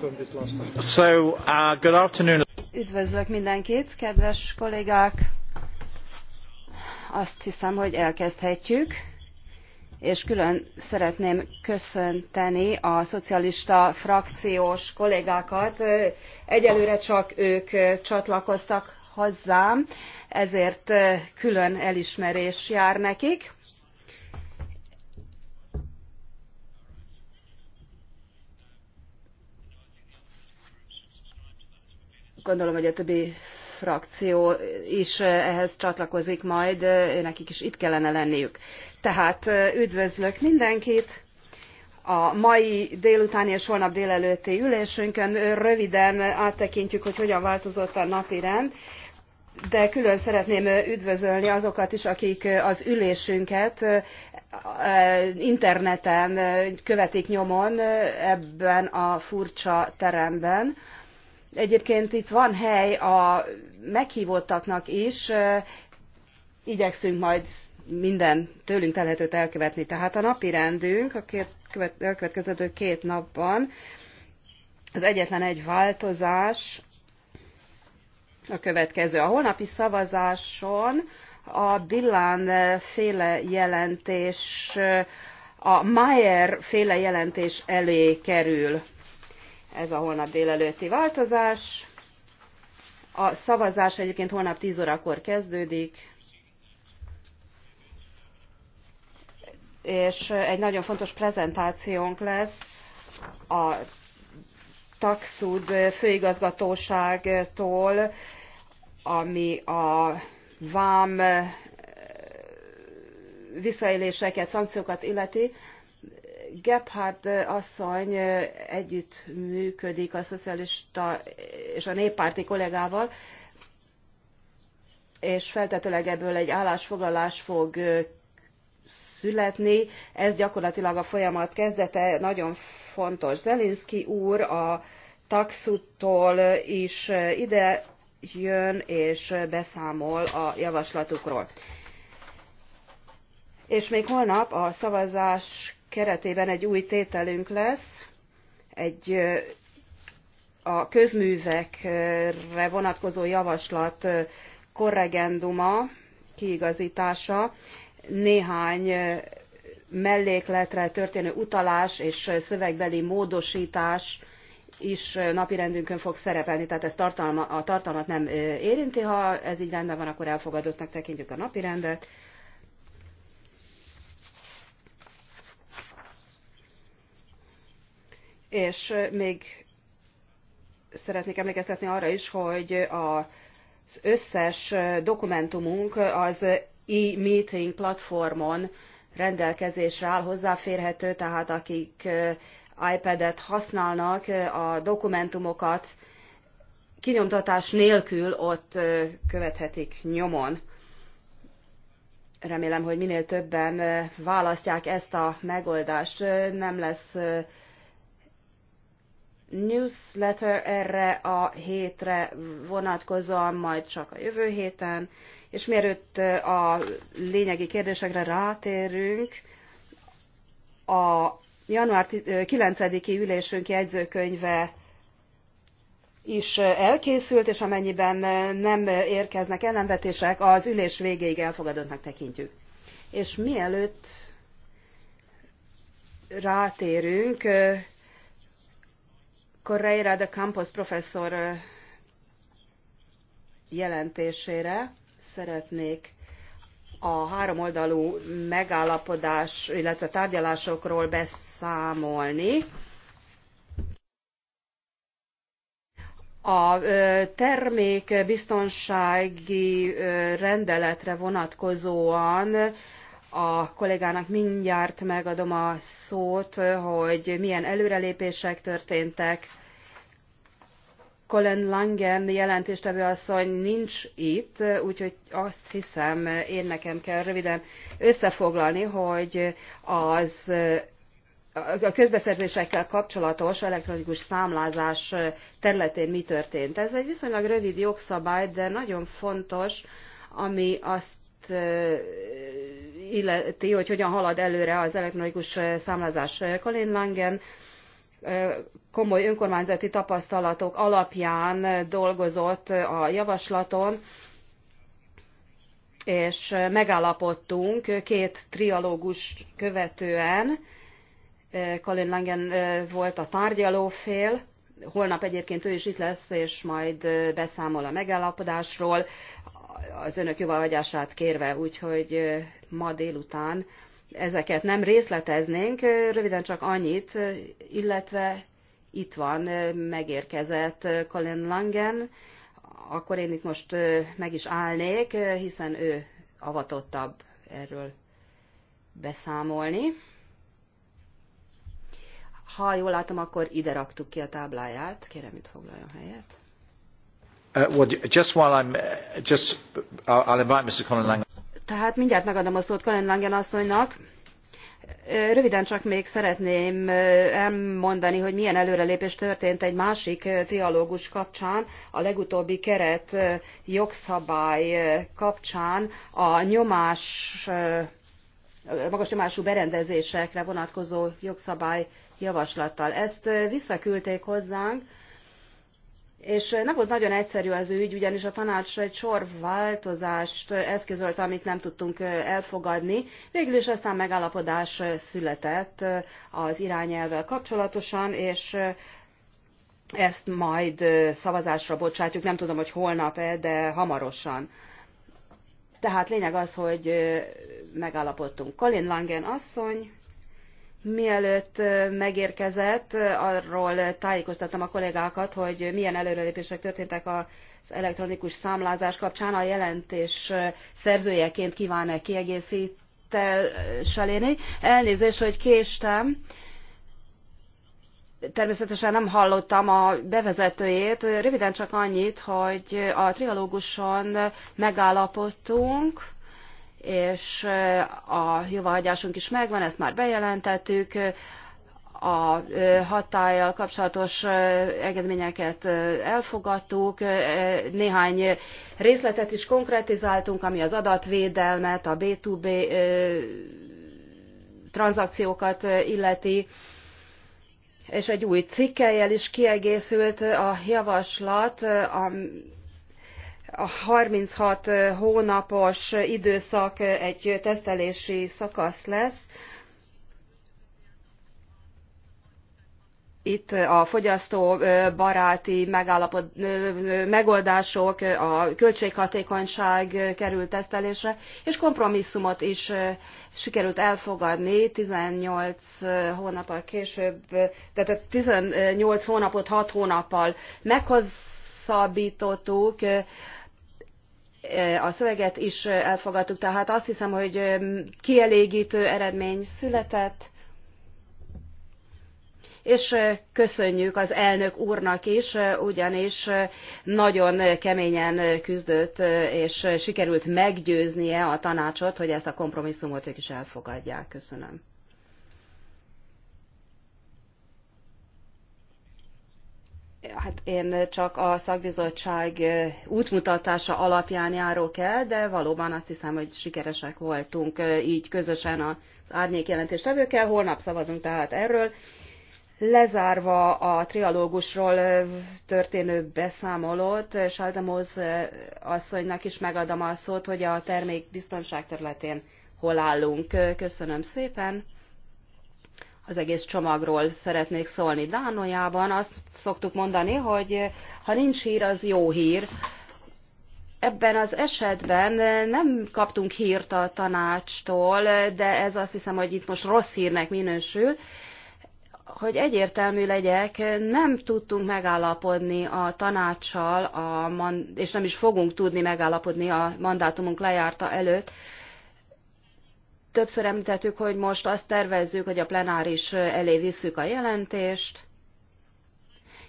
Uh, Üdvözlök mindenkit, kedves kollégák! Azt hiszem, hogy elkezdhetjük, és külön szeretném köszönteni a szocialista frakciós kollégákat. Egyelőre csak ők csatlakoztak hozzám, ezért külön elismerés jár nekik gondolom, hogy a többi frakció is ehhez csatlakozik majd, nekik is itt kellene lenniük. Tehát eh, üdvözlök mindenkit! A mai délutáni és holnap délelőtti ülésünkön röviden áttekintjük, hogy hogyan változott a napi rend, de külön szeretném üdvözölni azokat is, akik az ülésünket eh, interneten követik nyomon ebben a furcsa teremben. Egyébként itt van hely a meghívottaknak is, igyekszünk majd minden tőlünk telhetőt elkövetni. Tehát a napi rendünk a két, követ, elkövetkező két napban az egyetlen egy változás a következő. A holnapi szavazáson a Dillán féle jelentés, a Mayer féle jelentés elé kerül ez a holnap délelőtti változás. A szavazás egyébként holnap 10 órakor kezdődik, és egy nagyon fontos prezentációnk lesz a Taxud főigazgatóságtól, ami a vám eh, visszaéléseket, szankciókat illeti. Gebhardt asszony együtt működik a szocialista és a néppárti kollégával, és feltetőleg ebből egy állásfoglalás fog születni. Ez gyakorlatilag a folyamat kezdete, nagyon fontos. Zelinski úr a taxuttól is ide jön és beszámol a javaslatukról. És még holnap a szavazás keretében egy új tételünk lesz, egy a közművekre vonatkozó javaslat korregenduma, kiigazítása, néhány mellékletre történő utalás és szövegbeli módosítás is napirendünkön fog szerepelni, tehát ez tartalma, a tartalmat nem érinti, ha ez így rendben van, akkor elfogadottnak tekintjük a napirendet. És még szeretnék emlékeztetni arra is, hogy az összes dokumentumunk az e-meeting platformon rendelkezésre áll, hozzáférhető, tehát akik iPad-et használnak, a dokumentumokat kinyomtatás nélkül ott követhetik nyomon. Remélem, hogy minél többen választják ezt a megoldást. Nem lesz newsletter erre a hétre vonatkozóan, majd csak a jövő héten, és mielőtt a lényegi kérdésekre rátérünk, a január 9-i ülésünk jegyzőkönyve is elkészült, és amennyiben nem érkeznek ellenvetések, az ülés végéig elfogadottnak tekintjük. És mielőtt rátérünk, Correira de Campos professzor jelentésére szeretnék a három oldalú megállapodás, illetve tárgyalásokról beszámolni. A termékbiztonsági rendeletre vonatkozóan a kollégának mindjárt megadom a szót, hogy milyen előrelépések történtek. Colin Langen jelentéstevő asszony nincs itt, úgyhogy azt hiszem én nekem kell röviden összefoglalni, hogy az a közbeszerzésekkel kapcsolatos elektronikus számlázás területén mi történt. Ez egy viszonylag rövid jogszabály, de nagyon fontos, ami azt Hát, illeti, hogy hogyan halad előre az elektronikus számlázás. Kalinlangen, Langen komoly önkormányzati tapasztalatok alapján dolgozott a javaslaton, és megállapodtunk két trialógust követően, Colin Langen volt a tárgyalófél, holnap egyébként ő is itt lesz, és majd beszámol a megállapodásról az önök jóváhagyását kérve, úgyhogy ma délután ezeket nem részleteznénk, röviden csak annyit, illetve itt van, megérkezett Colin Langen, akkor én itt most meg is állnék, hiszen ő avatottabb erről beszámolni. Ha jól látom, akkor ide raktuk ki a tábláját. Kérem, itt foglaljon helyet. Uh, Tehát mindjárt megadom a szót Colin Langen asszonynak. Uh, röviden csak még szeretném uh, elmondani, hogy milyen előrelépés történt egy másik trialógus kapcsán, a legutóbbi keret jogszabály kapcsán a nyomás magas nyomású berendezésekre vonatkozó jogszabály javaslattal. Ezt visszaküldték hozzánk, és nem volt nagyon egyszerű az ügy, ugyanis a tanács egy sor változást eszközölt, amit nem tudtunk elfogadni. Végül is aztán megállapodás született az irányelvvel kapcsolatosan, és ezt majd szavazásra bocsátjuk, nem tudom, hogy holnap-e, de hamarosan. Tehát lényeg az, hogy megállapodtunk. Colin Langen asszony Mielőtt megérkezett, arról tájékoztattam a kollégákat, hogy milyen előrelépések történtek az elektronikus számlázás kapcsán. A jelentés szerzőjeként kíván-e kiegészítéssel élni. Elnézést, hogy késtem. Természetesen nem hallottam a bevezetőjét. Röviden csak annyit, hogy a trialóguson megállapodtunk, és eh, a jóváhagyásunk is megvan, ezt már bejelentettük, a eh, hatállyal kapcsolatos eh, engedményeket elfogadtuk, néhány részletet is konkretizáltunk, ami az adatvédelmet, a B2B tranzakciókat illeti, és egy új cikkelyel is kiegészült a javaslat, a a 36 hónapos időszak egy tesztelési szakasz lesz. Itt a fogyasztóbaráti megoldások, a költséghatékonyság került tesztelésre, és kompromisszumot is sikerült elfogadni 18 hónappal később, tehát 18 hónapot 6 hónappal meghosszabbítottuk, Eh, a szöveget is elfogadtuk, tehát azt hiszem, hogy eh, kielégítő eredmény született, és eh, köszönjük az elnök úrnak is, ugyanis nagyon keményen küzdött, és sikerült meggyőznie a tanácsot, hogy ezt a kompromisszumot ők is elfogadják. Köszönöm. Hát én csak a szakbizottság útmutatása alapján járok el, de valóban azt hiszem, hogy sikeresek voltunk így közösen az árnyék jelentéstevőkkel. Holnap szavazunk tehát erről. Lezárva a trialógusról történő beszámolót, Saldamoz asszonynak is megadom a szót, hogy a biztonság területén hol állunk. Köszönöm szépen az egész csomagról szeretnék szólni. Dánójában azt szoktuk mondani, hogy ha nincs hír, az jó hír. Ebben az esetben nem kaptunk hírt a tanácstól, de ez azt hiszem, hogy itt most rossz hírnek minősül. Hogy egyértelmű legyek, nem tudtunk megállapodni a tanácssal, a man- és nem is fogunk tudni megállapodni a mandátumunk lejárta előtt, Többször említettük, hogy most azt tervezzük, hogy a plenáris elé visszük a jelentést,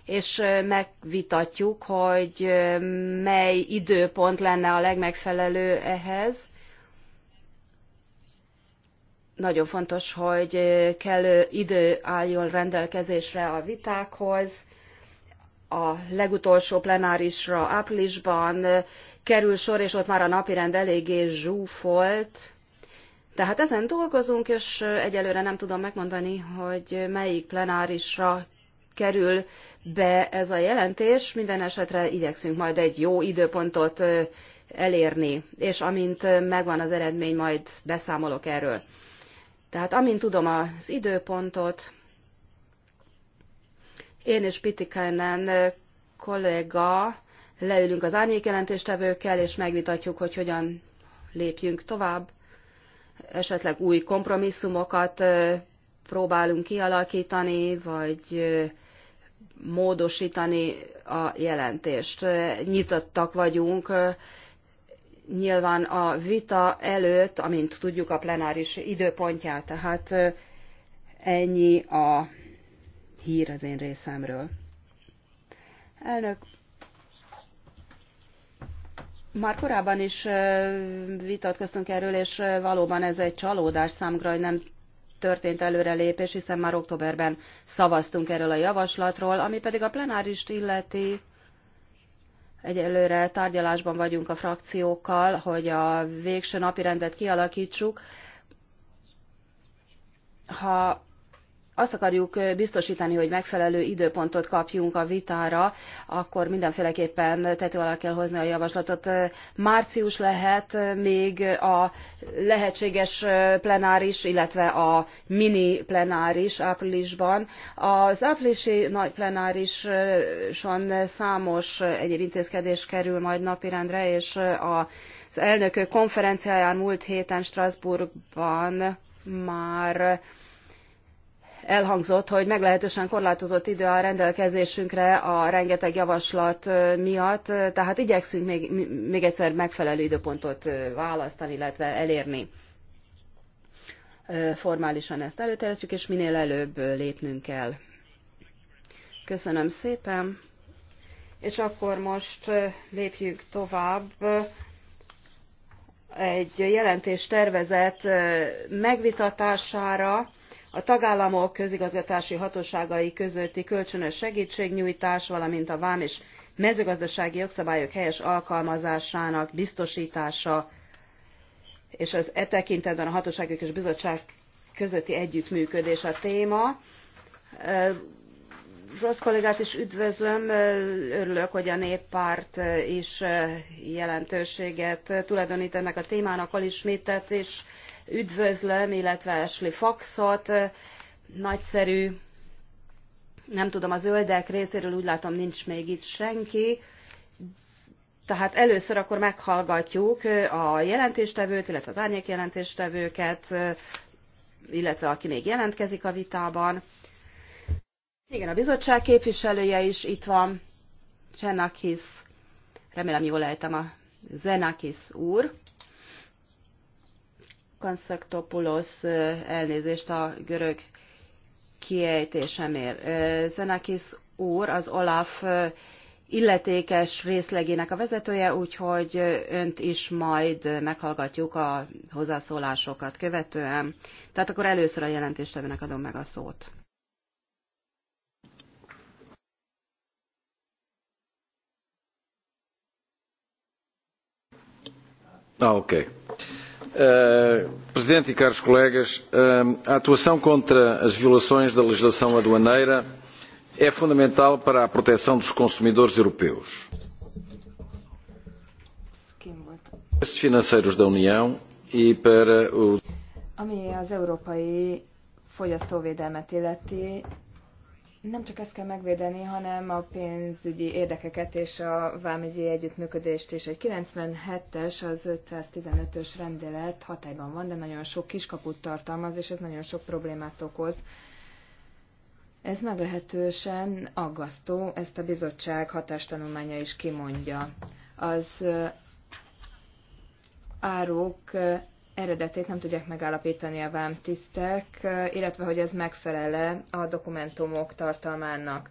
és megvitatjuk, hogy mely időpont lenne a legmegfelelő ehhez. Nagyon fontos, hogy kellő idő álljon rendelkezésre a vitákhoz. A legutolsó plenárisra áprilisban kerül sor, és ott már a napirend eléggé zsúfolt tehát ezen dolgozunk, és egyelőre nem tudom megmondani, hogy melyik plenárisra kerül be ez a jelentés. Minden esetre igyekszünk majd egy jó időpontot elérni, és amint megvan az eredmény, majd beszámolok erről. Tehát amint tudom az időpontot, én és Pitikainen kolléga leülünk az árnyékjelentéstevőkkel, és megvitatjuk, hogy hogyan lépjünk tovább esetleg új kompromisszumokat próbálunk kialakítani, vagy módosítani a jelentést. Nyitottak vagyunk. Nyilván a vita előtt, amint tudjuk a plenáris időpontját, tehát ennyi a hír az én részemről. Elnök már korábban is vitatkoztunk erről, és valóban ez egy csalódás számgra, hogy nem történt előrelépés, hiszen már októberben szavaztunk erről a javaslatról, ami pedig a plenárist illeti. Egyelőre tárgyalásban vagyunk a frakciókkal, hogy a végső napirendet kialakítsuk. Ha azt akarjuk biztosítani, hogy megfelelő időpontot kapjunk a vitára, akkor mindenféleképpen tető alá kell hozni a javaslatot. Március lehet még a lehetséges plenáris, illetve a mini plenáris áprilisban. Az áprilisi nagy plenárison számos egyéb intézkedés kerül majd napirendre, és az elnökök konferenciáján múlt héten Strasbourgban már elhangzott, hogy meglehetősen korlátozott idő áll rendelkezésünkre a rengeteg javaslat miatt, tehát igyekszünk még, még egyszer megfelelő időpontot választani, illetve elérni. Formálisan ezt előterjesztjük, és minél előbb lépnünk kell. Köszönöm szépen. És akkor most lépjünk tovább egy jelentés tervezet megvitatására a tagállamok közigazgatási hatóságai közötti kölcsönös segtségnyújtás valamint a vám és mezőgazdasági jogszabályok helyes alkalmazásának biztostása és az e tekintetben a hatóságok és bizottság közötti együttműködés a téma. Rossz kollégát is üdvözlöm, örülök, hogy a néppárt is jelentőséget tulajdonít ennek a témának, Alismétet Schmidtet is üdvözlöm, illetve Ashley Foxot, nagyszerű, nem tudom, a zöldek részéről úgy látom nincs még itt senki, tehát először akkor meghallgatjuk a jelentéstevőt, illetve az árnyék jelentéstevőket, illetve aki még jelentkezik a vitában igen, a bizottság képviselője is itt van, Csenakis, remélem jól ejtem a Zenakis úr. Kanszaktopulos elnézést a görög kiejtésemért. Zenakis úr az Olaf illetékes részlegének a vezetője, úgyhogy önt is majd meghallgatjuk a hozzászólásokat követően. Tehát akkor először a jelentéstevőnek adom meg a szót. Ah, eh, Presidente e caros colegas, eh, a atuação contra as violações da legislação aduaneira é fundamental para a proteção dos consumidores europeus. Os financeiros da União e para o. Ami nem csak ezt kell megvédeni, hanem a pénzügyi érdekeket és a vámügyi együttműködést is. Egy 97-es, az 515-ös rendelet hatályban van, de nagyon sok kiskaput tartalmaz, és ez nagyon sok problémát okoz. Ez meglehetősen aggasztó, ezt a bizottság hatástanulmánya is kimondja. Az árok eredetét nem tudják megállapítani a vámtisztek, illetve hogy ez megfelele a dokumentumok tartalmának.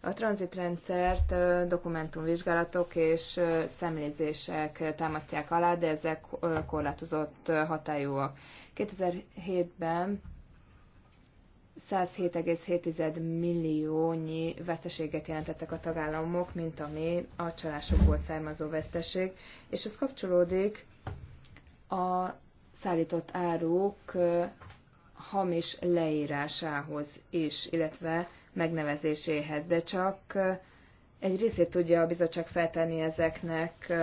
A tranzitrendszert dokumentumvizsgálatok és szemlézések támasztják alá, de ezek korlátozott hatályúak. 2007-ben 107,7 milliónyi veszteséget jelentettek a tagállamok, mint ami a csalásokból származó veszteség, és ez kapcsolódik a szállított áruk hamis leírásához is, illetve megnevezéséhez, de csak egy részét tudja a bizottság feltenni ezeknek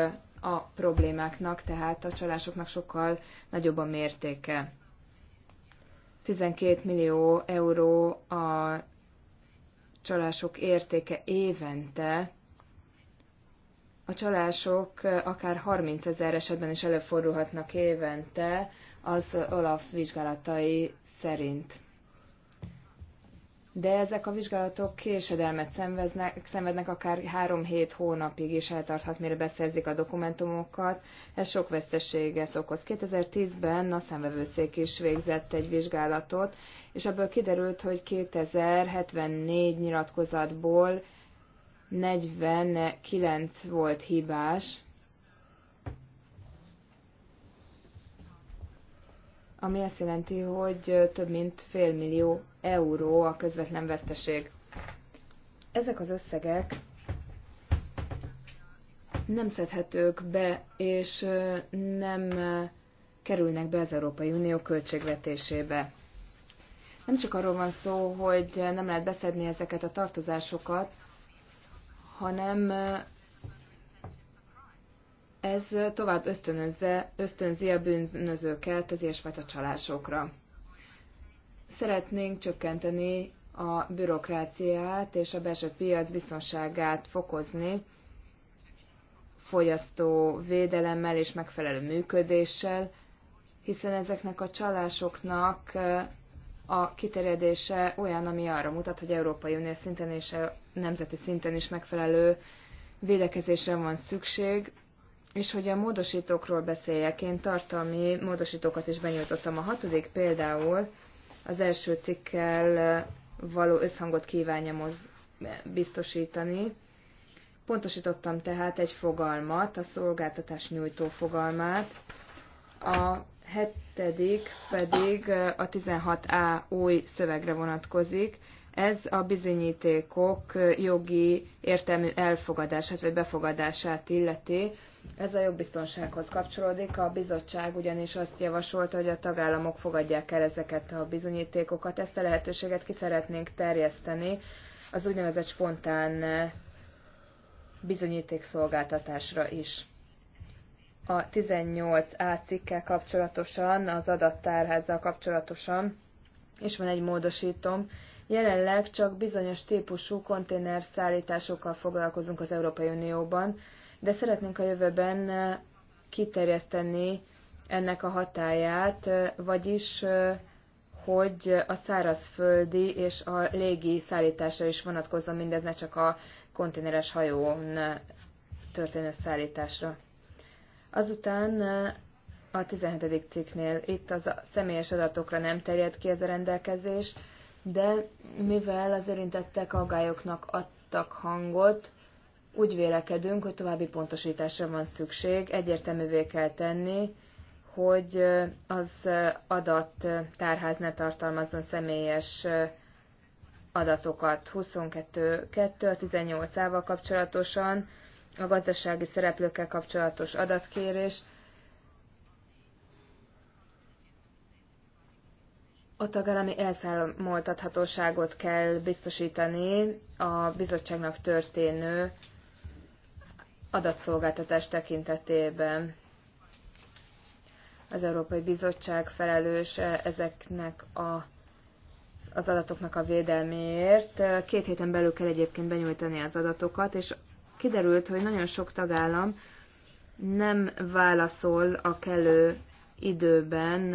a problémáknak, tehát a csalásoknak sokkal nagyobb a mértéke. 12 millió euró a csalások értéke évente, a csalások eh, akár 30 ezer esetben is előfordulhatnak évente az Olaf vizsgálatai szerint. De ezek a vizsgálatok késedelmet szenveznek, szenvednek, akár 3-7 hónapig is eltarthat, mire beszerzik a dokumentumokat. Ez sok veszteséget okoz. 2010-ben a szemvevőszék is végzett egy vizsgálatot, és ebből kiderült, hogy 2074 nyilatkozatból 49 volt hibás, ami azt jelenti, hogy több mint fél millió euró a közvetlen veszteség. Ezek az összegek nem szedhetők be, és nem kerülnek be az Európai Unió költségvetésébe. Nem csak arról van szó, hogy nem lehet beszedni ezeket a tartozásokat, hanem ez tovább ösztönözze, ösztönzi a bűnözőket az ilyesfajta csalásokra. Szeretnénk csökkenteni a bürokráciát és a belső piac biztonságát fokozni fogyasztó védelemmel és megfelelő működéssel, hiszen ezeknek a csalásoknak a kiterjedése olyan, ami arra mutat, hogy Európai Unió szinten és a nemzeti szinten is megfelelő védekezésre van szükség, és hogy a módosítókról beszéljek, én tartalmi módosítókat is benyújtottam. A hatodik például az első cikkel való összhangot kívánja biztosítani. Pontosítottam tehát egy fogalmat, a szolgáltatás nyújtó fogalmát. A hetedik pedig a 16A új szövegre vonatkozik. Ez a bizonyítékok jogi értelmű elfogadását vagy befogadását illeti. Ez a jogbiztonsághoz kapcsolódik. A bizottság ugyanis azt javasolta, hogy a tagállamok fogadják el ezeket a bizonyítékokat. Ezt a lehetőséget ki szeretnénk terjeszteni az úgynevezett spontán bizonyítékszolgáltatásra is a 18A cikkel kapcsolatosan, az adattárházzal kapcsolatosan, és van egy módosítom, jelenleg csak bizonyos típusú konténer szállításokkal foglalkozunk az Európai Unióban, de szeretnénk a jövőben eh, kiterjeszteni ennek a hatáját, eh, vagyis eh, hogy a szárazföldi és a légi szállításra is vonatkozzon mindez, ne csak a konténeres hajón történő szállításra. Azután a 17. cikknél itt az a személyes adatokra nem terjed ki ez a rendelkezés, de mivel az érintettek aggályoknak adtak hangot, úgy vélekedünk, hogy további pontosításra van szükség, egyértelművé kell tenni, hogy az adat tárház ne tartalmazzon személyes adatokat. 22.2 a 18 ával kapcsolatosan a gazdasági szereplőkkel kapcsolatos adatkérés. A tagállami elszámoltathatóságot kell biztosítani a bizottságnak történő adatszolgáltatás tekintetében. Az Európai Bizottság felelős ezeknek a, az adatoknak a védelméért. Két héten belül kell egyébként benyújtani az adatokat, és kiderült, hogy nagyon sok tagállam nem válaszol a kellő időben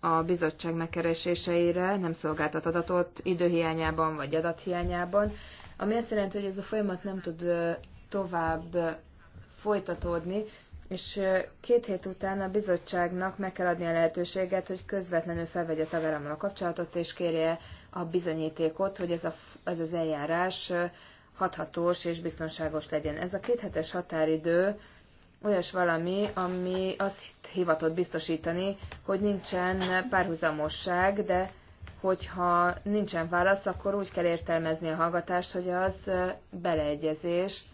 a bizottság megkereséseire, nem szolgáltat adatot időhiányában vagy adathiányában, ami azt jelenti, hogy ez a folyamat nem tud tovább folytatódni, és két hét után a bizottságnak meg kell adni a lehetőséget, hogy közvetlenül felvegye tagállammal a kapcsolatot, és kérje a bizonyítékot, hogy ez, a, ez az eljárás hathatós és biztonságos legyen. Ez a kéthetes határidő olyas valami, ami azt hivatott biztosítani, hogy nincsen párhuzamosság, de hogyha nincsen válasz, akkor úgy kell értelmezni a hallgatást, hogy az beleegyezés.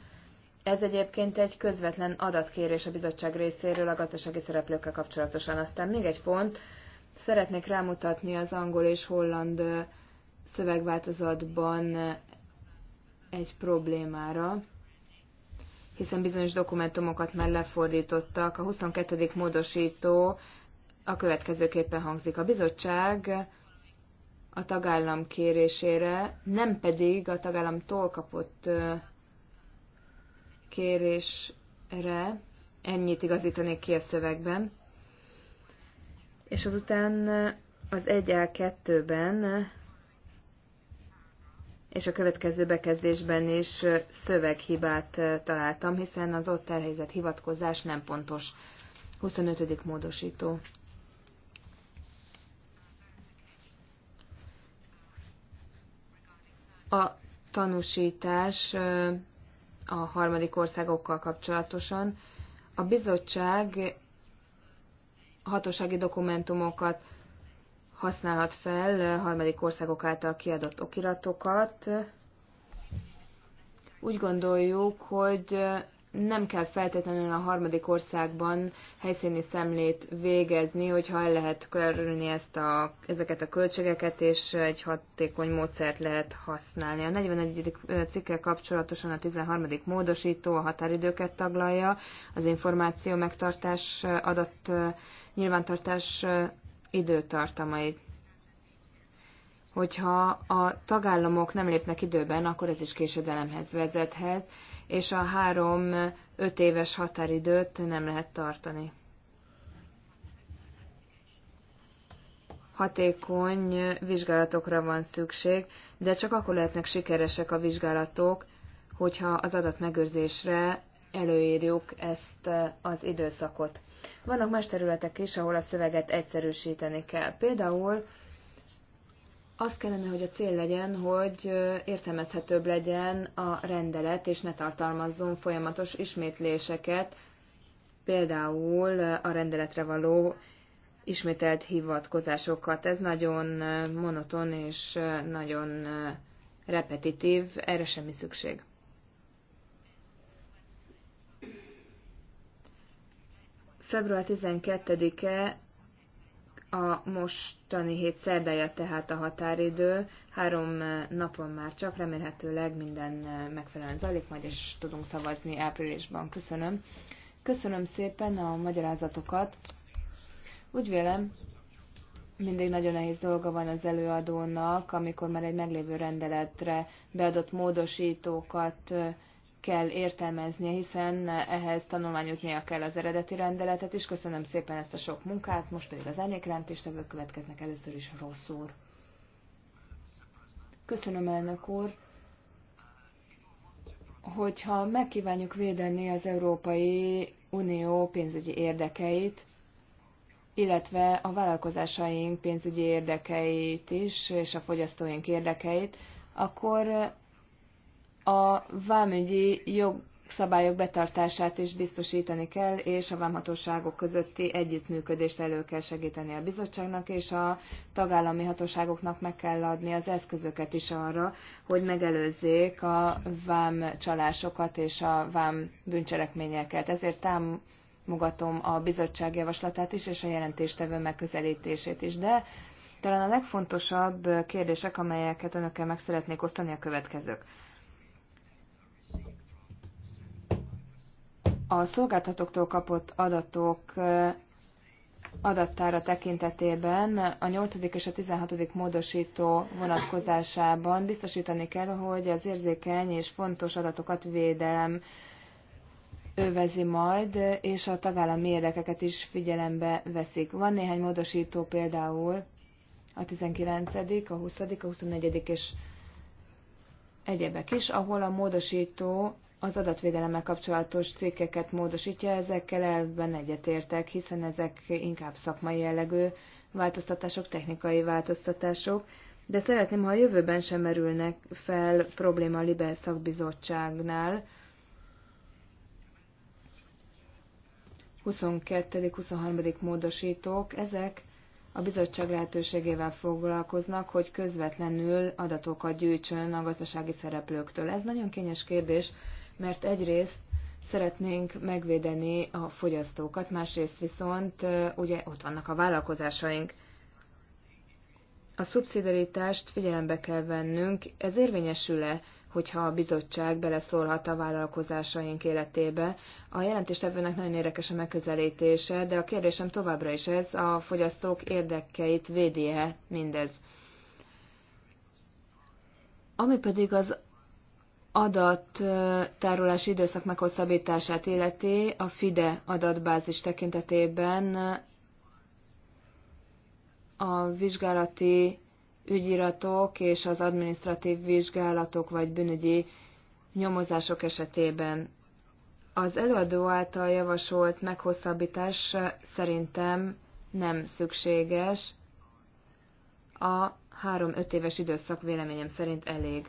Ez egyébként egy közvetlen adatkérés a bizottság részéről a gazdasági szereplőkkel kapcsolatosan. Aztán még egy pont, szeretnék rámutatni az angol és holland szövegváltozatban egy problémára, hiszen bizonyos dokumentumokat már lefordítottak. A 22. módosító a következőképpen hangzik. A bizottság a tagállam kérésére, nem pedig a tagállamtól kapott kérésre, ennyit igazítanék ki a szövegben. És azután az 1 l 2-ben és a következő bekezdésben is szöveghibát találtam, hiszen az ott elhelyezett hivatkozás nem pontos. 25. módosító. A tanúsítás a harmadik országokkal kapcsolatosan. A bizottság hatósági dokumentumokat használhat fel harmadik országok által kiadott okiratokat. Úgy gondoljuk, hogy nem kell feltétlenül a harmadik országban helyszíni szemlét végezni, hogyha el lehet kerülni ezt a, ezeket a költségeket, és egy hatékony módszert lehet használni. A 41. cikkel kapcsolatosan a 13. módosító a határidőket taglalja, az információ megtartás, adat nyilvántartás időtartamait. Hogyha a tagállamok nem lépnek időben, akkor ez is késedelemhez vezethez, és a három-öt éves határidőt nem lehet tartani. Hatékony vizsgálatokra van szükség, de csak akkor lehetnek sikeresek a vizsgálatok, hogyha az adatmegőrzésre előírjuk ezt az időszakot. Vannak más területek is, ahol a szöveget egyszerűsíteni kell. Például az kellene, hogy a cél legyen, hogy értelmezhetőbb legyen a rendelet, és ne tartalmazzon folyamatos ismétléseket, például a rendeletre való ismételt hivatkozásokat. Ez nagyon monoton és nagyon repetitív, erre semmi szükség. Február 12-e a mostani hét szerdája tehát a határidő, három eh, napon már csak, remélhetőleg minden eh, megfelelően zajlik, majd is tudunk szavazni áprilisban. Köszönöm. Köszönöm szépen a magyarázatokat. Úgy vélem, mindig nagyon nehéz dolga van az előadónak, amikor már egy meglévő rendeletre beadott módosítókat eh, kell értelmeznie, hiszen ehhez tanulmányoznia kell az eredeti rendeletet is. Köszönöm szépen ezt a sok munkát, most pedig az árnyékrendtéstevők következnek először is rossz úr. Köszönöm, elnök úr. Hogyha megkívánjuk védeni az Európai Unió pénzügyi érdekeit, illetve a vállalkozásaink pénzügyi érdekeit is, és a fogyasztóink érdekeit, akkor a vámügyi jogszabályok betartását is biztosítani kell, és a vámhatóságok közötti együttműködést elő kell segíteni a bizottságnak, és a tagállami hatóságoknak meg kell adni az eszközöket is arra, hogy megelőzzék a vám csalásokat és a vám bűncselekményeket. Ezért tám mogatom a bizottság javaslatát is, és a jelentéstevő megközelítését is. De talán a legfontosabb kérdések, amelyeket önökkel meg szeretnék osztani, a következők. a szolgáltatóktól kapott adatok adattára tekintetében a 8. és a 16. módosító vonatkozásában biztosítani kell, hogy az érzékeny és fontos adatokat védelem övezi majd, és a tagállami érdekeket is figyelembe veszik. Van néhány módosító például a 19., a 20., a 24. és egyebek is, ahol a módosító az adatvédelemmel kapcsolatos cikkeket módosítja, ezekkel elben egyetértek, hiszen ezek inkább szakmai jellegű változtatások, technikai változtatások, de szeretném, ha a jövőben sem merülnek fel probléma a Liber szakbizottságnál, 22.-23. módosítók, ezek a bizottság lehetőségével foglalkoznak, hogy közvetlenül adatokat gyűjtsön a gazdasági szereplőktől. Ez nagyon kényes kérdés, mert egyrészt szeretnénk megvédeni a fogyasztókat, másrészt viszont ugye ott vannak a vállalkozásaink. A szubszidaritást figyelembe kell vennünk, ez érvényesül-e, hogyha a bizottság beleszólhat a vállalkozásaink életébe. A jelentéstevőnek nagyon érdekes a megközelítése, de a kérdésem továbbra is ez, a fogyasztók érdekeit védi-e mindez. Ami pedig az adattárolási időszak meghosszabbítását illeti a FIDE adatbázis tekintetében a vizsgálati ügyiratok és az adminisztratív vizsgálatok vagy bűnügyi nyomozások esetében. Az előadó által javasolt meghosszabbítás szerintem nem szükséges. A három-öt éves időszak véleményem szerint elég.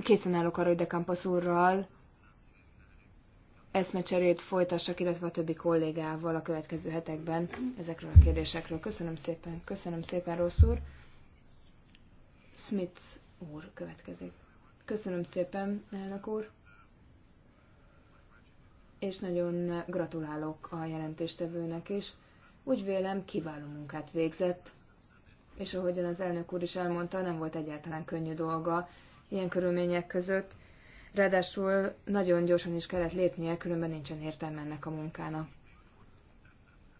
készen állok arra, hogy De úrral eszmecserét folytassak, illetve a többi kollégával a következő hetekben ezekről a kérdésekről. Köszönöm szépen, köszönöm szépen, Rossz úr. Smith úr következik. Köszönöm szépen, elnök úr. És nagyon gratulálok a jelentéstevőnek is. Úgy vélem, kiváló munkát végzett, és ahogyan az elnök úr is elmondta, nem volt egyáltalán könnyű dolga ilyen körülmények között. Ráadásul nagyon gyorsan is kellett lépnie, különben nincsen értelme ennek a munkának.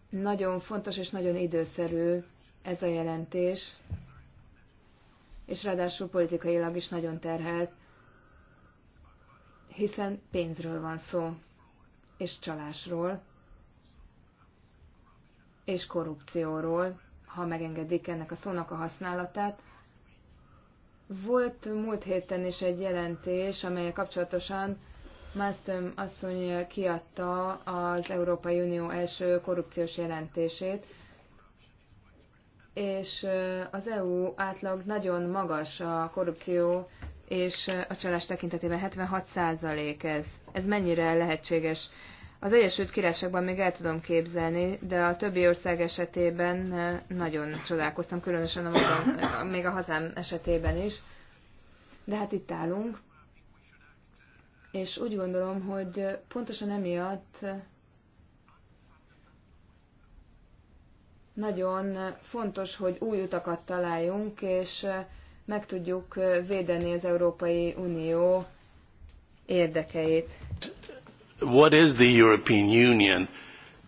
Nagyon fontos és nagyon időszerű ez a jelentés, és ráadásul politikailag is nagyon terhelt, hiszen pénzről van szó, és csalásról, és korrupcióról, ha megengedik ennek a szónak a használatát, volt múlt héten is egy jelentés, amely kapcsolatosan Mastem asszony kiadta az Európai Unió első korrupciós jelentését, és az EU átlag nagyon magas a korrupció és a csalás tekintetében 76 százalék ez. Ez mennyire lehetséges? Az Egyesült Királyságban még el tudom képzelni, de a többi ország esetében eh, nagyon csodálkoztam, különösen a magam, eh, még a hazám esetében is. De hát itt állunk, és úgy gondolom, hogy eh, pontosan emiatt nagyon fontos, hogy új utakat találjunk, és meg tudjuk védeni az Európai Unió érdekeit what is the European Union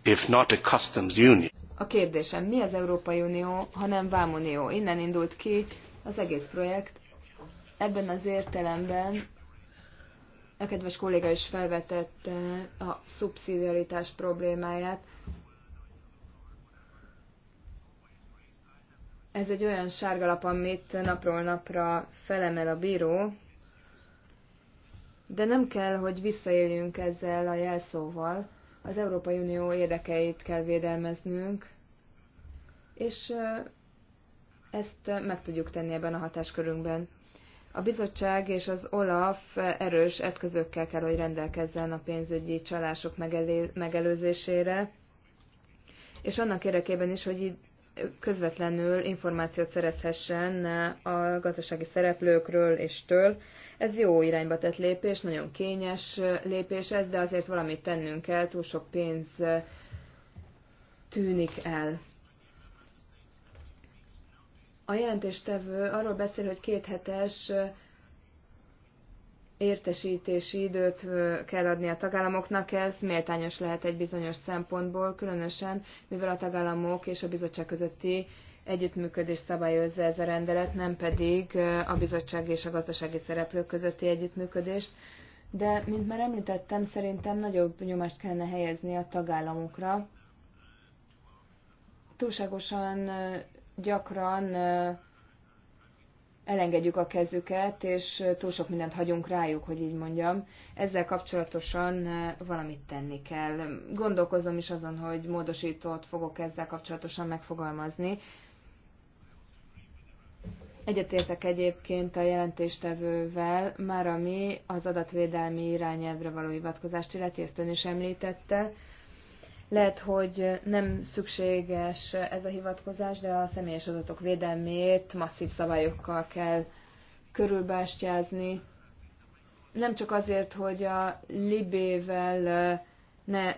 if not a customs union? A kérdésem, mi az Európai Unió, ha nem Vámunió? Innen indult ki az egész projekt. Ebben az értelemben a kedves kolléga is felvetette a szubszidiaritás problémáját. Ez egy olyan sárgalap, amit napról napra felemel a bíró, de nem kell, hogy visszaéljünk ezzel a jelszóval. Az Európai Unió érdekeit kell védelmeznünk, és ezt meg tudjuk tenni ebben a hatáskörünkben. A bizottság és az OLAF erős eszközökkel kell, hogy rendelkezzen a pénzügyi csalások megelőzésére, és annak érdekében is, hogy közvetlenül információt szerezhessen a gazdasági szereplőkről és től. Ez jó irányba tett lépés, nagyon kényes lépés ez, de azért valamit tennünk kell, túl sok pénz tűnik el. A jelentéstevő arról beszél, hogy két hetes értesítési időt kell adni a tagállamoknak, ez méltányos lehet egy bizonyos szempontból, különösen mivel a tagállamok és a bizottság közötti együttműködés szabályozza ez a rendelet, nem pedig a bizottság és a gazdasági szereplők közötti együttműködést. De, mint már említettem, szerintem nagyobb nyomást kellene helyezni a tagállamokra. Túlságosan gyakran elengedjük a kezüket, és túl sok mindent hagyunk rájuk, hogy így mondjam. Ezzel kapcsolatosan valamit tenni kell. Gondolkozom is azon, hogy módosítót fogok ezzel kapcsolatosan megfogalmazni. Egyetértek egyébként a jelentéstevővel, már ami az adatvédelmi irányelvre való hivatkozást illeti, ezt ön is említette. Lehet, hogy nem szükséges ez a hivatkozás, de a személyes adatok védelmét masszív szabályokkal kell körülbástyázni. Nem csak azért, hogy a libével ne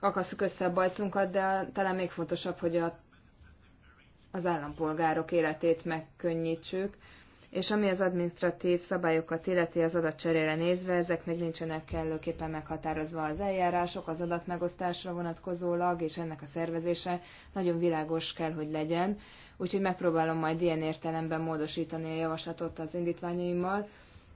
akasszuk össze a bajszunkat, de talán még fontosabb, hogy a, az állampolgárok életét megkönnyítsük és ami az administratív szabályokat illeti az adatcserére nézve, ezek még nincsenek kellőképpen meghatározva az eljárások, az adatmegosztásra vonatkozólag, és ennek a szervezése nagyon világos kell, hogy legyen. Úgyhogy megpróbálom majd ilyen értelemben módosítani a javaslatot az indítványaimmal,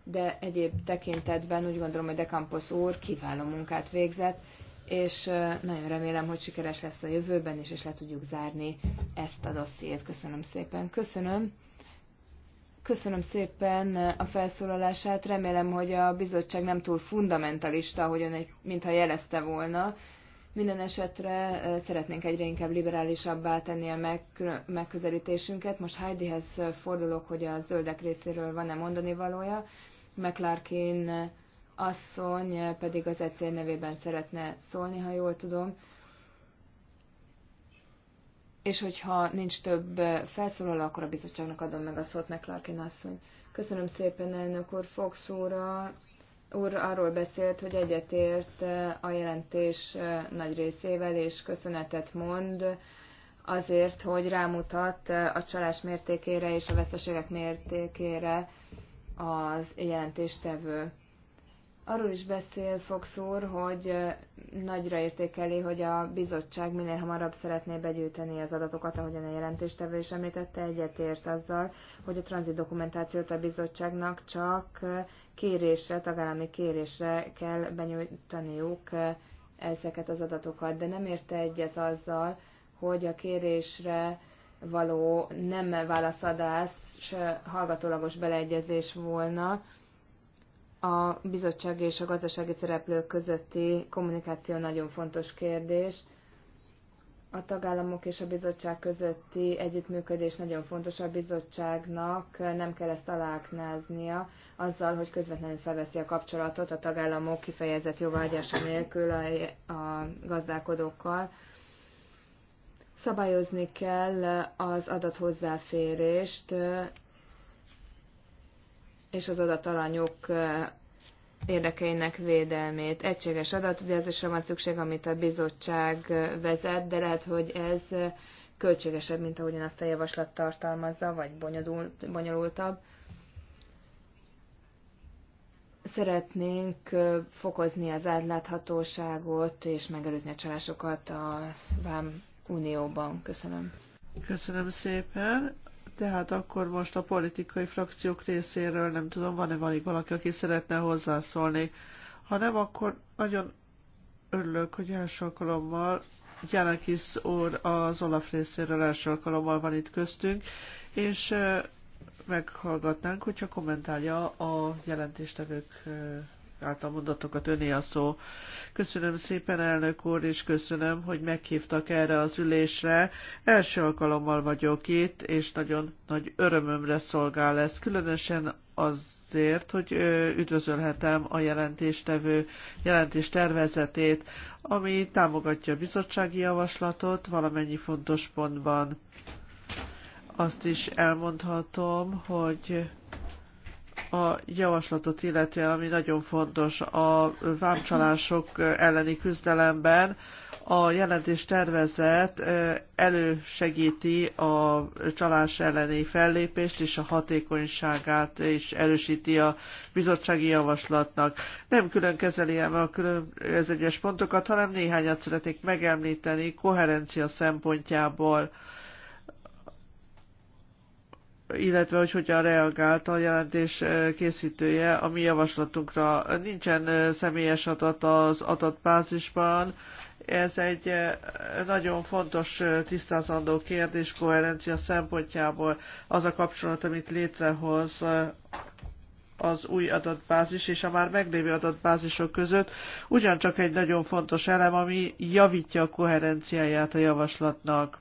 de egyéb tekintetben úgy gondolom, hogy Dekampos úr kiváló munkát végzett, és nagyon remélem, hogy sikeres lesz a jövőben is, és le tudjuk zárni ezt a dossziét. Köszönöm szépen. Köszönöm. Köszönöm szépen a felszólalását. Remélem, hogy a bizottság nem túl fundamentalista, ahogy ön egy, mintha jelezte volna. Minden esetre szeretnénk egyre inkább liberálisabbá tenni a meg, megközelítésünket. Most Heidihez fordulok, hogy a zöldek részéről van-e mondani valója. McClarkin asszony pedig az ECR nevében szeretne szólni, ha jól tudom és hogyha nincs több eh, felszólaló, akkor a bizottságnak adom meg a szót, meg asszony. Köszönöm szépen, elnök úr. Fox a, úr arról beszélt, hogy egyetért eh, a jelentés eh, nagy részével, és köszönetet mond azért, hogy rámutat a csalás mértékére és a veszteségek mértékére az jelentéstevő. Arról is beszél Fox úr, hogy nagyra értékeli, hogy a bizottság minél hamarabb szeretné begyűjteni az adatokat, ahogyan a jelentéstevő is említette, egyetért azzal, hogy a tranzit dokumentációt a bizottságnak csak kérésre, tagállami kérésre kell benyújtaniuk ezeket az adatokat, de nem érte egyet azzal, hogy a kérésre való nem válaszadás hallgatólagos beleegyezés volna, a bizottság és a gazdasági szereplők közötti kommunikáció nagyon fontos kérdés. A tagállamok és a bizottság közötti együttműködés nagyon fontos a bizottságnak, nem kell ezt aláknáznia azzal, hogy közvetlenül felveszi a kapcsolatot a tagállamok kifejezett jóváhagyása nélkül a, a gazdálkodókkal. Szabályozni kell az adathozzáférést, és az adatalanyok érdekeinek védelmét. Egységes adatbázisra van szükség, amit a bizottság vezet, de lehet, hogy ez költségesebb, mint ahogyan azt a javaslat tartalmazza, vagy bonyolult, bonyolultabb. Szeretnénk fokozni az átláthatóságot és megelőzni a csalásokat a Vám Unióban. Köszönöm. Köszönöm szépen. Tehát akkor most a politikai frakciók részéről nem tudom, van-e valaki, aki szeretne hozzászólni. Ha nem, akkor nagyon örülök, hogy első alkalommal Janakis úr az Olaf részéről első alkalommal van itt köztünk, és eh, meghallgatnánk, hogyha kommentálja a jelentéstevők eh, a mondatokat öné a szó. Köszönöm szépen, elnök úr, és köszönöm, hogy meghívtak erre az ülésre. Első alkalommal vagyok itt, és nagyon nagy örömömre szolgál ez, különösen azért, hogy üdvözölhetem a jelentéstevő jelentés tervezetét, ami támogatja a bizottsági javaslatot valamennyi fontos pontban. Azt is elmondhatom, hogy a javaslatot illeti, ami nagyon fontos a vámcsalások elleni küzdelemben, a jelentés tervezet elősegíti a csalás elleni fellépést és a hatékonyságát és erősíti a bizottsági javaslatnak. Nem külön kezeli a külön az egyes pontokat, hanem néhányat szeretnék megemlíteni koherencia szempontjából illetve hogy hogyan reagált a jelentés készítője a mi javaslatunkra. Nincsen személyes adat az adatbázisban, ez egy nagyon fontos tisztázandó kérdés koherencia szempontjából az a kapcsolat, amit létrehoz az új adatbázis és a már meglévő adatbázisok között ugyancsak egy nagyon fontos elem, ami javítja a koherenciáját a javaslatnak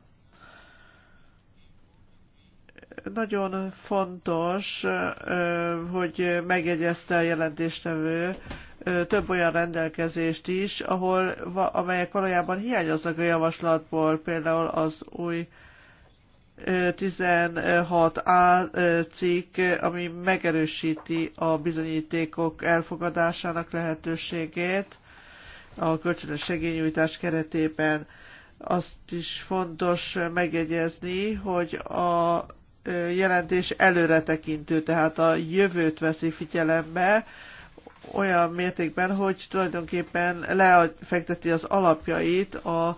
nagyon fontos, hogy megjegyezte a jelentéstevő több olyan rendelkezést is, ahol, amelyek valójában hiányoznak a javaslatból, például az új 16A cikk, ami megerősíti a bizonyítékok elfogadásának lehetőségét a kölcsönös segélynyújtás keretében. Azt is fontos megjegyezni, hogy a jelentés előretekintő, tehát a jövőt veszi figyelembe olyan mértékben, hogy tulajdonképpen lefekteti az alapjait a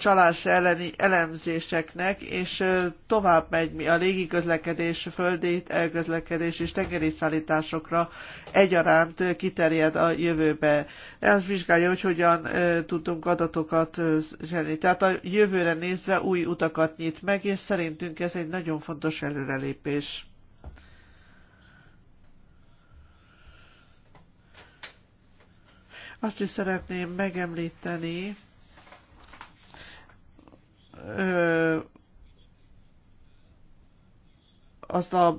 csalás elleni elemzéseknek, és tovább megy a légiközlekedés, földi elközlekedés és tengeri szállításokra egyaránt kiterjed a jövőbe. Ez vizsgálja, hogy hogyan tudunk adatokat zseni. Tehát a jövőre nézve új utakat nyit meg, és szerintünk ez egy nagyon fontos előrelépés. Azt is szeretném megemlíteni, azt, a,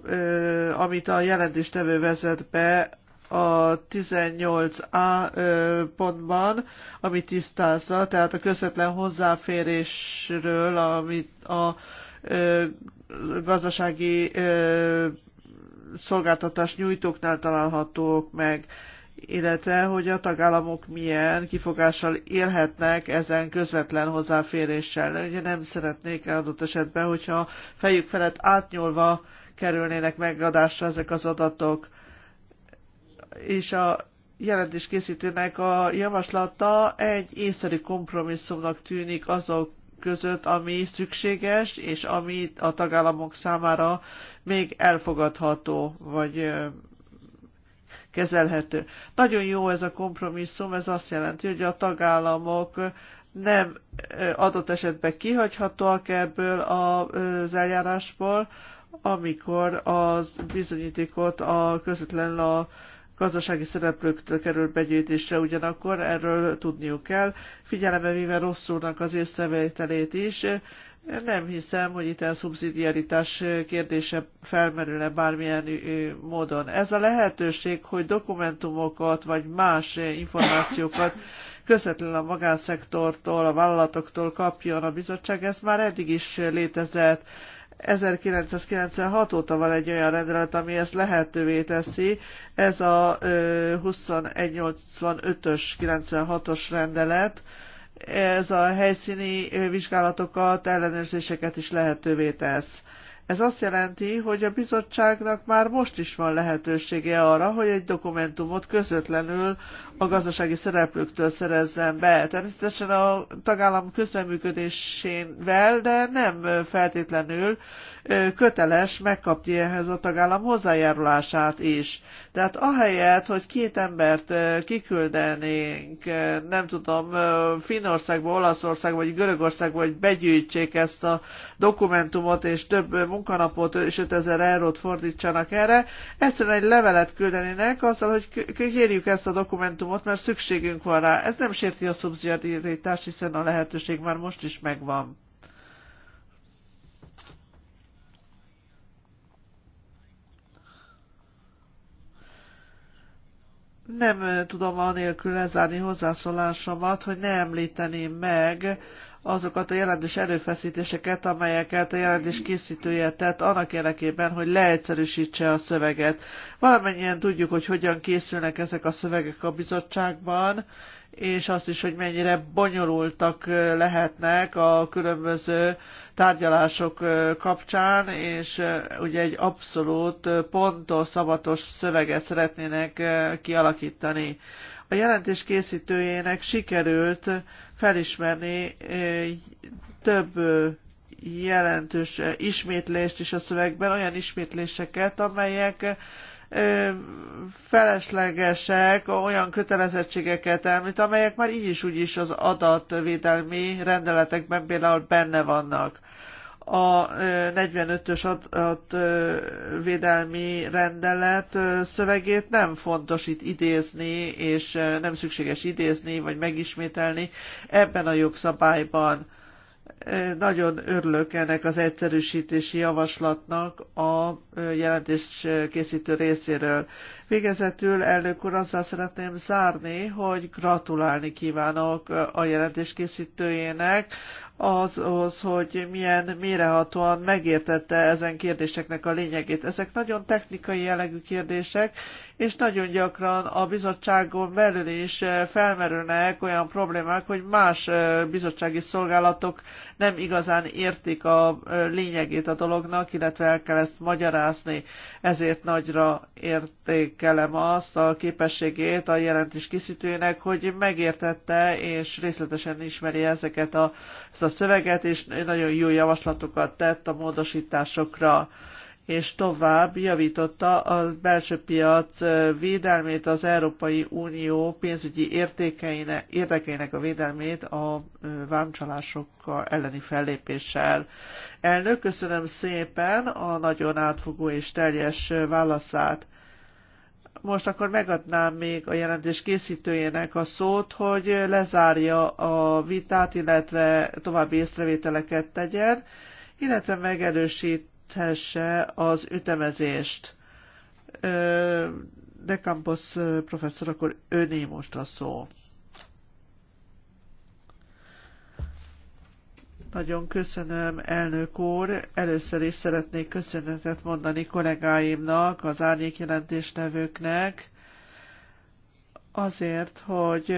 amit a jelentéstevő vezet be a 18A pontban, ami tisztázza, tehát a közvetlen hozzáférésről, amit a gazdasági szolgáltatás nyújtóknál találhatók meg illetve hogy a tagállamok milyen kifogással élhetnek ezen közvetlen hozzáféréssel. Ugye nem szeretnék adott esetben, hogyha fejük felett átnyúlva kerülnének megadásra ezek az adatok. És a jelentés készítőnek a javaslata egy észszerű kompromisszumnak tűnik azok között, ami szükséges, és ami a tagállamok számára még elfogadható, vagy kezelhető. Nagyon jó ez a kompromisszum, ez azt jelenti, hogy a tagállamok nem adott esetben kihagyhatóak ebből az eljárásból, amikor az bizonyítékot a közvetlenül a gazdasági szereplőktől kerül begyűjtésre, ugyanakkor erről tudniuk kell, figyelembe véve rosszulnak az észrevételét is, nem hiszem, hogy itt a szubszidiaritás kérdése felmerülne bármilyen módon. Ez a lehetőség, hogy dokumentumokat vagy más információkat közvetlenül a magánszektortól, a vállalatoktól kapjon a bizottság, ez már eddig is létezett. 1996 óta van egy olyan rendelet, ami ezt lehetővé teszi. Ez a 2185-ös 96-os rendelet, ez a helyszíni vizsgálatokat, ellenőrzéseket is lehetővé tesz. Ez azt jelenti, hogy a bizottságnak már most is van lehetősége arra, hogy egy dokumentumot közvetlenül a gazdasági szereplőktől szerezzen be. Természetesen a tagállam közreműködésével, de nem feltétlenül köteles megkapni ehhez a tagállam hozzájárulását is. Tehát ahelyett, hogy két embert kiküldenénk, nem tudom, Finországba, Olaszországba vagy Görögországba, hogy begyűjtsék ezt a dokumentumot, és több munkanapot és 5000 eurót fordítsanak erre, egyszerűen egy levelet küldenének azzal, hogy kérjük ezt a dokumentumot, mert szükségünk van rá. Ez nem sérti a szubszidiaritást, hiszen a lehetőség már most is megvan. nem eh, tudom anélkül lezárni hozzászólásomat, hogy ne említeném meg azokat a jelentős erőfeszítéseket, amelyeket a jelentés készítője tett annak érdekében, hogy leegyszerűsítse a szöveget. Valamennyien tudjuk, hogy hogyan készülnek ezek a szövegek a bizottságban, és azt is, hogy mennyire bonyolultak lehetnek a különböző tárgyalások kapcsán, és ugye egy abszolút pontos, szabatos szöveget szeretnének kialakítani a jelentés készítőjének sikerült felismerni több jelentős ismétlést is a szövegben, olyan ismétléseket, amelyek feleslegesek, olyan kötelezettségeket említ, amelyek már így is úgy is az adatvédelmi rendeletekben például benne vannak a 45-ös adatvédelmi rendelet szövegét nem fontos itt idézni, és nem szükséges idézni, vagy megismételni ebben a jogszabályban. Nagyon örülök ennek az egyszerűsítési javaslatnak a jelentés készítő részéről. Végezetül, elnök úr, azzal szeretném zárni, hogy gratulálni kívánok a jelentés készítőjének azhoz, hogy milyen mérehatóan megértette ezen kérdéseknek a lényegét. Ezek nagyon technikai jellegű kérdések, és nagyon gyakran a bizottságon belül is eh, felmerülnek olyan problémák, hogy más eh, bizottsági szolgálatok nem igazán értik a eh, lényegét a dolognak, illetve el kell ezt magyarázni. Ezért nagyra értékelem azt a képességét a jelentés készítőjének, hogy megértette és részletesen ismeri ezeket a, ezt a szöveget, és nagyon jó javaslatokat tett a módosításokra és tovább javította a belső piac védelmét, az Európai Unió pénzügyi értékeinek, érdekeinek a védelmét a vámcsalásokkal elleni fellépéssel. Elnök, köszönöm szépen a nagyon átfogó és teljes válaszát. Most akkor megadnám még a jelentés készítőjének a szót, hogy lezárja a vitát, illetve további észrevételeket tegyen illetve megerősít segíthesse az ütemezést. De Campos professzor, akkor öné most a szó. Nagyon köszönöm, elnök úr. Először is szeretnék köszönetet mondani kollégáimnak, az árnyékjelentéstevőknek, azért, hogy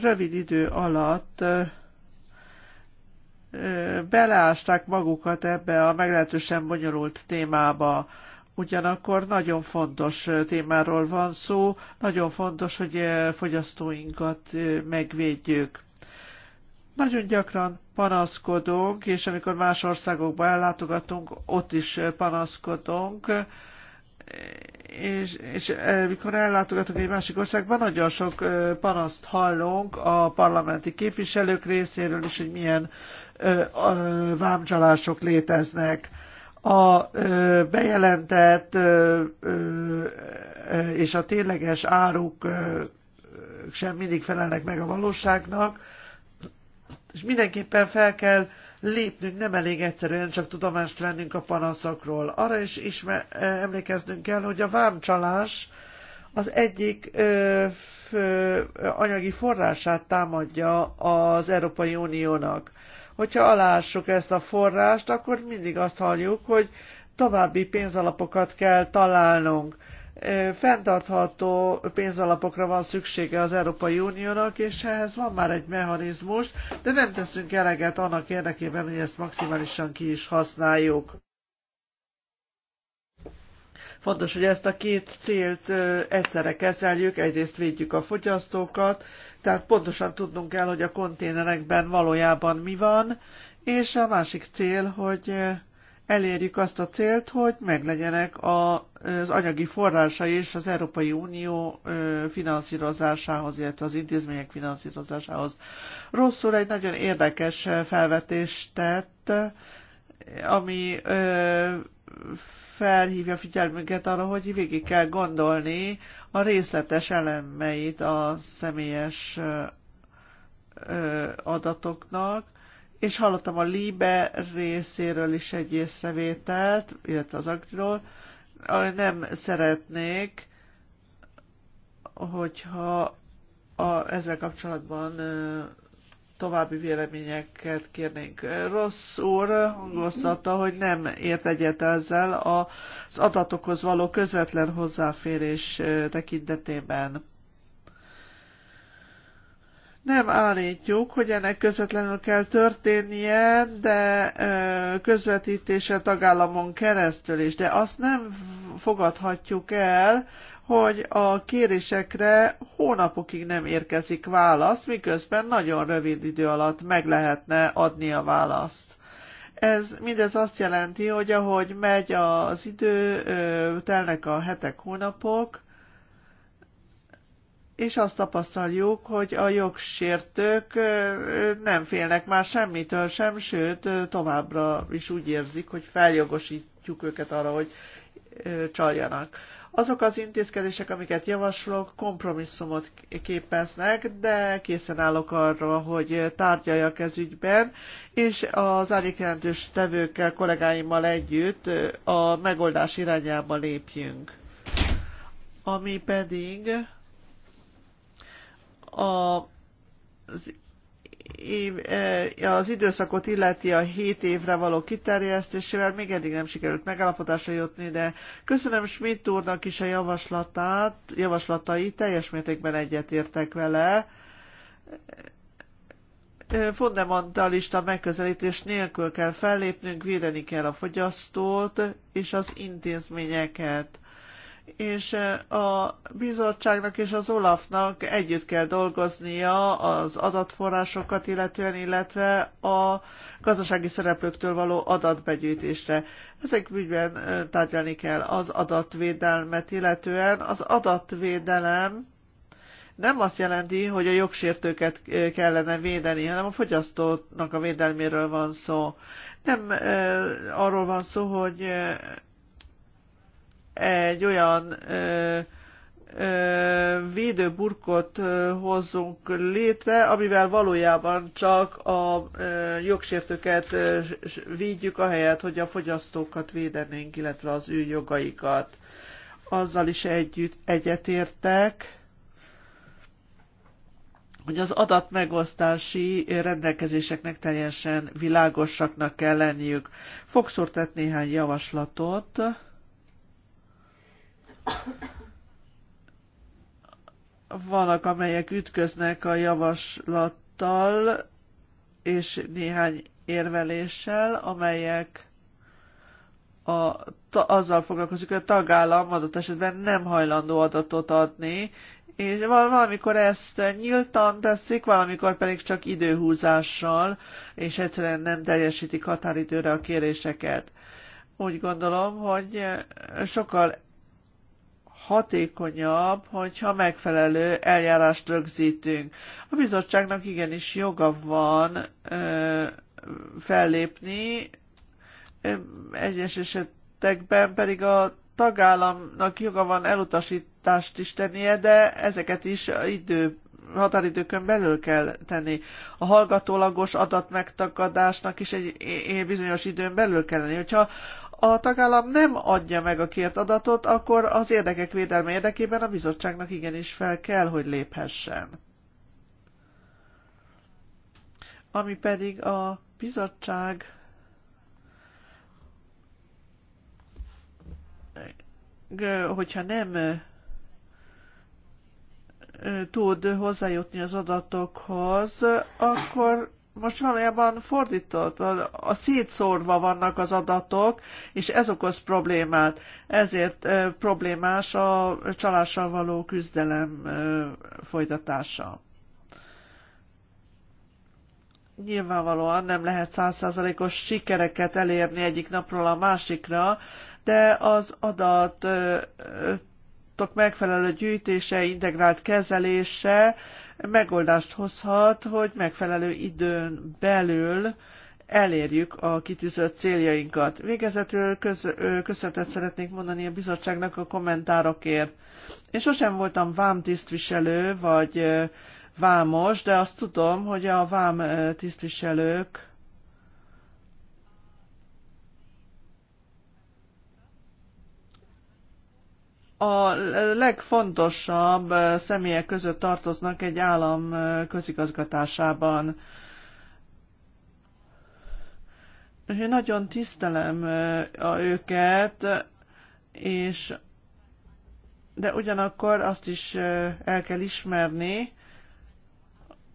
rövid idő alatt beleásták magukat ebbe a meglehetősen bonyolult témába. Ugyanakkor nagyon fontos témáról van szó, nagyon fontos, hogy fogyasztóinkat megvédjük. Nagyon gyakran panaszkodunk, és amikor más országokba ellátogatunk, ott is panaszkodunk, és, és mikor ellátogatunk egy másik országban, nagyon sok panaszt hallunk a parlamenti képviselők részéről is, hogy milyen vámcsalások léteznek. A bejelentett és a tényleges áruk sem mindig felelnek meg a valóságnak, és mindenképpen fel kell lépnünk nem elég egyszerűen csak tudomást vennünk a panaszokról. Arra is ismer, emlékeznünk kell, hogy a vámcsalás az egyik ö, fő anyagi forrását támadja az Európai Uniónak. Hogyha alássuk ezt a forrást, akkor mindig azt halljuk, hogy további pénzalapokat kell találnunk fenntartható pénzalapokra van szüksége az Európai Uniónak, és ehhez van már egy mechanizmus, de nem teszünk eleget annak érdekében, hogy ezt maximálisan ki is használjuk. Fontos, hogy ezt a két célt egyszerre kezeljük, egyrészt védjük a fogyasztókat, tehát pontosan tudnunk kell, hogy a konténerekben valójában mi van, és a másik cél, hogy elérjük azt a célt, hogy meglegyenek a, az anyagi forrásai és az Európai Unió finanszírozásához, illetve az intézmények finanszírozásához. Rosszul egy nagyon érdekes felvetést tett, ami felhívja figyelmünket arra, hogy végig kell gondolni a részletes elemeit a személyes adatoknak, és hallottam a Libe részéről is egy észrevételt, illetve az Agriról, nem szeretnék, hogyha a, ezzel kapcsolatban további véleményeket kérnénk. Rossz úr hangoztatta, hogy nem ért egyet ezzel az adatokhoz való közvetlen hozzáférés tekintetében nem állítjuk, hogy ennek közvetlenül kell történnie, de közvetítése tagállamon keresztül is. De azt nem fogadhatjuk el, hogy a kérésekre hónapokig nem érkezik válasz, miközben nagyon rövid idő alatt meg lehetne adni a választ. Ez mindez azt jelenti, hogy ahogy megy az idő, telnek a hetek, hónapok, és azt tapasztaljuk, hogy a jogsértők nem félnek már semmitől sem, sőt, továbbra is úgy érzik, hogy feljogosítjuk őket arra, hogy csaljanak. Azok az intézkedések, amiket javaslok, kompromisszumot képeznek, de készen állok arra, hogy tárgyaljak ez ügyben, és az árnyékjelentős tevőkkel, kollégáimmal együtt a megoldás irányába lépjünk. Ami pedig a, az év, e, az időszakot illeti a 7 évre való kiterjesztésével még eddig nem sikerült megállapodásra jutni, de köszönöm Schmidt úrnak is a javaslatát, javaslatai, teljes mértékben egyetértek vele. E, fundamentalista megközelítés nélkül kell fellépnünk, védeni kell a fogyasztót és az intézményeket és a bizottságnak és az Olafnak együtt kell dolgoznia az adatforrásokat illetően, illetve a gazdasági szereplőktől való adatbegyűjtésre. Ezek ügyben tárgyalni kell az adatvédelmet illetően. Az adatvédelem nem azt jelenti, hogy a jogsértőket kellene védeni, hanem a fogyasztónak a védelméről van szó. Nem arról van szó, hogy egy olyan ö, ö, védőburkot hozzunk létre, amivel valójában csak a ö, jogsértőket ö, védjük, ahelyett, hogy a fogyasztókat védenénk, illetve az ő jogaikat. Azzal is együtt egyetértek hogy az adatmegosztási rendelkezéseknek teljesen világosaknak kell lenniük. Fogszor tett néhány javaslatot. Vannak, amelyek ütköznek a javaslattal és néhány érveléssel, amelyek a, ta, azzal foglalkozik, hogy a tagállam adott esetben nem hajlandó adatot adni, és valamikor ezt nyíltan teszik, valamikor pedig csak időhúzással, és egyszerűen nem teljesítik határidőre a kéréseket. Úgy gondolom, hogy sokkal hatékonyabb, hogyha megfelelő eljárást rögzítünk. A bizottságnak igenis joga van ö, fellépni, egyes esetekben pedig a tagállamnak joga van elutasítást is tennie, de ezeket is idő határidőkön belül kell tenni. A hallgatólagos adatmegtakadásnak is egy bizonyos időn belül kell lenni. Hogyha a tagállam nem adja meg a kért adatot, akkor az érdekek védelme érdekében a bizottságnak igenis fel kell, hogy léphessen. Ami pedig a bizottság hogyha nem tud hozzájutni az adatokhoz, akkor most valójában fordított, a szétszórva vannak az adatok, és ez okoz problémát. Ezért problémás a csalással való küzdelem folytatása. Nyilvánvalóan nem lehet százszázalékos sikereket elérni egyik napról a másikra, de az adatok megfelelő gyűjtése, integrált kezelése megoldást hozhat, hogy megfelelő időn belül elérjük a kitűzött céljainkat. Végezetül köszönetet szeretnék mondani a bizottságnak a kommentárokért. Én sosem voltam vámtisztviselő vagy vámos, de azt tudom, hogy a vám tisztviselők a legfontosabb személyek között tartoznak egy állam közigazgatásában. Én nagyon tisztelem a őket, és de ugyanakkor azt is el kell ismerni,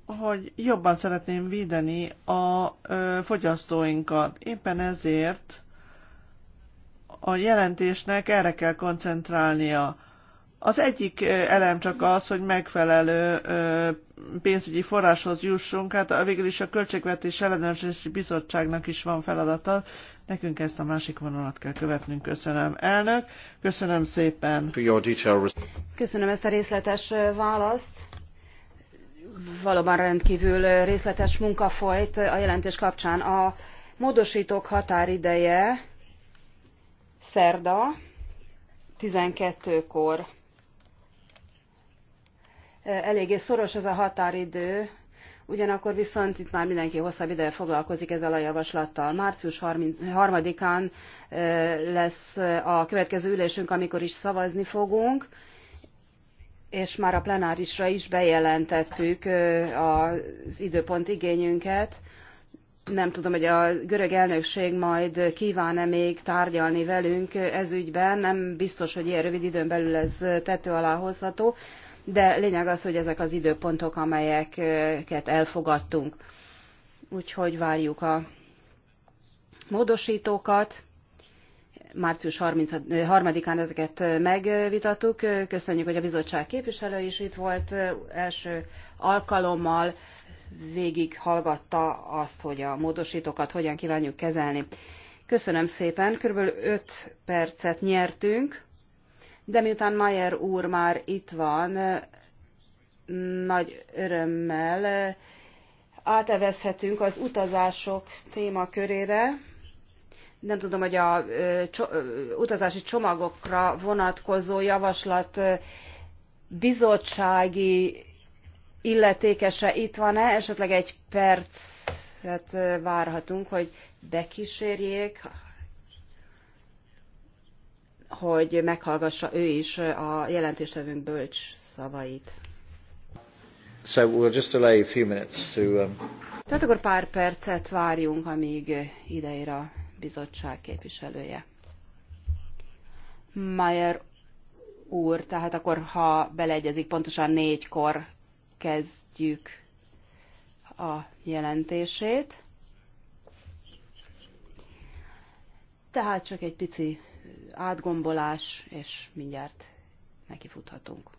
hogy jobban szeretném védeni a fogyasztóinkat. Éppen ezért a jelentésnek erre kell koncentrálnia. Az egyik elem csak az, hogy megfelelő pénzügyi forráshoz jussunk, hát a végül is a Költségvetés Ellenőrzési Bizottságnak is van feladata, nekünk ezt a másik vonalat kell követnünk. Köszönöm, elnök, köszönöm szépen. Köszönöm ezt a részletes választ. Valóban rendkívül részletes munka folyt a jelentés kapcsán. A módosítók határideje szerda 12-kor. Eléggé szoros ez a határidő, ugyanakkor viszont itt már mindenki hosszabb ideje foglalkozik ezzel a javaslattal. Március 3-án lesz a következő ülésünk, amikor is szavazni fogunk, és már a plenárisra is bejelentettük az időpont igényünket nem tudom, hogy a görög elnökség majd kíván-e még tárgyalni velünk ez ügyben. Nem biztos, hogy ilyen rövid időn belül ez tető alá hozható, de lényeg az, hogy ezek az időpontok, amelyeket elfogadtunk. Úgyhogy várjuk a módosítókat. Március 33-án ezeket megvitattuk. Köszönjük, hogy a bizottság képviselő is itt volt első alkalommal végig hallgatta azt, hogy a módosítókat hogyan kívánjuk kezelni. Köszönöm szépen, kb. 5 percet nyertünk, de miután Mayer úr már itt van, nagy örömmel átevezhetünk az utazások témakörére. Nem tudom, hogy a utazási csomagokra vonatkozó javaslat bizottsági illetékese itt van-e, esetleg egy percet várhatunk, hogy bekísérjék, hogy meghallgassa ő is a jelentéstevőnk bölcs szavait. So we'll just delay a few minutes to, um... Tehát akkor pár percet várjunk, amíg ideér a bizottság képviselője. Mayer úr, tehát akkor ha beleegyezik, pontosan négykor kezdjük a jelentését. Tehát csak egy pici átgombolás, és mindjárt nekifuthatunk.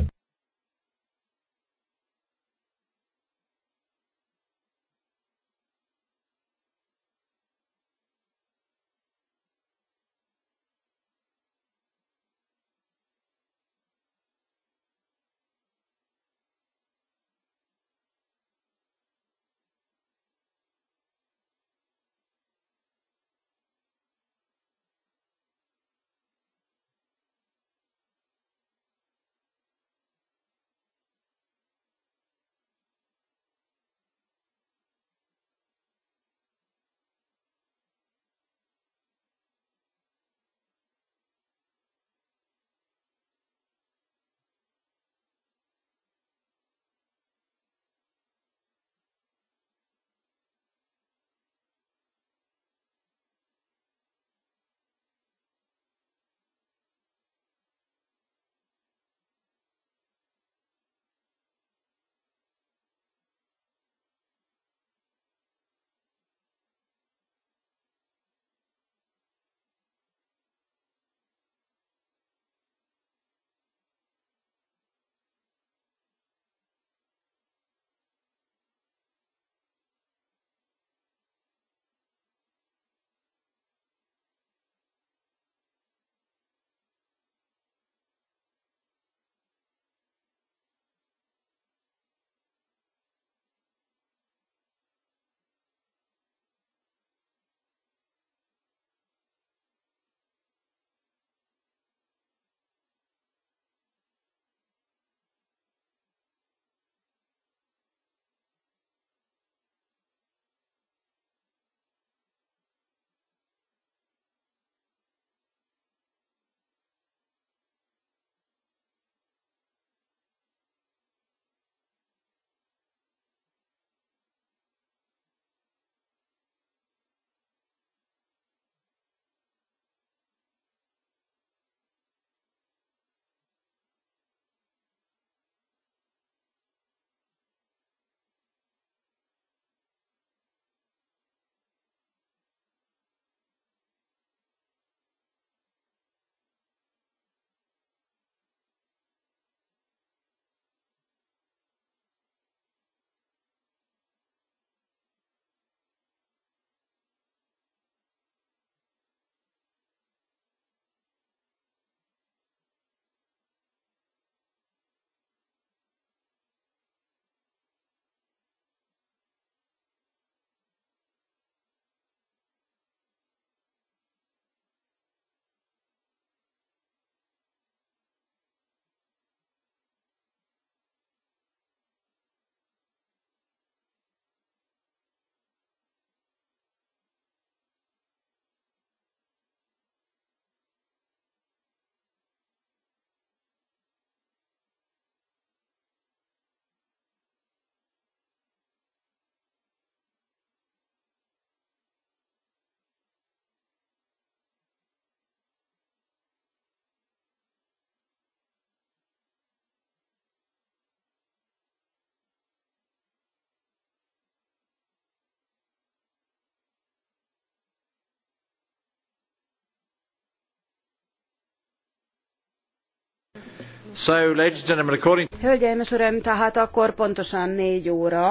Hölgyeim és Uraim, tehát akkor pontosan négy óra,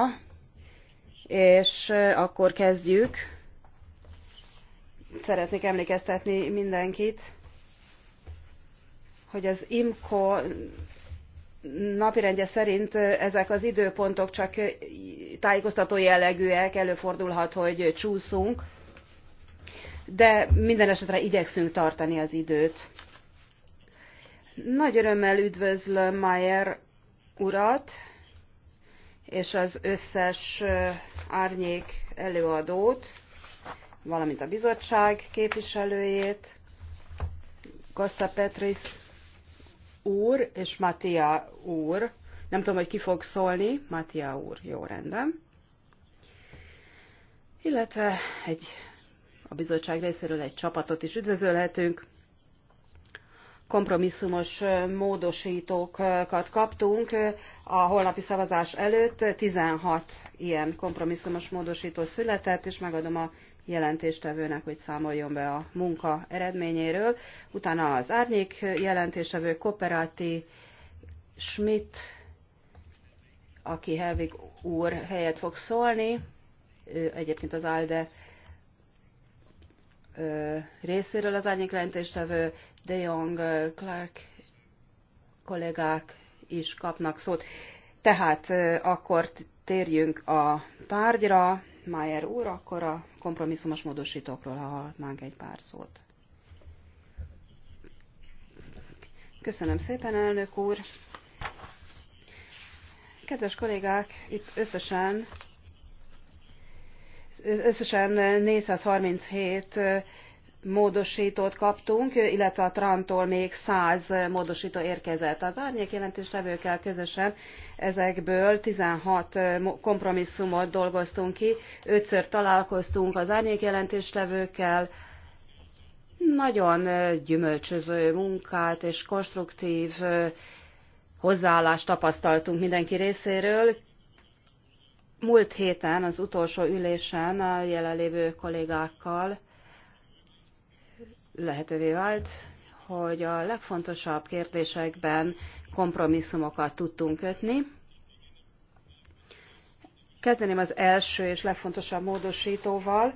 és akkor kezdjük. Szeretnék emlékeztetni mindenkit, hogy az IMCO napirendje szerint ezek az időpontok csak tájékoztató jellegűek, előfordulhat, hogy csúszunk, de minden esetre igyekszünk tartani az időt. Nagy örömmel üdvözlöm Mayer urat és az összes árnyék előadót, valamint a bizottság képviselőjét, Costa Petris úr és Matia úr. Nem tudom, hogy ki fog szólni. Matia úr, jó rendben. Illetve egy, a bizottság részéről egy csapatot is üdvözölhetünk kompromisszumos módosítókat kaptunk a holnapi szavazás előtt. 16 ilyen kompromisszumos módosító született, és megadom a jelentéstevőnek, hogy számoljon be a munka eredményéről. Utána az árnyék jelentéstevő Koperáti Schmidt, aki Helvig úr helyet fog szólni, ő egyébként az ALDE részéről az árnyék jelentéstevő, de Jong, Clark kollégák is kapnak szót. Tehát akkor térjünk a tárgyra. Mayer úr, akkor a kompromisszumos módosítókról hallhatnánk egy pár szót. Köszönöm szépen, elnök úr! Kedves kollégák, itt összesen, összesen 437 módosítót kaptunk, illetve a Trantól még 100 módosító érkezett. Az árnyék levőkkel közösen ezekből 16 kompromisszumot dolgoztunk ki, ötször találkoztunk az árnyék levőkkel. nagyon gyümölcsöző munkát és konstruktív hozzáállást tapasztaltunk mindenki részéről. Múlt héten az utolsó ülésen a jelenlévő kollégákkal lehetővé vált, hogy a legfontosabb kérdésekben kompromisszumokat tudtunk kötni. Kezdeném az első és legfontosabb módosítóval.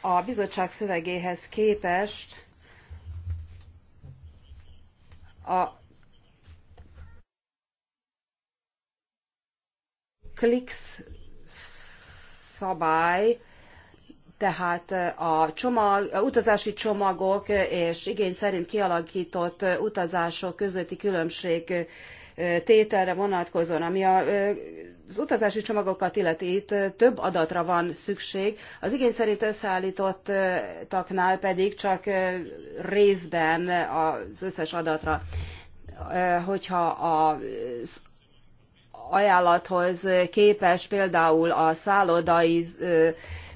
A bizottság szövegéhez képest a klicks szabály tehát a csomag, a utazási csomagok és igény szerint kialakított utazások közötti különbség tételre vonatkozóan, ami az utazási csomagokat illeti, itt több adatra van szükség, az igény szerint összeállítottaknál pedig csak részben az összes adatra. Hogyha az ajánlathoz képes például a szállodai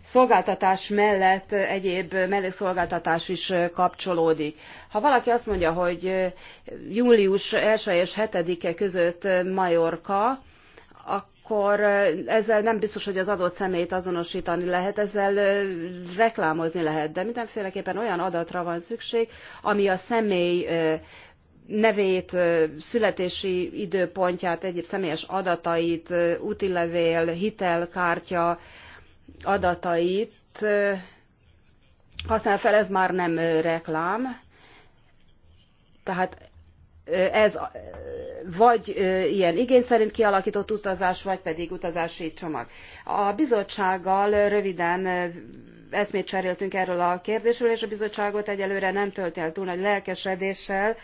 szolgáltatás mellett egyéb mellékszolgáltatás is kapcsolódik. Ha valaki azt mondja, hogy július 1 és 7-e között Majorka, akkor ezzel nem biztos, hogy az adott személyt azonosítani lehet, ezzel reklámozni lehet, de mindenféleképpen olyan adatra van szükség, ami a személy nevét, születési időpontját, egyéb személyes adatait, útilevél, hitelkártya, adatait használ fel, ez már nem reklám. Tehát ez vagy ilyen igény szerint kialakított utazás, vagy pedig utazási csomag. A bizottsággal röviden eszmét cseréltünk erről a kérdésről, és a bizottságot egyelőre nem tölt el túl nagy lelkesedéssel,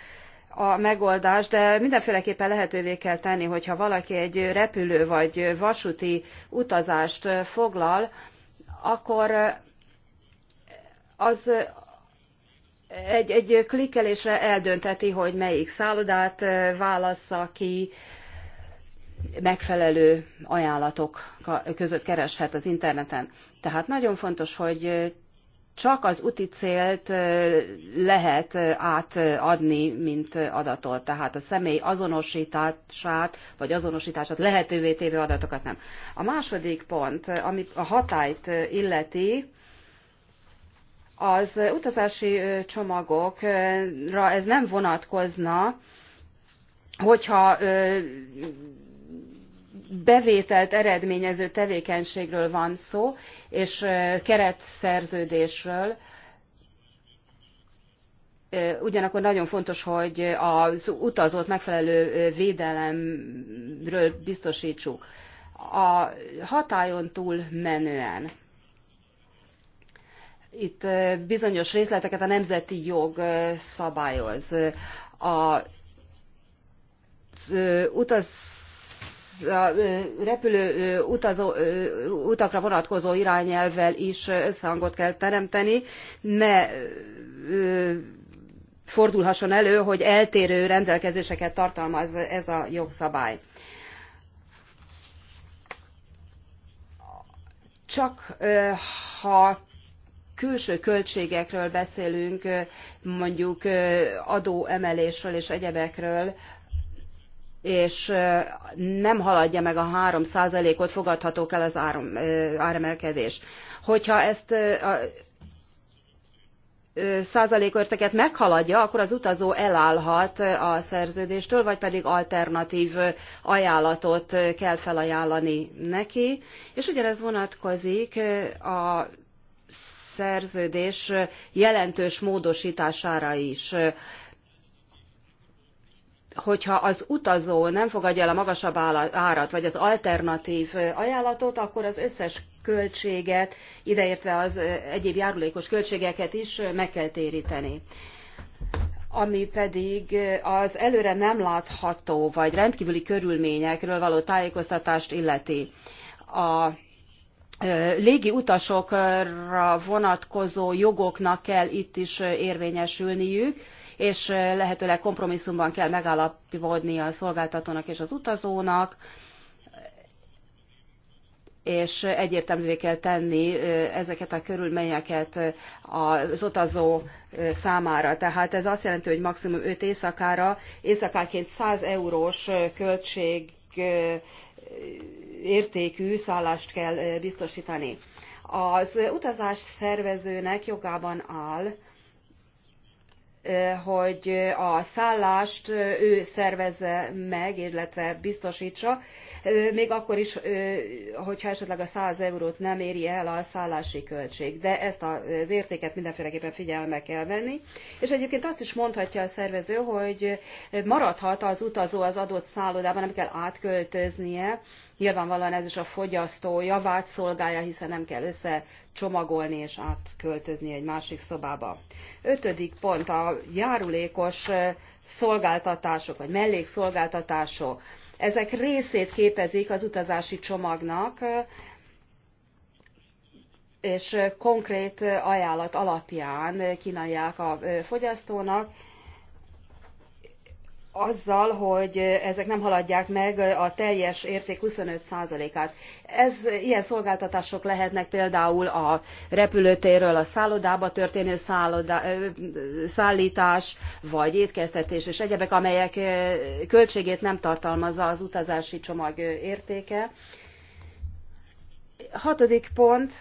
a megoldás, de mindenféleképpen lehetővé kell tenni, hogyha valaki egy repülő vagy vasúti utazást foglal, akkor az egy, egy klikkelésre eldönteti, hogy melyik szállodát válassza ki, megfelelő ajánlatok között kereshet az interneten. Tehát nagyon fontos, hogy csak az úti célt lehet átadni, mint adatot, tehát a személy azonosítását, vagy azonosítását lehetővé tévő adatokat nem. A második pont, ami a hatályt illeti, az utazási csomagokra ez nem vonatkozna, hogyha bevételt eredményező tevékenységről van szó, és keretszerződésről. Ugyanakkor nagyon fontos, hogy az utazót megfelelő védelemről biztosítsuk. A hatályon túl menően itt bizonyos részleteket a nemzeti jog szabályoz. A utaz a repülő utazó, utakra vonatkozó irányelvvel is összhangot kell teremteni, ne fordulhasson elő, hogy eltérő rendelkezéseket tartalmaz ez a jogszabály. Csak ha külső költségekről beszélünk, mondjuk adóemelésről és egyebekről, és nem haladja meg a 3%-ot, fogadhatók el az áram, áremelkedés. Hogyha ezt a százalékörteket meghaladja, akkor az utazó elállhat a szerződéstől, vagy pedig alternatív ajánlatot kell felajánlani neki. És ugyanez vonatkozik a szerződés jelentős módosítására is hogyha az utazó nem fogadja el a magasabb árat, vagy az alternatív ajánlatot, akkor az összes költséget, ideértve az egyéb járulékos költségeket is meg kell téríteni. Ami pedig az előre nem látható, vagy rendkívüli körülményekről való tájékoztatást illeti. A légi utasokra vonatkozó jogoknak kell itt is érvényesülniük, és lehetőleg kompromisszumban kell megállapodni a szolgáltatónak és az utazónak, és egyértelművé kell tenni ezeket a körülményeket az utazó számára. Tehát ez azt jelenti, hogy maximum 5 éjszakára, éjszakánként 100 eurós költség értékű szállást kell biztosítani. Az utazás szervezőnek jogában áll hogy a szállást ő szervezze meg, illetve biztosítsa, még akkor is, hogyha esetleg a 100 eurót nem éri el a szállási költség. De ezt az értéket mindenféleképpen figyelme kell venni. És egyébként azt is mondhatja a szervező, hogy maradhat az utazó az adott szállodában, nem kell átköltöznie, Nyilvánvalóan ez is a fogyasztó javát szolgálja, hiszen nem kell összecsomagolni és átköltözni egy másik szobába. Ötödik pont a járulékos szolgáltatások, vagy mellékszolgáltatások. Ezek részét képezik az utazási csomagnak, és konkrét ajánlat alapján kínálják a fogyasztónak, azzal, hogy ezek nem haladják meg a teljes érték 25%-át. Ez, ilyen szolgáltatások lehetnek például a repülőtérről a szállodába történő szálloda, szállítás, vagy étkeztetés és egyebek, amelyek költségét nem tartalmazza az utazási csomag értéke. Hatodik pont,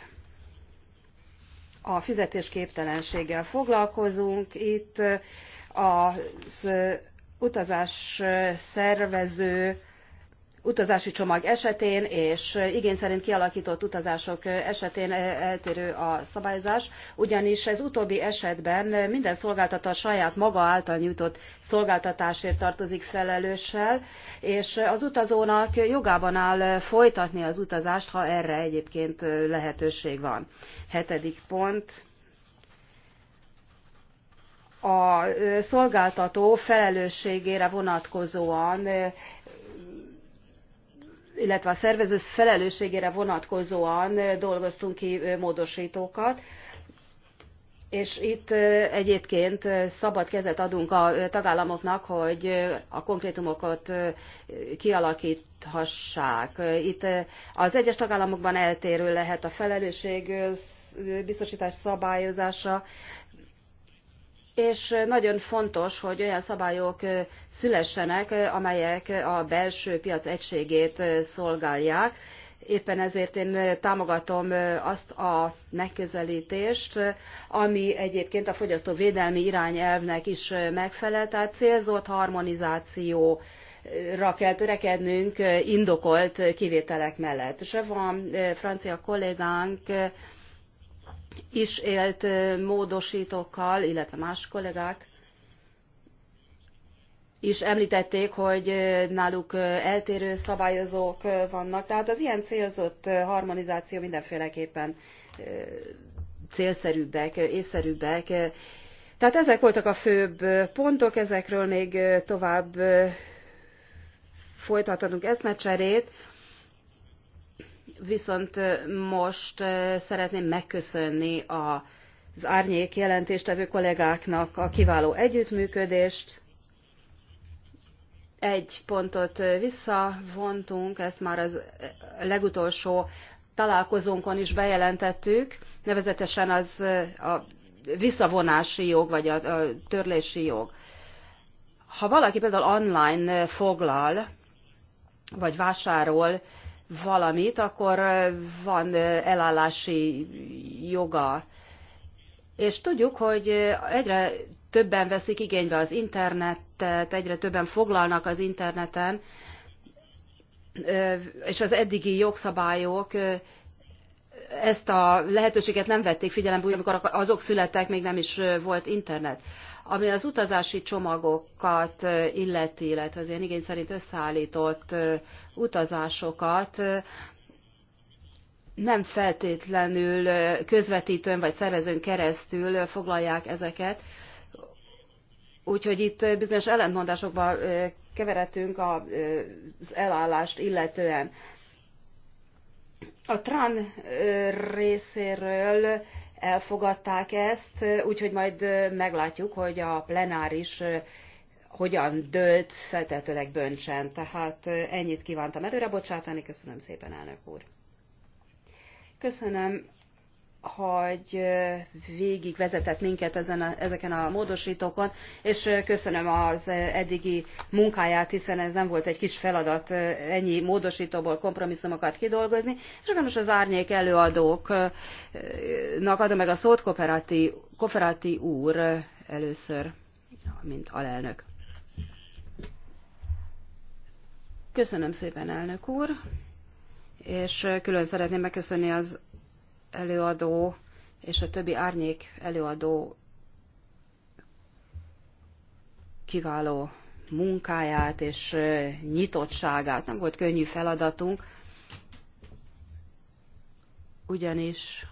a fizetésképtelenséggel foglalkozunk. Itt az utazás szervező utazási csomag esetén és igény szerint kialakított utazások esetén eltérő a szabályzás, ugyanis ez utóbbi esetben minden szolgáltató a saját maga által nyújtott szolgáltatásért tartozik felelőssel, és az utazónak jogában áll folytatni az utazást, ha erre egyébként lehetőség van. Hetedik pont a szolgáltató felelősségére vonatkozóan, illetve a szervező felelősségére vonatkozóan dolgoztunk ki módosítókat, és itt egyébként szabad kezet adunk a tagállamoknak, hogy a konkrétumokat kialakíthassák. Itt az egyes tagállamokban eltérő lehet a felelősség biztosítás szabályozása, és nagyon fontos, hogy olyan szabályok szülessenek, amelyek a belső piac egységét szolgálják. Éppen ezért én támogatom azt a megközelítést, ami egyébként a fogyasztóvédelmi irányelvnek is megfelel, tehát célzott harmonizációra kell törekednünk indokolt kivételek mellett. Zsevan francia kollégánk is élt módosítókkal, illetve más kollégák is említették, hogy náluk eltérő szabályozók vannak, tehát az ilyen célzott harmonizáció mindenféleképpen célszerűbbek, észszerűbbek. Tehát ezek voltak a főbb pontok, ezekről még tovább folytathatunk eszmecserét viszont most szeretném megköszönni az árnyék jelentéstevő kollégáknak a kiváló együttműködést. Egy pontot visszavontunk, ezt már az legutolsó találkozónkon is bejelentettük, nevezetesen az a visszavonási jog, vagy a, a törlési jog. Ha valaki például online foglal, vagy vásárol valamit, akkor van elállási joga. És tudjuk, hogy egyre többen veszik igénybe az internetet, egyre többen foglalnak az interneten, és az eddigi jogszabályok ezt a lehetőséget nem vették figyelembe, amikor azok születtek, még nem is volt internet. Ami az utazási csomagokat illeti, illetve az ilyen igény szerint összeállított utazásokat, nem feltétlenül közvetítőn vagy szervezőn keresztül foglalják ezeket. Úgyhogy itt bizonyos ellentmondásokba keveretünk az elállást illetően. A TRAN részéről elfogadták ezt, úgyhogy majd meglátjuk, hogy a plenáris hogyan dőlt, feltetőleg döntsen. Tehát ennyit kívántam előre bocsátani. Köszönöm szépen, elnök úr. Köszönöm hogy végig vezetett minket ezen a, ezeken a módosítókon, és köszönöm az eddigi munkáját, hiszen ez nem volt egy kis feladat ennyi módosítóból kompromisszumokat kidolgozni, és most az árnyék előadóknak adom meg a szót Koperati, Koperati úr először, mint alelnök. Köszönöm szépen, elnök úr, és külön szeretném megköszönni az előadó és a többi árnyék előadó kiváló munkáját és nyitottságát. Nem volt könnyű feladatunk, ugyanis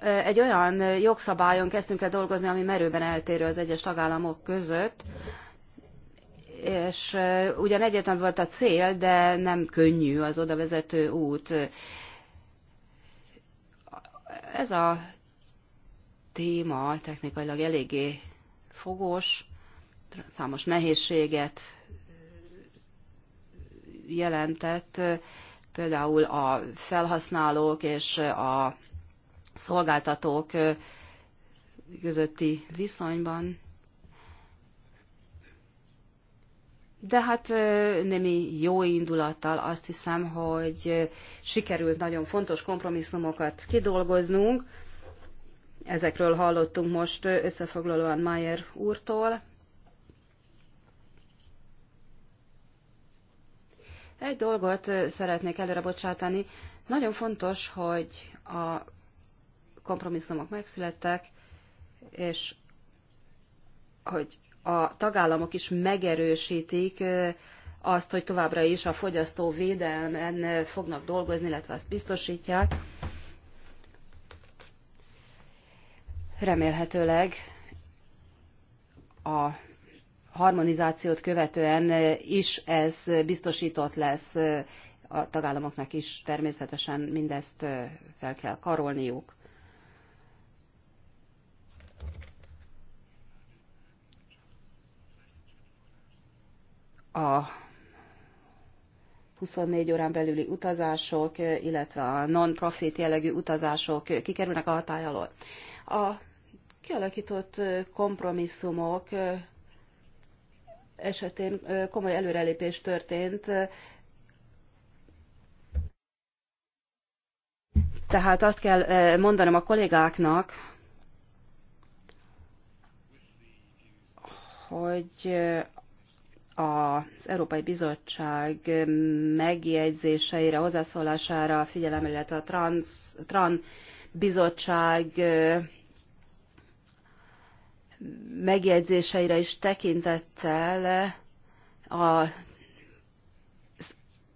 egy olyan jogszabályon kezdtünk el dolgozni, ami merőben eltérő az egyes tagállamok között, és ugyan egyetlen volt a cél, de nem könnyű az oda vezető út. Ez a téma technikailag eléggé fogós, számos nehézséget jelentett, például a felhasználók és a szolgáltatók közötti viszonyban. de hát némi jó indulattal azt hiszem, hogy sikerült nagyon fontos kompromisszumokat kidolgoznunk. Ezekről hallottunk most összefoglalóan Mayer úrtól. Egy dolgot szeretnék előre bocsátani. Nagyon fontos, hogy a kompromisszumok megszülettek, és hogy a tagállamok is megerősítik azt, hogy továbbra is a fogyasztó védelmen fognak dolgozni, illetve azt biztosítják. Remélhetőleg a harmonizációt követően is ez biztosított lesz, a tagállamoknak is természetesen mindezt fel kell karolniuk. a 24 órán belüli utazások, illetve a non-profit jellegű utazások kikerülnek a hatály alól. A kialakított kompromisszumok esetén komoly előrelépés történt, tehát azt kell eh, mondanom a kollégáknak, hogy eh, az Európai Bizottság megjegyzéseire, hozzászólására figyelem, illetve a Trans, TRAN bizottság megjegyzéseire is tekintettel a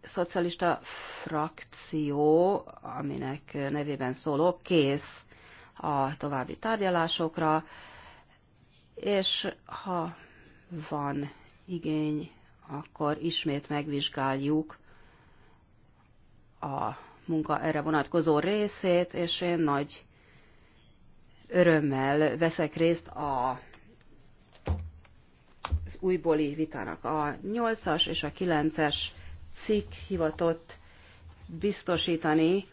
szocialista frakció, aminek nevében szóló, kész a további tárgyalásokra, és ha van igény, akkor ismét megvizsgáljuk a munka erre vonatkozó részét, és én nagy örömmel veszek részt a, az újbóli vitának. A 8-as és a 9-es cikk hivatott biztosítani,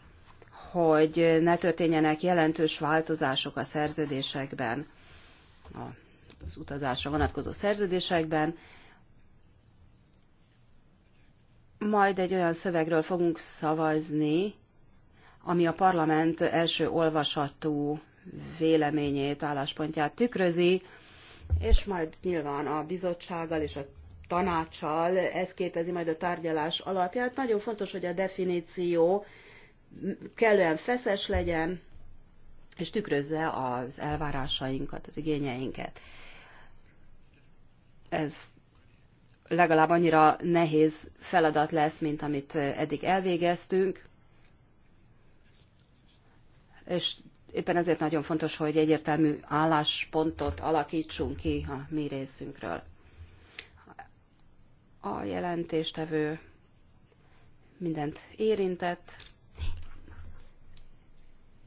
hogy ne történjenek jelentős változások a szerződésekben, az utazásra vonatkozó szerződésekben, majd egy olyan szövegről fogunk szavazni, ami a parlament első olvasatú véleményét, álláspontját tükrözi, és majd nyilván a bizottsággal és a tanácssal ez képezi majd a tárgyalás alapját. Nagyon fontos, hogy a definíció kellően feszes legyen, és tükrözze az elvárásainkat, az igényeinket. Ez legalább annyira nehéz feladat lesz, mint amit eh, eddig elvégeztünk. És éppen ezért nagyon fontos, hogy egyértelmű álláspontot alakítsunk ki a mi részünkről. A jelentéstevő mindent érintett.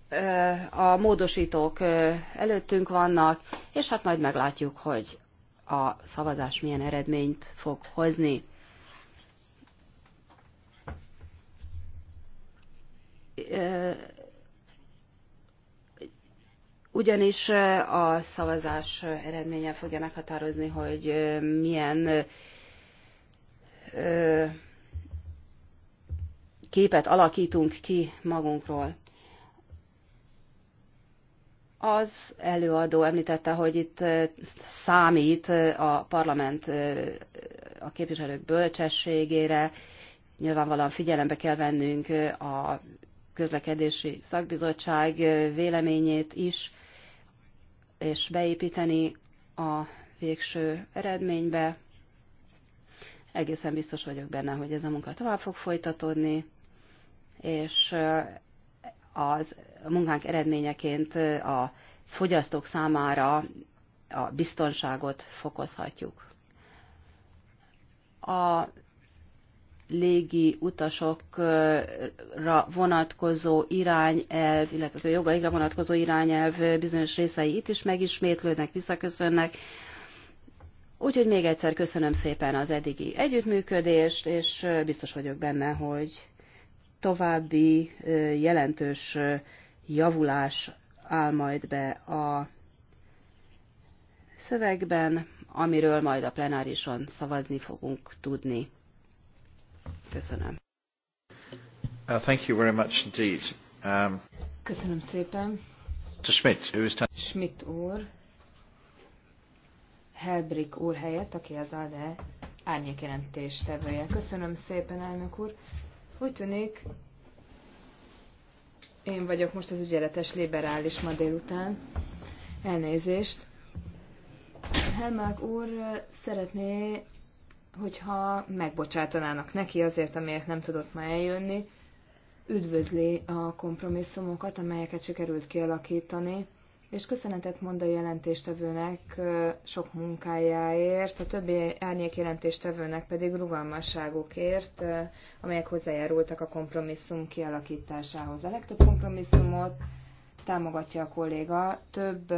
Eh, a módosítók eh, előttünk vannak, és hát majd meglátjuk, hogy a szavazás milyen eredményt fog hozni. Ugyanis a szavazás eredménye fogja meghatározni, hogy milyen képet alakítunk ki magunkról. Az előadó említette, hogy itt számít a parlament a képviselők bölcsességére, nyilvánvalóan figyelembe kell vennünk a közlekedési szakbizottság véleményét is, és beépíteni a végső eredménybe. Egészen biztos vagyok benne, hogy ez a munka tovább fog folytatódni, és az munkánk eredményeként a fogyasztók számára a biztonságot fokozhatjuk. A légi utasokra vonatkozó irányelv, illetve az ő jogaikra vonatkozó irányelv bizonyos részei itt is megismétlődnek, visszaköszönnek. Úgyhogy még egyszer köszönöm szépen az eddigi együttműködést, és biztos vagyok benne, hogy további jelentős javulás áll majd be a szövegben, amiről majd a plenárison szavazni fogunk tudni. Köszönöm. Uh, thank you very much indeed. Um, Köszönöm szépen. To Schmidt, who is Schmidt úr, Helbrick úr helyett, aki az ALDE árnyékjelentést tevője. Köszönöm szépen, elnök úr. Úgy tűnik, én vagyok most az ügyeletes liberális ma délután. Elnézést. Helmák úr szeretné, hogyha megbocsátanának neki azért, amiért nem tudott ma eljönni. Üdvözli a kompromisszumokat, amelyeket sikerült kialakítani és köszönetet mond a jelentéstevőnek sok munkájáért, a többi árnyék jelentéstevőnek pedig rugalmasságukért, amelyek hozzájárultak a kompromisszum kialakításához. A legtöbb kompromisszumot támogatja a kolléga, több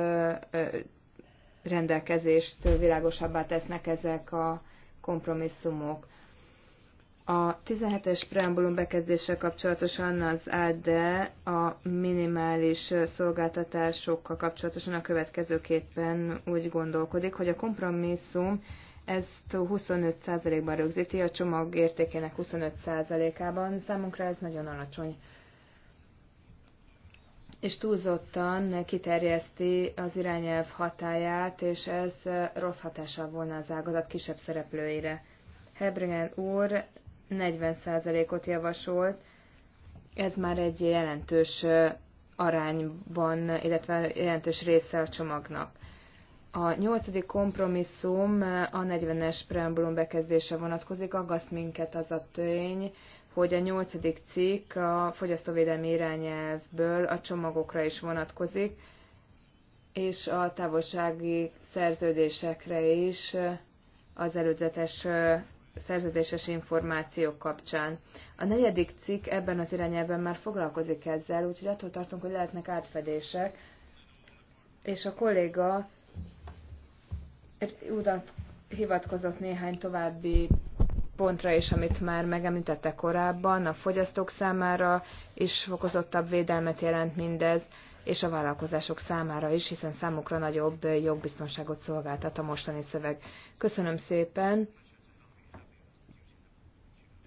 rendelkezést világosabbá tesznek ezek a kompromisszumok. A 17-es preambulum bekezdése kapcsolatosan az de a minimális szolgáltatásokkal kapcsolatosan a következőképpen úgy gondolkodik, hogy a kompromisszum ezt 25%-ban rögzíti, a csomag értékének 25%-ában. Számunkra ez nagyon alacsony és túlzottan kiterjeszti az irányelv hatáját, és ez rossz hatással volna az ágazat kisebb szereplőire. Hebringen úr 40%-ot javasolt. Ez már egy jelentős arányban, illetve jelentős része a csomagnak. A nyolcadik kompromisszum a 40-es preambulum bekezdése vonatkozik, aggaszt minket az a tény, hogy a nyolcadik cikk a fogyasztóvédelmi irányelvből a csomagokra is vonatkozik, és a távolsági szerződésekre is az előzetes szerződéses információk kapcsán. A negyedik cikk ebben az irányelben már foglalkozik ezzel, úgyhogy attól tartunk, hogy lehetnek átfedések, és a kolléga udat hivatkozott néhány további pontra is, amit már megemlítette korábban, a fogyasztók számára is fokozottabb védelmet jelent mindez, és a vállalkozások számára is, hiszen számukra nagyobb jogbiztonságot szolgáltat a mostani szöveg. Köszönöm szépen!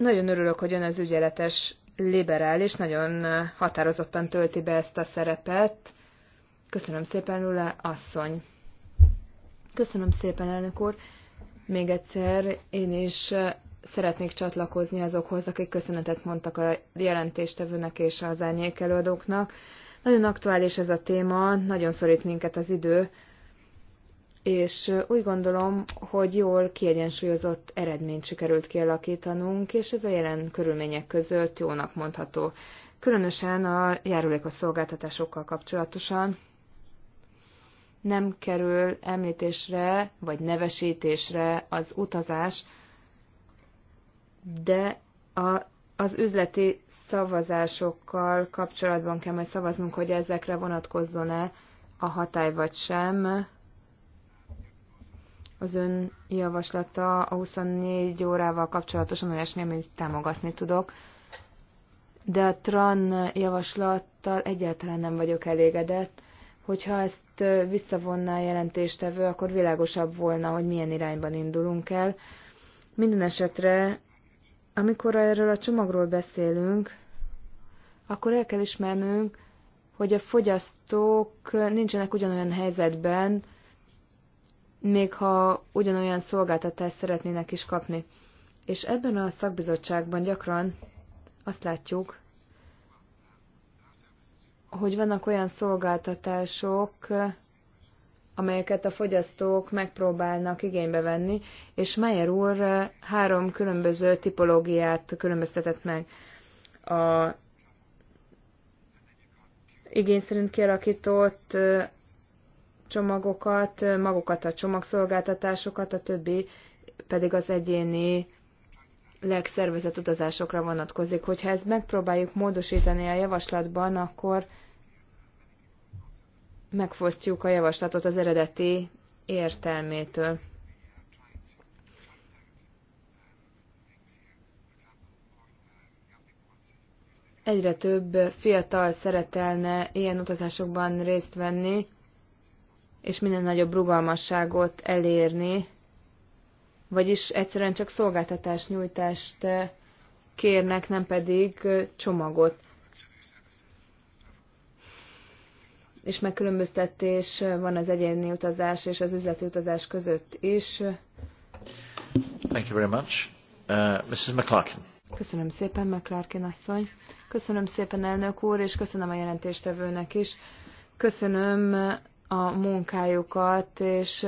Nagyon örülök, hogy ön az ügyeletes liberális, nagyon határozottan tölti be ezt a szerepet. Köszönöm szépen, Lula asszony. Köszönöm szépen, elnök úr. Még egyszer én is szeretnék csatlakozni azokhoz, akik köszönetet mondtak a jelentéstevőnek és az árnyékelőadóknak. Nagyon aktuális ez a téma, nagyon szorít minket az idő, és úgy gondolom, hogy jól kiegyensúlyozott eredményt sikerült kialakítanunk, és ez a jelen körülmények között jónak mondható. Különösen a járulékos szolgáltatásokkal kapcsolatosan nem kerül említésre vagy nevesítésre az utazás, de a, az üzleti szavazásokkal kapcsolatban kell majd szavaznunk, hogy ezekre vonatkozzon-e a hatály vagy sem az ön javaslata a 24 órával kapcsolatosan olyasmi, amit támogatni tudok. De a TRAN javaslattal egyáltalán nem vagyok elégedett. Hogyha ezt visszavonná a jelentéstevő, akkor világosabb volna, hogy milyen irányban indulunk el. Minden esetre, amikor erről a csomagról beszélünk, akkor el kell ismernünk, hogy a fogyasztók nincsenek ugyanolyan helyzetben, még ha ugyanolyan szolgáltatást szeretnének is kapni. És ebben a szakbizottságban gyakran azt látjuk, hogy vannak olyan szolgáltatások, amelyeket a fogyasztók megpróbálnak igénybe venni, és Meyer úr három különböző tipológiát különböztetett meg. A igény szerint kialakított csomagokat, magukat a csomagszolgáltatásokat, a többi pedig az egyéni legszervezett utazásokra vonatkozik. Hogyha ezt megpróbáljuk módosítani a javaslatban, akkor megfosztjuk a javaslatot az eredeti értelmétől. Egyre több fiatal szeretelne ilyen utazásokban részt venni, és minden nagyobb rugalmasságot elérni, vagyis egyszerűen csak szolgáltatás nyújtást eh, kérnek, nem pedig eh, csomagot. És megkülönböztetés eh, van az egyéni utazás és az üzleti utazás között is. Thank you very much. Uh, Mrs. McClarkin. Köszönöm szépen, McClarkin asszony. Köszönöm szépen, elnök úr, és köszönöm a jelentéstevőnek is. Köszönöm a munkájukat, és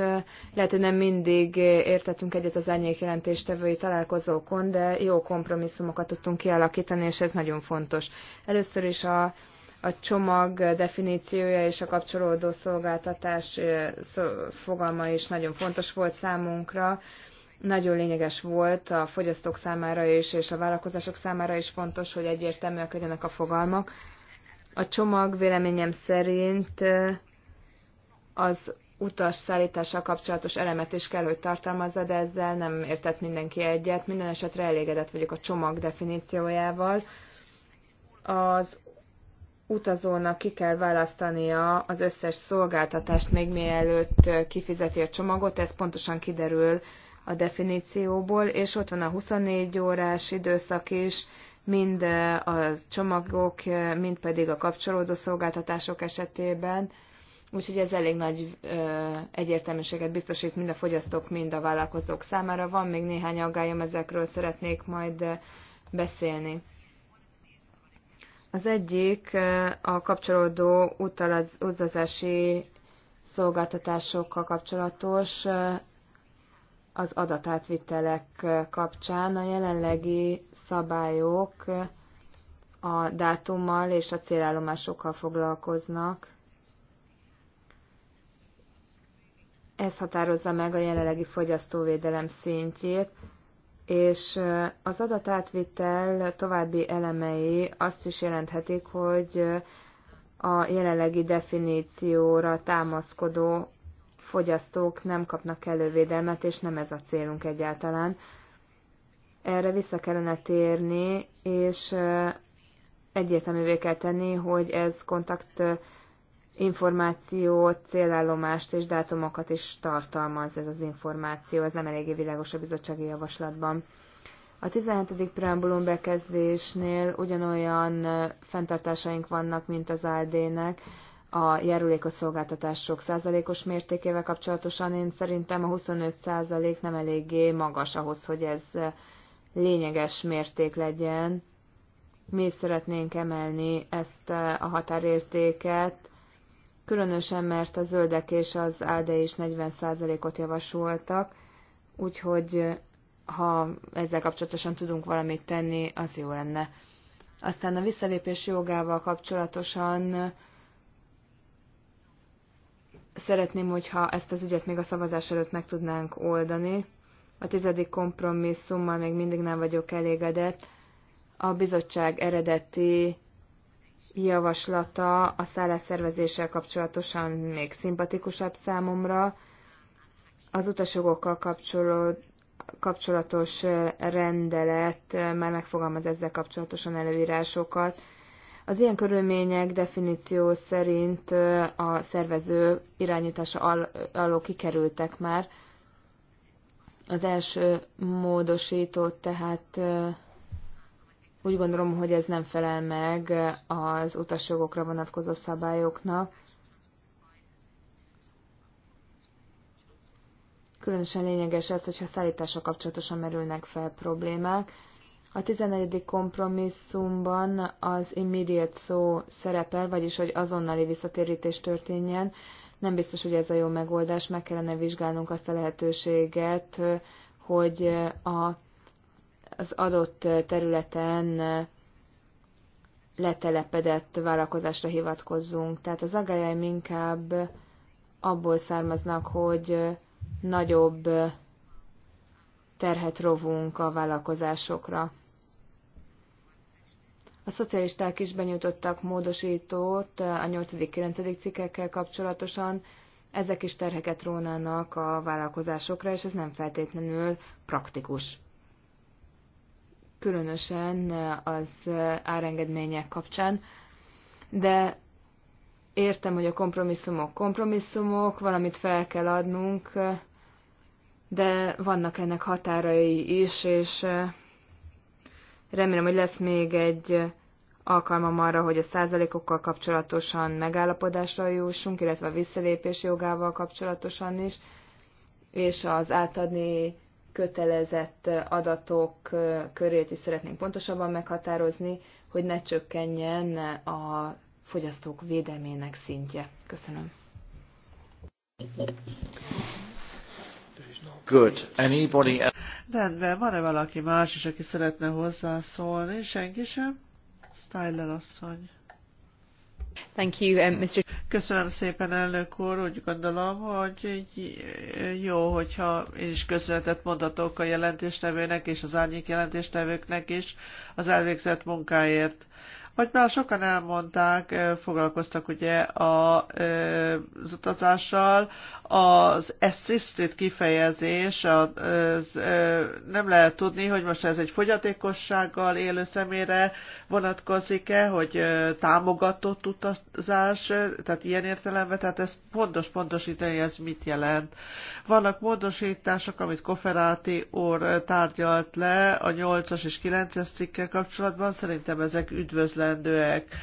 lehet, hogy nem mindig értettünk egyet az árnyék jelentéstevői találkozókon, de jó kompromisszumokat tudtunk kialakítani, és ez nagyon fontos. Először is a, a csomag definíciója és a kapcsolódó szolgáltatás fogalma is nagyon fontos volt számunkra. Nagyon lényeges volt a fogyasztók számára is, és a vállalkozások számára is fontos, hogy egyértelműek legyenek a fogalmak. A csomag véleményem szerint az utas szállítással kapcsolatos elemet is kell, hogy tartalmazza, de ezzel nem értett mindenki egyet. Minden esetre elégedett vagyok a csomag definíciójával. Az utazónak ki kell választania az összes szolgáltatást, még mielőtt kifizeti a csomagot, ez pontosan kiderül a definícióból, és ott van a 24 órás időszak is, mind a csomagok, mind pedig a kapcsolódó szolgáltatások esetében Úgyhogy ez elég nagy ö, egyértelműséget biztosít mind a fogyasztók, mind a vállalkozók számára. Van még néhány aggályom, ezekről szeretnék majd beszélni. Az egyik a kapcsolódó utazási szolgáltatásokkal kapcsolatos az adatátvitelek kapcsán. A jelenlegi szabályok a dátummal és a célállomásokkal foglalkoznak ez határozza meg a jelenlegi fogyasztóvédelem szintjét, és az adatátvitel további elemei azt is jelenthetik, hogy a jelenlegi definícióra támaszkodó fogyasztók nem kapnak elővédelmet, és nem ez a célunk egyáltalán. Erre vissza kellene térni, és egyértelművé kell tenni, hogy ez kontakt információt, célállomást és dátumokat is tartalmaz ez az információ, ez nem eléggé világos a bizottsági javaslatban. A 17. preambulum bekezdésnél ugyanolyan fenntartásaink vannak, mint az ALD-nek, a járulékos szolgáltatások százalékos mértékével kapcsolatosan én szerintem a 25 százalék nem eléggé magas ahhoz, hogy ez lényeges mérték legyen. Mi szeretnénk emelni ezt a határértéket különösen mert a zöldek és az AD is 40%-ot javasoltak, úgyhogy ha ezzel kapcsolatosan tudunk valamit tenni, az jó lenne. Aztán a visszalépés jogával kapcsolatosan szeretném, hogyha ezt az ügyet még a szavazás előtt meg tudnánk oldani. A tizedik kompromisszummal még mindig nem vagyok elégedett. A bizottság eredeti javaslata a szállásszervezéssel kapcsolatosan még szimpatikusabb számomra. Az utasjogokkal kapcsolatos rendelet már megfogalmaz ezzel kapcsolatosan előírásokat. Az ilyen körülmények definíció szerint a szervező irányítása al- alól kikerültek már. Az első módosított tehát úgy gondolom, hogy ez nem felel meg az utasjogokra vonatkozó szabályoknak. Különösen lényeges az, hogyha szállítása kapcsolatosan merülnek fel problémák. A 11. kompromisszumban az immediate szó szerepel, vagyis hogy azonnali visszatérítés történjen. Nem biztos, hogy ez a jó megoldás, meg kellene vizsgálnunk azt a lehetőséget, hogy a az adott területen letelepedett vállalkozásra hivatkozzunk. Tehát az agályaim inkább abból származnak, hogy nagyobb terhet rovunk a vállalkozásokra. A szocialisták is benyújtottak módosítót a 8.-9. cikkekkel kapcsolatosan. Ezek is terheket rónának a vállalkozásokra, és ez nem feltétlenül praktikus különösen az árengedmények kapcsán, de értem, hogy a kompromisszumok kompromisszumok, valamit fel kell adnunk, de vannak ennek határai is, és remélem, hogy lesz még egy alkalmam arra, hogy a százalékokkal kapcsolatosan megállapodásra jussunk, illetve a visszalépés jogával kapcsolatosan is, és az átadni kötelezett adatok körét is szeretnénk pontosabban meghatározni, hogy ne csökkenjen a fogyasztók védelmének szintje. Köszönöm. Good. Anybody else? Rendben, van-e valaki más is, aki szeretne hozzászólni? Senki sem? Styler asszony. Thank you, um, Mr. Köszönöm szépen, elnök úr. Úgy gondolom, hogy eh, jó, hogyha én is köszönetet mondatok a jelentéstevőnek és az árnyék jelentéstevőknek is az elvégzett munkáért. Hogy már sokan elmondták, foglalkoztak ugye a, az utazással, az assisted kifejezés, az, nem lehet tudni, hogy most ez egy fogyatékossággal élő szemére vonatkozik-e, hogy támogatott utazás, tehát ilyen értelemben, tehát ez pontos pontosítani, ez mit jelent. Vannak módosítások, amit Koferáti úr tárgyalt le a 8-as és 9-es cikkel kapcsolatban, szerintem ezek üdvözlet üdvözlendőek.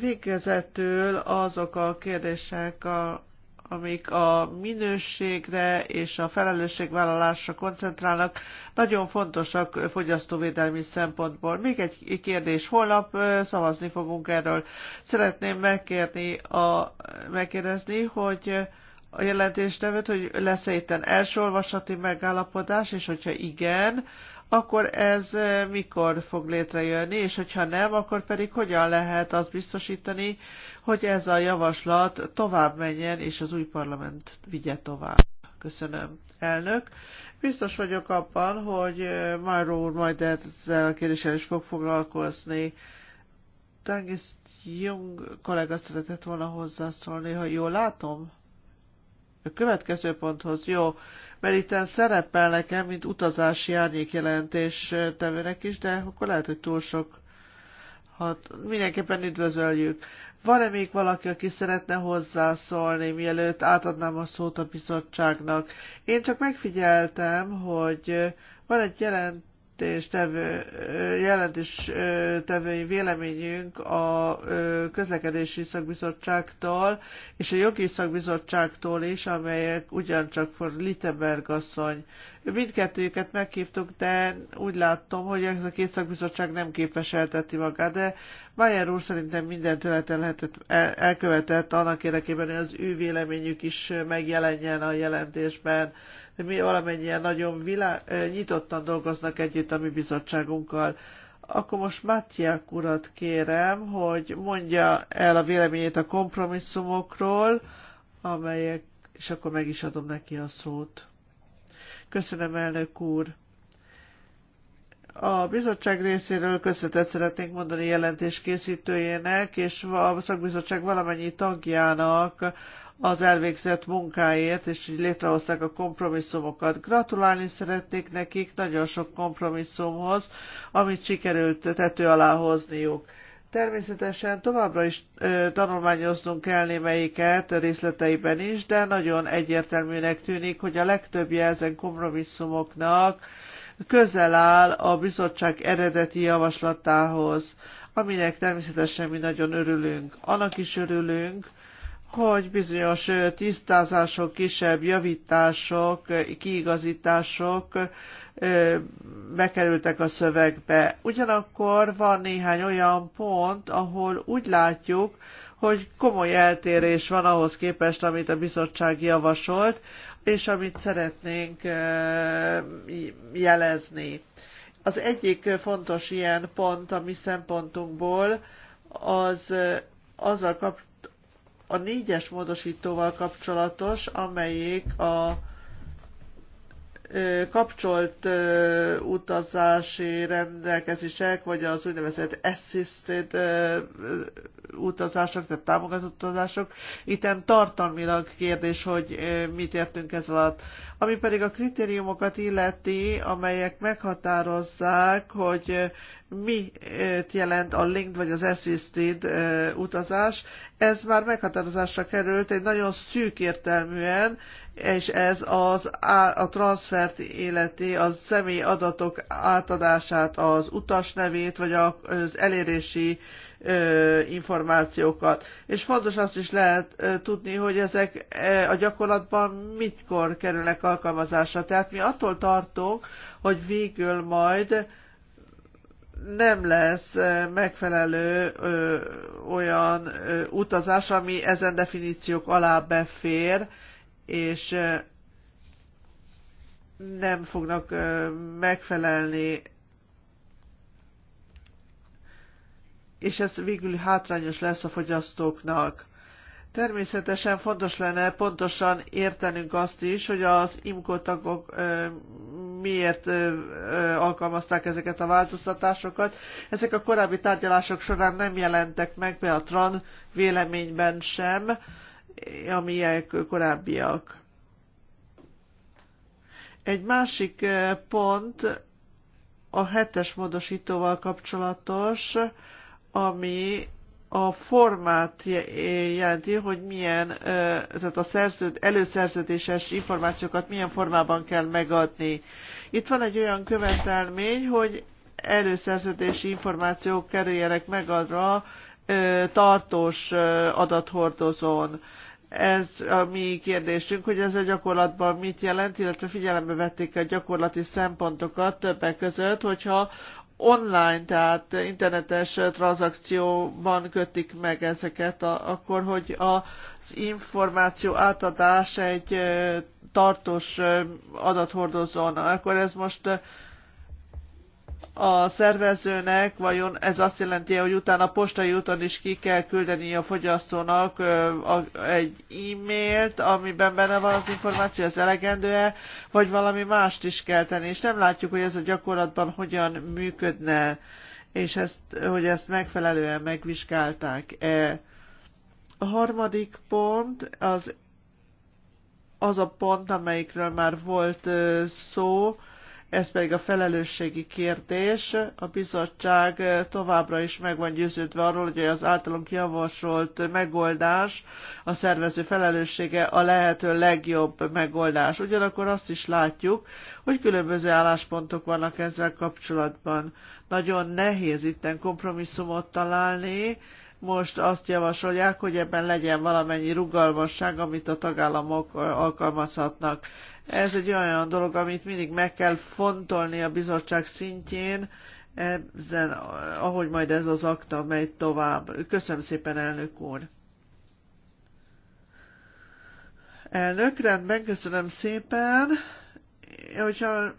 Végezetül azok a kérdések, a, amik a minőségre és a felelősségvállalásra koncentrálnak, nagyon fontosak fogyasztóvédelmi szempontból. Még egy kérdés, holnap szavazni fogunk erről. Szeretném megkérni a, megkérdezni, hogy a jelentéstevőt, hogy lesz-e itten első olvasati megállapodás, és hogyha igen, akkor ez mikor fog létrejönni, és hogyha nem, akkor pedig hogyan lehet azt biztosítani, hogy ez a javaslat tovább menjen, és az új parlament vigye tovább. Köszönöm, elnök. Biztos vagyok abban, hogy Máró úr majd ezzel a kérdéssel is fog foglalkozni. Tengis Jung kollega szeretett volna hozzászólni, ha jól látom. A következő ponthoz jó mert itt szerepel nekem, mint utazási árnyékjelentés tevőnek is, de akkor lehet, hogy túl sok hat. Mindenképpen üdvözöljük. Van-e még valaki, aki szeretne hozzászólni, mielőtt átadnám a szót a bizottságnak? Én csak megfigyeltem, hogy van egy jelent jelentéstevő, jelentéstevői véleményünk a közlekedési szakbizottságtól és a jogi szakbizottságtól is, amelyek ugyancsak for Litteberg asszony. Mindkettőjüket meghívtuk, de úgy láttam, hogy ez a két szakbizottság nem képviselteti magát, de Mayer úr szerintem minden lehetett, e, elkövetett annak érdekében, hogy az ő véleményük is megjelenjen a jelentésben hogy mi valamennyien nagyon vilá- nyitottan dolgoznak együtt a mi bizottságunkkal. Akkor most Mátyák urat kérem, hogy mondja el a véleményét a kompromisszumokról, amelyek, és akkor meg is adom neki a szót. Köszönöm, elnök úr! A bizottság részéről köszönetet szeretnénk mondani jelentés készítőjének és a szakbizottság valamennyi tagjának az elvégzett munkáért, és így létrehozták a kompromisszumokat. Gratulálni szeretnék nekik nagyon sok kompromisszumhoz, amit sikerült tető alá hozniuk. Természetesen továbbra is ö, tanulmányoznunk kell némelyiket részleteiben is, de nagyon egyértelműnek tűnik, hogy a legtöbbje ezen kompromisszumoknak közel áll a bizottság eredeti javaslatához, aminek természetesen mi nagyon örülünk. Annak is örülünk, hogy bizonyos tisztázások, kisebb javítások, kiigazítások bekerültek a szövegbe. Ugyanakkor van néhány olyan pont, ahol úgy látjuk, hogy komoly eltérés van ahhoz képest, amit a bizottság javasolt, és amit szeretnénk jelezni. Az egyik fontos ilyen pont a mi szempontunkból az azzal kap, a négyes módosítóval kapcsolatos, amelyik a kapcsolt utazási rendelkezések, vagy az úgynevezett assisted utazások, tehát támogatott utazások, itten tartalmilag kérdés, hogy mit értünk ez alatt. Ami pedig a kritériumokat illeti, amelyek meghatározzák, hogy mi jelent a linked vagy az assisted utazás, ez már meghatározásra került egy nagyon szűk értelműen, és ez az, a transfert életi, az személy adatok átadását, az utas nevét, vagy az elérési információkat. És fontos azt is lehet tudni, hogy ezek a gyakorlatban mitkor kerülnek alkalmazásra. Tehát mi attól tartunk, hogy végül majd nem lesz megfelelő ö, olyan ö, utazás, ami ezen definíciók alá befér, és nem fognak megfelelni, és ez végül hátrányos lesz a fogyasztóknak. Természetesen fontos lenne pontosan értenünk azt is, hogy az IMCO tagok miért alkalmazták ezeket a változtatásokat. Ezek a korábbi tárgyalások során nem jelentek meg be a TRAN véleményben sem, amilyek korábbiak. Egy másik eh, pont a hetes módosítóval kapcsolatos, ami a formát jelenti, hogy milyen, eh, tehát a szerződ, előszerződéses információkat milyen formában kell megadni. Itt van egy olyan követelmény, hogy előszerződési információk kerüljenek megadra eh, tartós adathordozón ez a mi kérdésünk, hogy ez a gyakorlatban mit jelent, illetve figyelembe vették a gyakorlati szempontokat többek között, hogyha online, tehát internetes tranzakcióban kötik meg ezeket, akkor hogy az információ átadás egy tartós adathordozón, akkor ez most a szervezőnek vajon ez azt jelenti, hogy utána postai úton is ki kell küldeni a fogyasztónak egy e-mailt, amiben benne van az információ, ez elegendő-e, vagy valami mást is kell tenni, és nem látjuk, hogy ez a gyakorlatban hogyan működne, és ezt, hogy ezt megfelelően megvizsgálták-e. A harmadik pont az, az a pont, amelyikről már volt szó, ez pedig a felelősségi kérdés. A bizottság továbbra is meg van győződve arról, hogy az általunk javasolt megoldás, a szervező felelőssége a lehető legjobb megoldás. Ugyanakkor azt is látjuk, hogy különböző álláspontok vannak ezzel kapcsolatban. Nagyon nehéz itten kompromisszumot találni, most azt javasolják, hogy ebben legyen valamennyi rugalmasság, amit a tagállamok alkalmazhatnak. Ez egy olyan dolog, amit mindig meg kell fontolni a bizottság szintjén, ezen, ahogy majd ez az akta megy tovább. Köszönöm szépen, elnök úr! Elnök, rendben, köszönöm szépen. Hogyha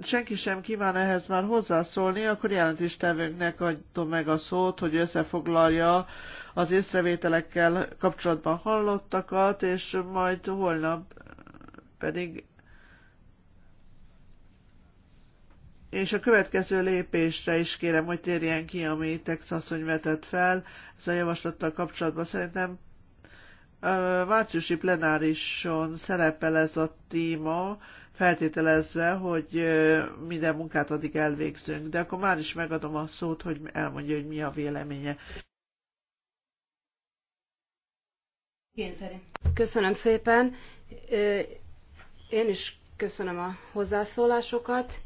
senki sem kíván ehhez már hozzászólni, akkor jelentéstevőnknek adom meg a szót, hogy összefoglalja az észrevételekkel kapcsolatban hallottakat, és majd holnap pedig és a következő lépésre is kérem, hogy térjen ki, ami Texas vetett fel. Ez a javaslattal kapcsolatban szerintem márciusi plenárison szerepel ez a téma, feltételezve, hogy minden munkát addig elvégzünk. De akkor már is megadom a szót, hogy elmondja, hogy mi a véleménye. Köszönöm szépen. Én is köszönöm a hozzászólásokat.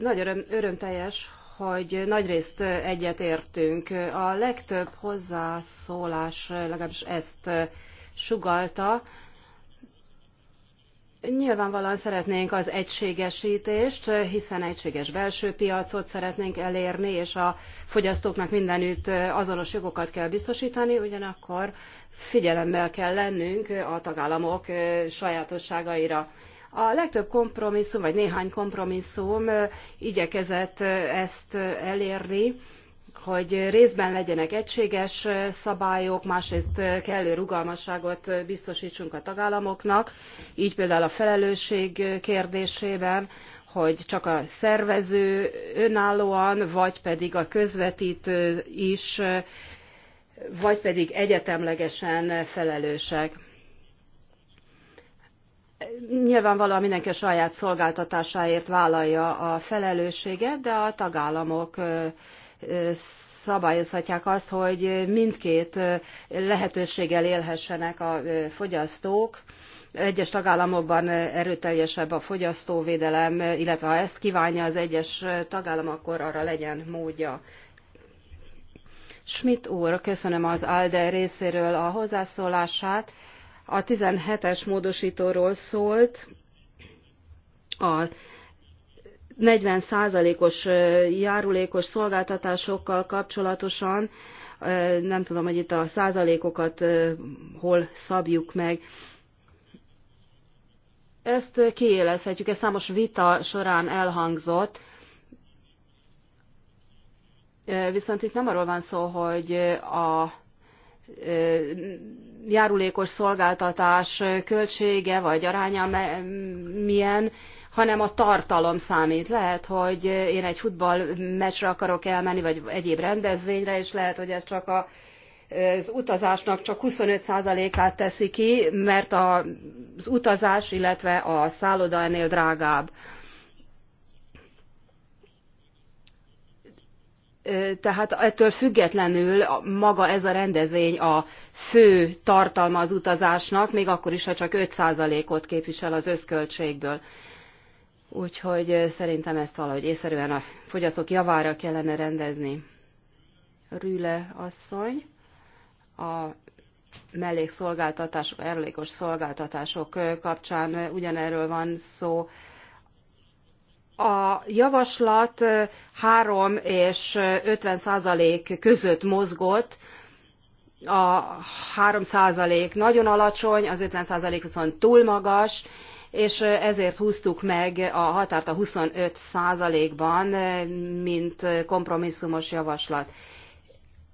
Nagyon öröm, örömteljes, hogy nagyrészt egyetértünk. A legtöbb hozzászólás legalábbis ezt sugalta. Nyilvánvalóan szeretnénk az egységesítést, hiszen egységes belső piacot szeretnénk elérni, és a fogyasztóknak mindenütt azonos jogokat kell biztosítani, ugyanakkor figyelemmel kell lennünk a tagállamok sajátosságaira. A legtöbb kompromisszum, vagy néhány kompromisszum igyekezett ezt elérni, hogy részben legyenek egységes szabályok, másrészt kellő rugalmasságot biztosítsunk a tagállamoknak, így például a felelősség kérdésében, hogy csak a szervező önállóan, vagy pedig a közvetítő is, vagy pedig egyetemlegesen felelősek. Nyilvánvalóan mindenki a saját szolgáltatásáért vállalja a felelősséget, de a tagállamok szabályozhatják azt, hogy mindkét lehetőséggel élhessenek a fogyasztók. Egyes tagállamokban erőteljesebb a fogyasztóvédelem, illetve ha ezt kívánja az egyes tagállam, akkor arra legyen módja. Schmidt úr, köszönöm az ALDE részéről a hozzászólását a 17-es módosítóról szólt, a 40%-os járulékos szolgáltatásokkal kapcsolatosan, nem tudom, hogy itt a százalékokat hol szabjuk meg. Ezt kiélezhetjük, ez számos vita során elhangzott, viszont itt nem arról van szó, hogy a járulékos szolgáltatás költsége vagy aránya milyen, hanem a tartalom számít. Lehet, hogy én egy futballmeccsre akarok elmenni, vagy egyéb rendezvényre, és lehet, hogy ez csak a az utazásnak csak 25%-át teszi ki, mert az utazás, illetve a szálloda ennél drágább. tehát ettől függetlenül maga ez a rendezvény a fő tartalma az utazásnak, még akkor is, ha csak 5%-ot képvisel az összköltségből. Úgyhogy szerintem ezt valahogy észszerűen a fogyasztók javára kellene rendezni. Rüle asszony, a mellékszolgáltatások, erlékos szolgáltatások kapcsán ugyanerről van szó, a javaslat 3 és 50 százalék között mozgott, a 3 százalék nagyon alacsony, az 50 százalék viszont túl magas, és ezért húztuk meg a határt a 25 százalékban, mint kompromisszumos javaslat.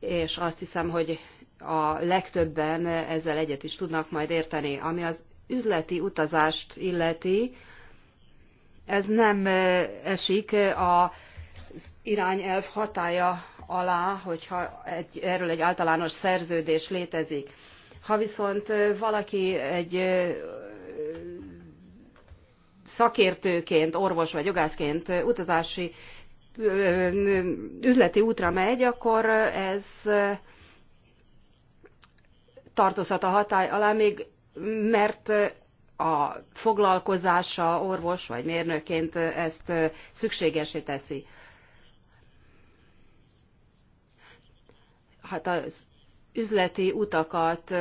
És azt hiszem, hogy a legtöbben ezzel egyet is tudnak majd érteni. Ami az üzleti utazást illeti, ez nem esik az irányelv hatája alá, hogyha egy, erről egy általános szerződés létezik. Ha viszont valaki egy szakértőként, orvos vagy jogászként utazási üzleti útra megy, akkor ez tartozhat a hatály alá, még mert a foglalkozása orvos vagy mérnökként ezt szükségesé teszi. Hát az üzleti utakat,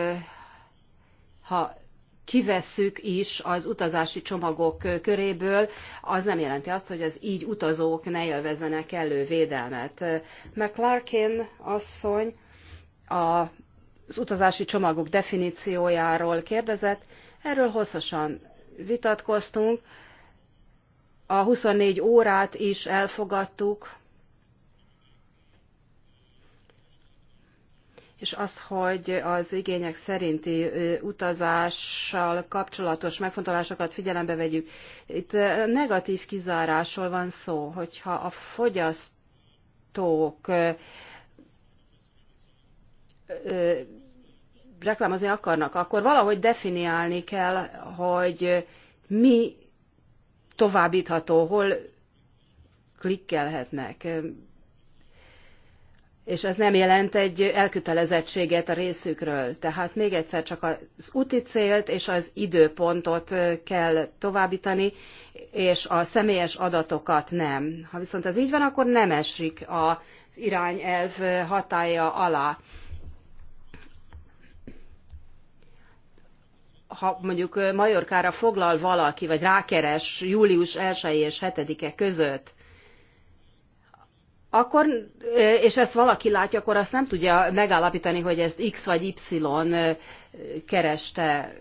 ha kivesszük is az utazási csomagok köréből, az nem jelenti azt, hogy az így utazók ne élvezenek elő védelmet. McClarkin asszony az utazási csomagok definíciójáról kérdezett, Erről hosszasan vitatkoztunk, a 24 órát is elfogadtuk, és az, hogy az igények szerinti utazással kapcsolatos megfontolásokat figyelembe vegyük. Itt negatív kizárásról van szó, hogyha a fogyasztók reklámozni akarnak, akkor valahogy definiálni kell, hogy mi továbbítható, hol klikkelhetnek. És ez nem jelent egy elkötelezettséget a részükről. Tehát még egyszer csak az úti célt és az időpontot kell továbbítani, és a személyes adatokat nem. Ha viszont ez így van, akkor nem esik az irányelv hatája alá. ha mondjuk Majorkára foglal valaki, vagy rákeres július 1 és 7-e között, akkor, és ezt valaki látja, akkor azt nem tudja megállapítani, hogy ezt X vagy Y kereste.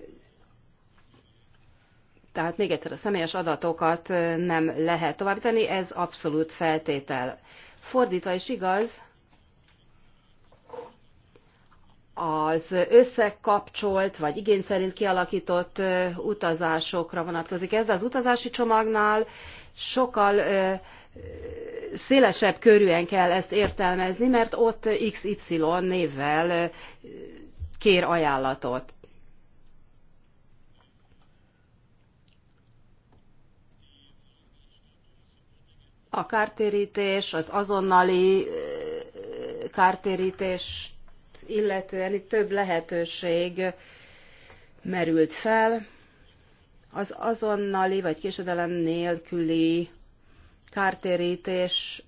Tehát még egyszer a személyes adatokat nem lehet továbbítani, ez abszolút feltétel. Fordítva is igaz, az összekapcsolt vagy igény szerint kialakított utazásokra vonatkozik ez, de az utazási csomagnál sokkal szélesebb körűen kell ezt értelmezni, mert ott XY névvel kér ajánlatot. A kártérítés, az azonnali kártérítést illetően itt több lehetőség merült fel. Az azonnali vagy késedelem nélküli kártérítés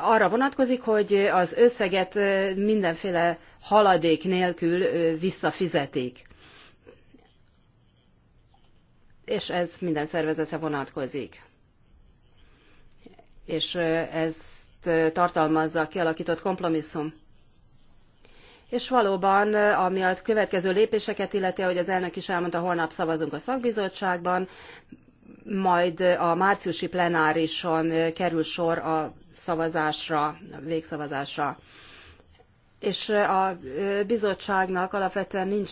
arra vonatkozik, hogy az összeget mindenféle haladék nélkül visszafizetik. És ez minden szervezete vonatkozik. És ez tartalmazza a kialakított kompromisszum. És valóban, ami a következő lépéseket illeti, ahogy az elnök is elmondta, holnap szavazunk a szakbizottságban, majd a márciusi plenárison kerül sor a szavazásra, a végszavazásra. És a bizottságnak alapvetően nincs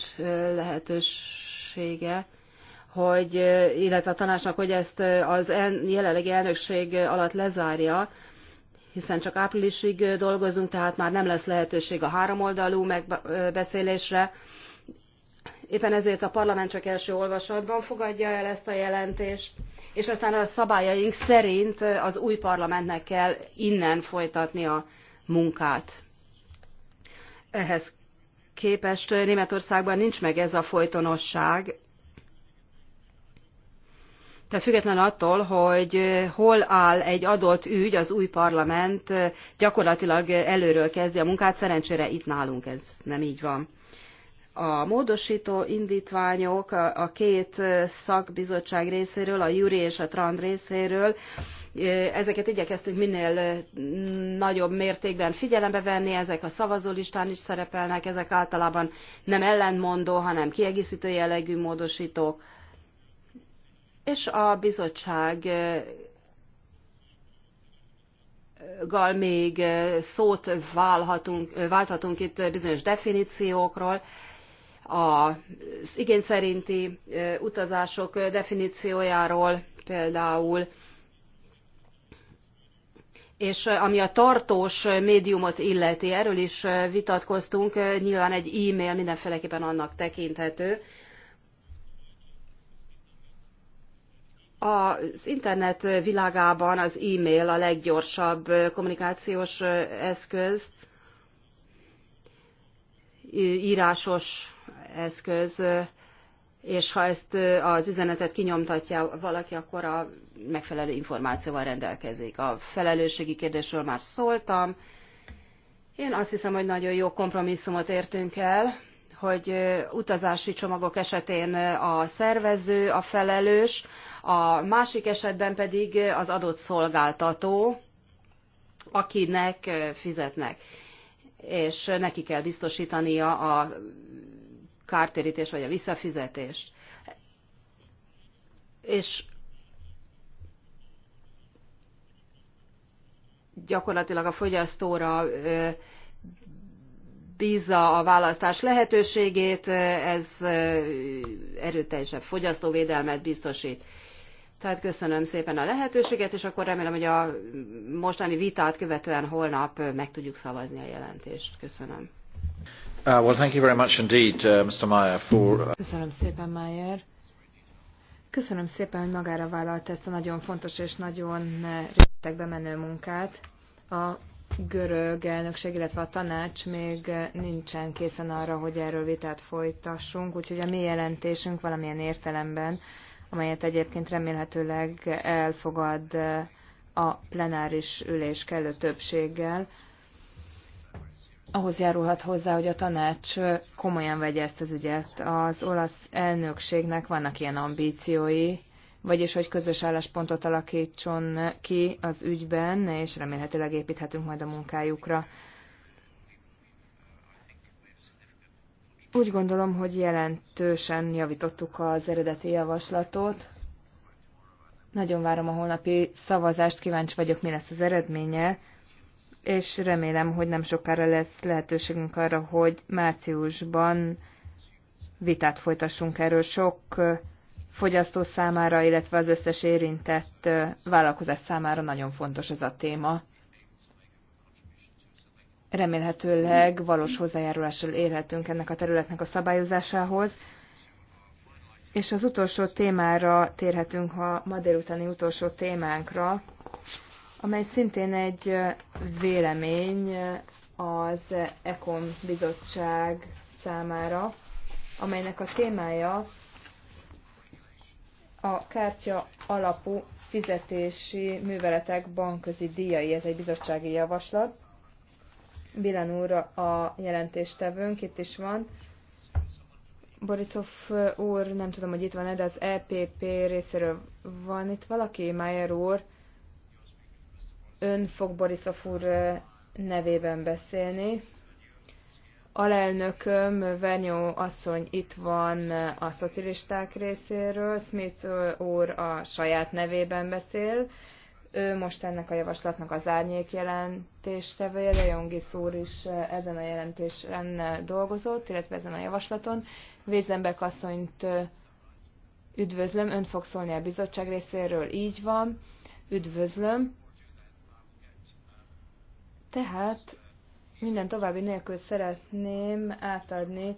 lehetősége, hogy, illetve a tanácsnak, hogy ezt az jelenlegi elnökség alatt lezárja, hiszen csak áprilisig dolgozunk, tehát már nem lesz lehetőség a háromoldalú megbeszélésre. Éppen ezért a parlament csak első olvasatban fogadja el ezt a jelentést, és aztán a szabályaink szerint az új parlamentnek kell innen folytatni a munkát. Ehhez képest Németországban nincs meg ez a folytonosság, tehát független attól, hogy hol áll egy adott ügy, az új parlament gyakorlatilag előről kezdi a munkát, szerencsére itt nálunk ez nem így van. A módosító indítványok a két szakbizottság részéről, a Juri és a Trand részéről, ezeket igyekeztünk minél nagyobb mértékben figyelembe venni, ezek a szavazólistán is szerepelnek, ezek általában nem ellentmondó, hanem kiegészítő jellegű módosítók és a bizottság gal még szót válhatunk, válthatunk itt bizonyos definíciókról, az igény szerinti utazások definíciójáról például, és ami a tartós médiumot illeti, erről is vitatkoztunk, nyilván egy e-mail mindenféleképpen annak tekinthető, Az internet világában az e-mail a leggyorsabb kommunikációs eszköz, írásos eszköz, és ha ezt az üzenetet kinyomtatja valaki, akkor a megfelelő információval rendelkezik. A felelősségi kérdésről már szóltam. Én azt hiszem, hogy nagyon jó kompromisszumot értünk el, hogy utazási csomagok esetén a szervező, a felelős, a másik esetben pedig az adott szolgáltató, akinek fizetnek, és neki kell biztosítania a kártérítést vagy a visszafizetést. És gyakorlatilag a fogyasztóra bízza a választás lehetőségét, ez erőteljesebb fogyasztóvédelmet biztosít. Tehát köszönöm szépen a lehetőséget, és akkor remélem, hogy a mostani vitát követően holnap meg tudjuk szavazni a jelentést. Köszönöm. Uh, well, thank you very much indeed, uh, Mr. Meyer, for... Uh, köszönöm szépen, Meyer. Köszönöm szépen, hogy magára vállalt ezt a nagyon fontos és nagyon eh, részletekbe menő munkát. A görög elnökség, illetve a tanács még eh, nincsen készen arra, hogy erről vitát folytassunk, úgyhogy a mi jelentésünk valamilyen értelemben amelyet egyébként remélhetőleg elfogad eh, a plenáris ülés kellő többséggel, ahhoz járulhat hozzá, hogy a tanács eh, komolyan vegye ezt az ügyet. Az olasz elnökségnek vannak ilyen ambíciói, vagyis hogy közös álláspontot alakítson ki az ügyben, és remélhetőleg építhetünk majd a munkájukra. Úgy gondolom, hogy jelentősen javítottuk az eredeti javaslatot. Nagyon várom a holnapi szavazást, kíváncsi vagyok, mi lesz az eredménye, és remélem, hogy nem sokára lesz lehetőségünk arra, hogy márciusban vitát folytassunk erről. Sok fogyasztó számára, illetve az összes érintett vállalkozás számára nagyon fontos ez a téma remélhetőleg valós hozzájárulással érhetünk ennek a területnek a szabályozásához. És az utolsó témára térhetünk a ma délutáni utolsó témánkra, amely szintén egy vélemény az ECOM bizottság számára, amelynek a témája a kártya alapú fizetési műveletek bankközi díjai. Ez egy bizottsági javaslat. Bilan úr a jelentéstevőnk, itt is van. Borisov úr, nem tudom, hogy itt van-e, de az EPP részéről van itt valaki, Mayer úr. Ön fog Borisov úr nevében beszélni. Alelnököm, Vernyó asszony itt van a szocialisták részéről, Smith úr a saját nevében beszél, ő most ennek a javaslatnak az árnyék jelentéstevője, de Jongis úr is ezen a jelentésen dolgozott, illetve ezen a javaslaton. Vézenbek asszonyt üdvözlöm, ön fog szólni a bizottság részéről, így van, üdvözlöm. Tehát minden további nélkül szeretném átadni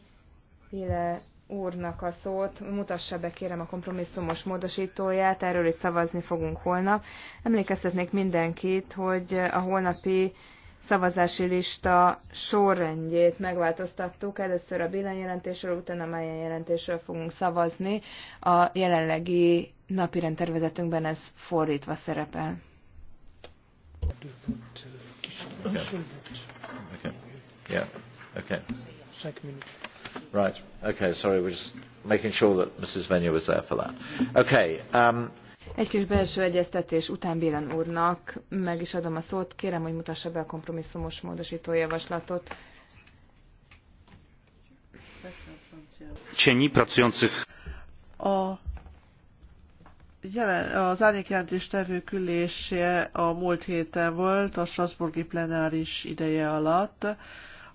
illetve úrnak a szót. Mutassa be kérem a kompromisszumos módosítóját, erről is szavazni fogunk holnap. Emlékeztetnék mindenkit, hogy a holnapi szavazási lista sorrendjét megváltoztattuk. Először a Bélen jelentésről, utána a Máján jelentésről fogunk szavazni. A jelenlegi napirend tervezetünkben ez fordítva szerepel. Okay. Yeah. Okay. Right. Okay, sorry, we're just making sure that Mrs. Venya was there for that. Okay. Um... Egy kis belső egyeztetés után Bélen úrnak meg is adom a szót. Kérem, hogy mutassa be a kompromisszumos módosító javaslatot. Cieni pracujących. A jelen, az árnyékjelentés tevő külése a múlt héten volt, a Strasburgi plenáris ideje alatt.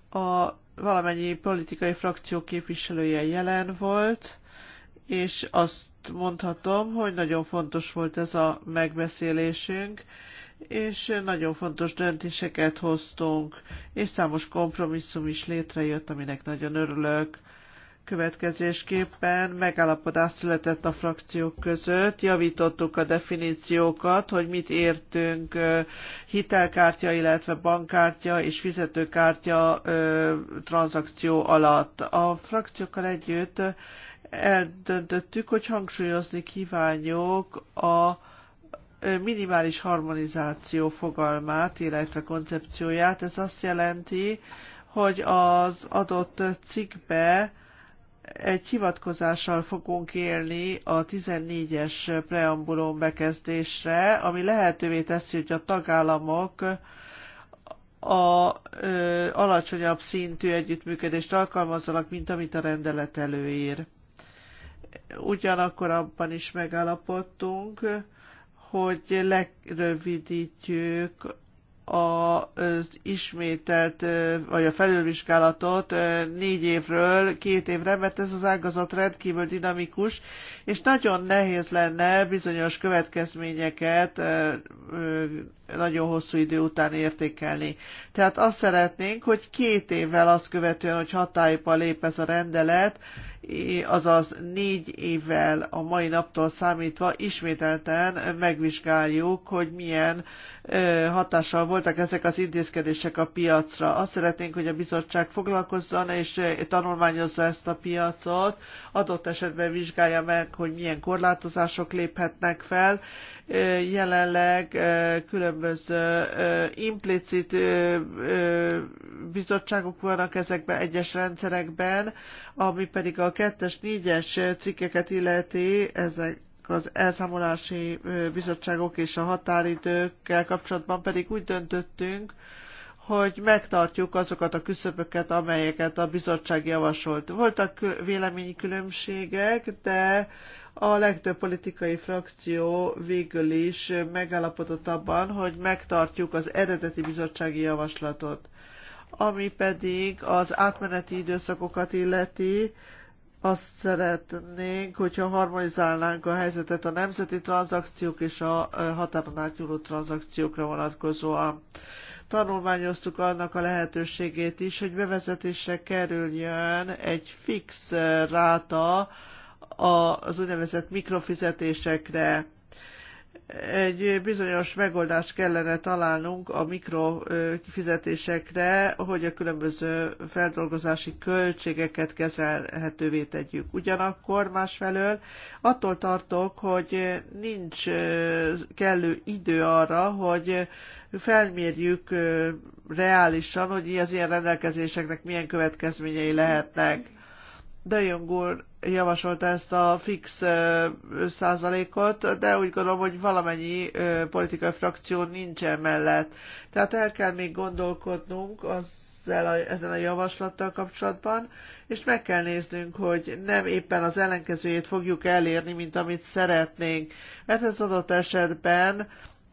A valamennyi politikai frakció képviselője jelen volt, és azt mondhatom, hogy nagyon fontos volt ez a megbeszélésünk, és nagyon fontos döntéseket hoztunk, és számos kompromisszum is létrejött, aminek nagyon örülök. Következésképpen megállapodás született a frakciók között, javítottuk a definíciókat, hogy mit értünk hitelkártya, illetve bankkártya és fizetőkártya tranzakció alatt. A frakciókkal együtt eldöntöttük, hogy hangsúlyozni kívánjuk a minimális harmonizáció fogalmát, illetve koncepcióját. Ez azt jelenti, hogy az adott cikkbe egy hivatkozással fogunk élni a 14-es preambulum bekezdésre, ami lehetővé teszi, hogy a tagállamok a ö, alacsonyabb szintű együttműködést alkalmazzanak, mint amit a rendelet előír. Ugyanakkor abban is megállapodtunk, hogy lerövidítjük az ismételt, vagy a felülvizsgálatot négy évről két évre, mert ez az ágazat rendkívül dinamikus, és nagyon nehéz lenne bizonyos következményeket nagyon hosszú idő után értékelni. Tehát azt szeretnénk, hogy két évvel azt követően, hogy hatályba lép ez a rendelet, azaz négy évvel a mai naptól számítva ismételten megvizsgáljuk, hogy milyen hatással voltak ezek az intézkedések a piacra. Azt szeretnénk, hogy a bizottság foglalkozzon és tanulmányozza ezt a piacot, adott esetben vizsgálja meg, hogy milyen korlátozások léphetnek fel, jelenleg különböző implicit bizottságok vannak ezekben egyes rendszerekben, ami pedig a kettes, négyes cikkeket illeti, ezek az elszámolási bizottságok és a határidőkkel kapcsolatban pedig úgy döntöttünk, hogy megtartjuk azokat a küszöböket, amelyeket a bizottság javasolt. Voltak véleményi különbségek, de a legtöbb politikai frakció végül is megállapodott abban, hogy megtartjuk az eredeti bizottsági javaslatot, ami pedig az átmeneti időszakokat illeti, azt szeretnénk, hogyha harmonizálnánk a helyzetet a nemzeti tranzakciók és a határon átnyúló tranzakciókra vonatkozóan. Tanulmányoztuk annak a lehetőségét is, hogy bevezetésre kerüljön egy fix ráta, az úgynevezett mikrofizetésekre. Egy bizonyos megoldást kellene találnunk a mikrofizetésekre, hogy a különböző feldolgozási költségeket kezelhetővé tegyük. Ugyanakkor másfelől attól tartok, hogy nincs kellő idő arra, hogy felmérjük reálisan, hogy az ilyen rendelkezéseknek milyen következményei lehetnek. De Jong úr javasolta ezt a fix százalékot, de úgy gondolom, hogy valamennyi politikai frakció nincsen mellett. Tehát el kell még gondolkodnunk ezzel a, ezen a javaslattal kapcsolatban, és meg kell néznünk, hogy nem éppen az ellenkezőjét fogjuk elérni, mint amit szeretnénk. Mert ez adott esetben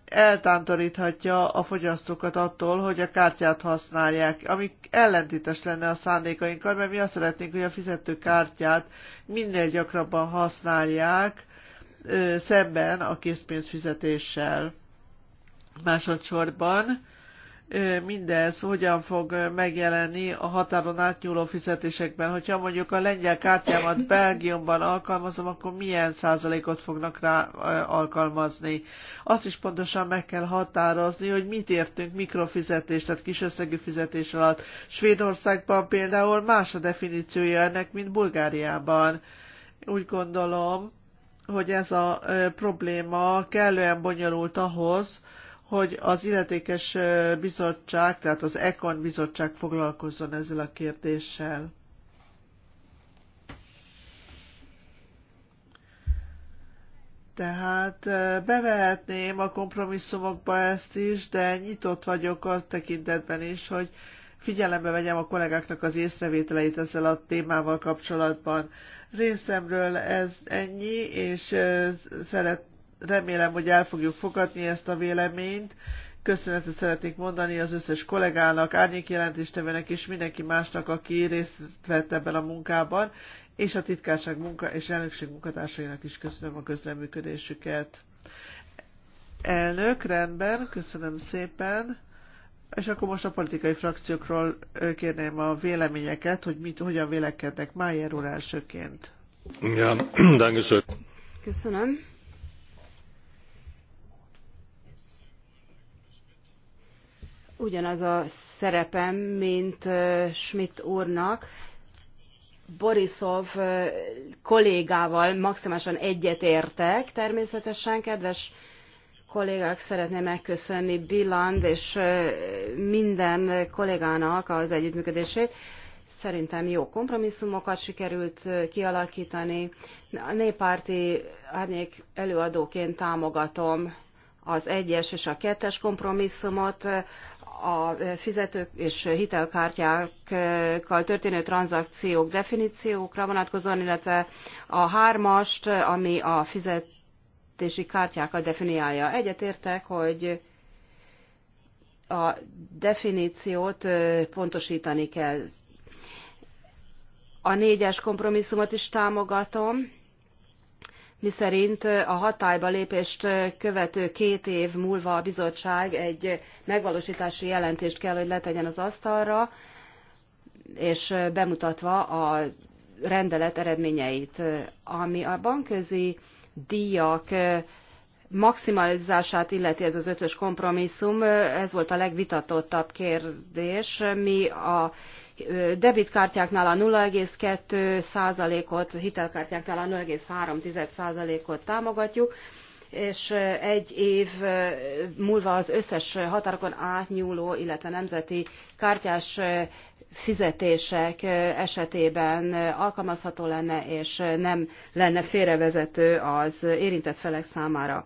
eltántoríthatja a fogyasztókat attól, hogy a kártyát használják, ami ellentétes lenne a szándékainkkal, mert mi azt szeretnénk, hogy a fizetőkártyát minél gyakrabban használják ö, szemben a készpénzfizetéssel. Másodszorban mindez hogyan fog megjelenni a határon átnyúló fizetésekben. Hogyha mondjuk a lengyel kártyámat Belgiumban alkalmazom, akkor milyen százalékot fognak rá alkalmazni. Azt is pontosan meg kell határozni, hogy mit értünk mikrofizetés, tehát kisösszegű fizetés alatt. Svédországban például más a definíciója ennek, mint Bulgáriában. Úgy gondolom, hogy ez a probléma kellően bonyolult ahhoz, hogy az illetékes bizottság, tehát az ECON bizottság foglalkozzon ezzel a kérdéssel. Tehát bevehetném a kompromisszumokba ezt is, de nyitott vagyok a tekintetben is, hogy figyelembe vegyem a kollégáknak az észrevételeit ezzel a témával kapcsolatban. Részemről ez ennyi, és szeret, remélem, hogy el fogjuk fogadni ezt a véleményt. Köszönetet szeretnék mondani az összes kollégának, árnyék jelentéstevőnek és mindenki másnak, aki részt vett ebben a munkában, és a titkárság munka és elnökség munkatársainak is köszönöm a közreműködésüket. Elnök, rendben, köszönöm szépen. És akkor most a politikai frakciókról kérném a véleményeket, hogy mit, hogyan vélekednek Májer úr elsőként. Ja, köszönöm. Köszönöm. ugyanaz a szerepem, mint Schmidt úrnak. Borisov kollégával maximálisan egyetértek természetesen, kedves kollégák, szeretném megköszönni Billand és minden kollégának az együttműködését. Szerintem jó kompromisszumokat sikerült kialakítani. A néppárti árnyék előadóként támogatom az egyes és a kettes kompromisszumot, a fizetők és hitelkártyákkal történő tranzakciók definíciókra vonatkozóan, illetve a hármast, ami a fizetési kártyákat definiálja. Egyetértek, hogy a definíciót pontosítani kell. A négyes kompromisszumot is támogatom miszerint a hatályba lépést követő két év múlva a bizottság egy megvalósítási jelentést kell, hogy letegyen az asztalra, és bemutatva a rendelet eredményeit, ami a bankközi díjak maximalizását illeti ez az ötös kompromisszum, ez volt a legvitatottabb kérdés. Mi a debitkártyáknál a 0,2 százalékot, hitelkártyáknál a 0,3 százalékot támogatjuk, és egy év múlva az összes határokon átnyúló, illetve nemzeti kártyás fizetések esetében alkalmazható lenne, és nem lenne félrevezető az érintett felek számára.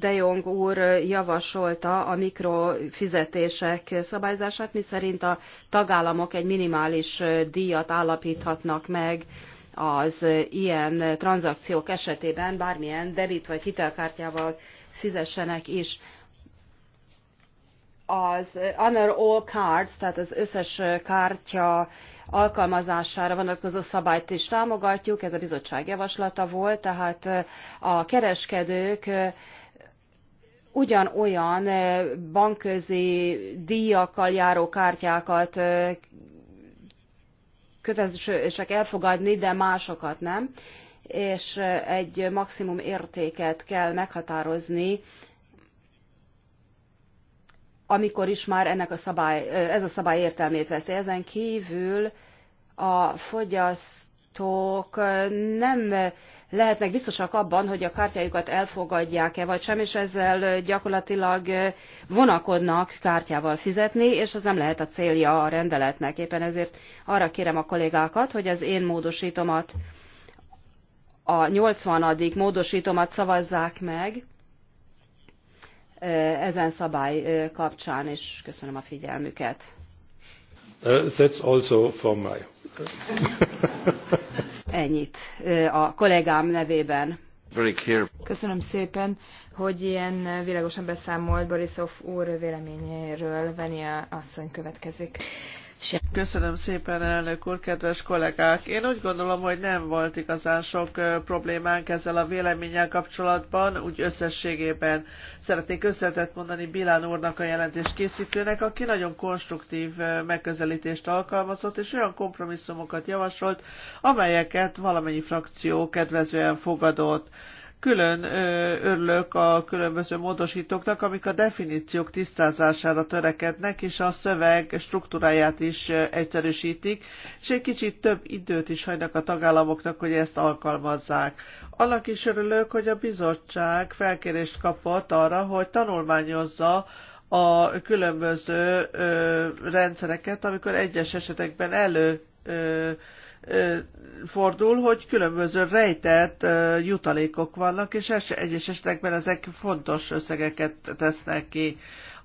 De Jong úr javasolta a mikrofizetések szabályzását, miszerint a tagállamok egy minimális díjat állapíthatnak meg az ilyen tranzakciók esetében bármilyen debit vagy hitelkártyával fizessenek is. Az Honor All Cards, tehát az összes kártya alkalmazására vonatkozó szabályt is támogatjuk, ez a bizottság javaslata volt, tehát a kereskedők ugyanolyan bankközi díjakkal járó kártyákat kötelesek elfogadni, de másokat nem, és egy maximum értéket kell meghatározni, amikor is már ennek a szabály, ez a szabály értelmét veszi. Ezen kívül a fogyasztók nem lehetnek biztosak abban, hogy a kártyájukat elfogadják-e vagy sem, és ezzel gyakorlatilag vonakodnak kártyával fizetni, és ez nem lehet a célja a rendeletnek. Éppen ezért arra kérem a kollégákat, hogy az én módosítomat, a 80. módosítomat szavazzák meg eh, ezen szabály eh, kapcsán, és köszönöm a figyelmüket. Uh, that's also from my. Ennyit a kollégám nevében. Köszönöm szépen, hogy ilyen világosan beszámolt Borisov úr véleményéről. Venia asszony következik. Köszönöm szépen, elnök úr, kedves kollégák! Én úgy gondolom, hogy nem volt igazán sok problémánk ezzel a véleménnyel kapcsolatban, úgy összességében. Szeretnék összetett mondani Bilán úrnak a jelentés készítőnek, aki nagyon konstruktív megközelítést alkalmazott, és olyan kompromisszumokat javasolt, amelyeket valamennyi frakció kedvezően fogadott. Külön örülök a különböző módosítóknak, amik a definíciók tisztázására törekednek, és a szöveg struktúráját is egyszerűsítik, és egy kicsit több időt is hagynak a tagállamoknak, hogy ezt alkalmazzák. Annak is örülök, hogy a bizottság felkérést kapott arra, hogy tanulmányozza a különböző ö, rendszereket, amikor egyes esetekben elő ö, fordul, hogy különböző rejtett jutalékok vannak, és egyes esetekben ezek fontos összegeket tesznek ki.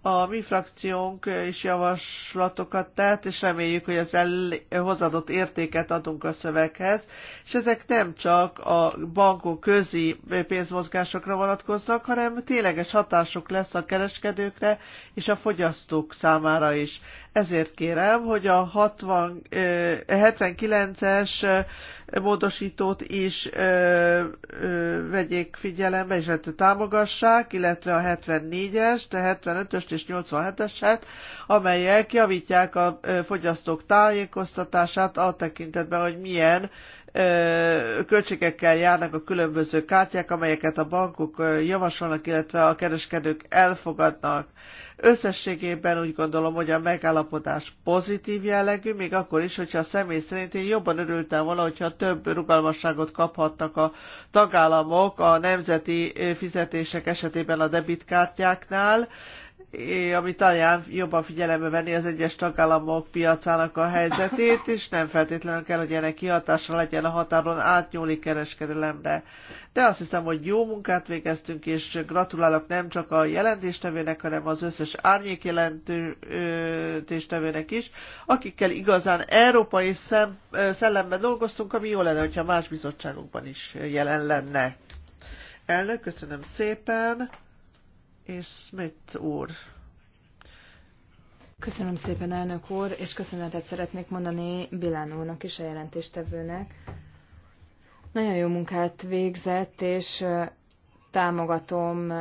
A mi frakciónk is javaslatokat tett, és reméljük, hogy ezzel hozadott értéket adunk a szöveghez, és ezek nem csak a bankok közi pénzmozgásokra vonatkoznak, hanem tényleges hatások lesz a kereskedőkre és a fogyasztók számára is. Ezért kérem, hogy a 60, 79-es módosítót is vegyék figyelembe, és hát támogassák, illetve a 74-es, de 75-öst és 87-eset, amelyek javítják a fogyasztók tájékoztatását a tekintetben, hogy milyen költségekkel járnak a különböző kártyák, amelyeket a bankok javasolnak, illetve a kereskedők elfogadnak. Összességében úgy gondolom, hogy a megállapodás pozitív jellegű, még akkor is, hogyha személy szerint én jobban örültem volna, hogyha több rugalmasságot kaphattak a tagállamok a nemzeti fizetések esetében a debitkártyáknál, ami talán jobban figyelembe venni az egyes tagállamok piacának a helyzetét, és nem feltétlenül kell, hogy ennek kihatása legyen a határon átnyúli kereskedelemre. De azt hiszem, hogy jó munkát végeztünk, és gratulálok nem csak a jelentéstevőnek, hanem az összes árnyék jelentéstevőnek is, akikkel igazán európai szem, szellemben dolgoztunk, ami jó lenne, hogyha más bizottságokban is jelen lenne. Elnök, köszönöm szépen! és Smith úr. Köszönöm szépen, elnök úr, és köszönetet szeretnék mondani Bilán úrnak és a jelentéstevőnek. Nagyon jó munkát végzett, és támogatom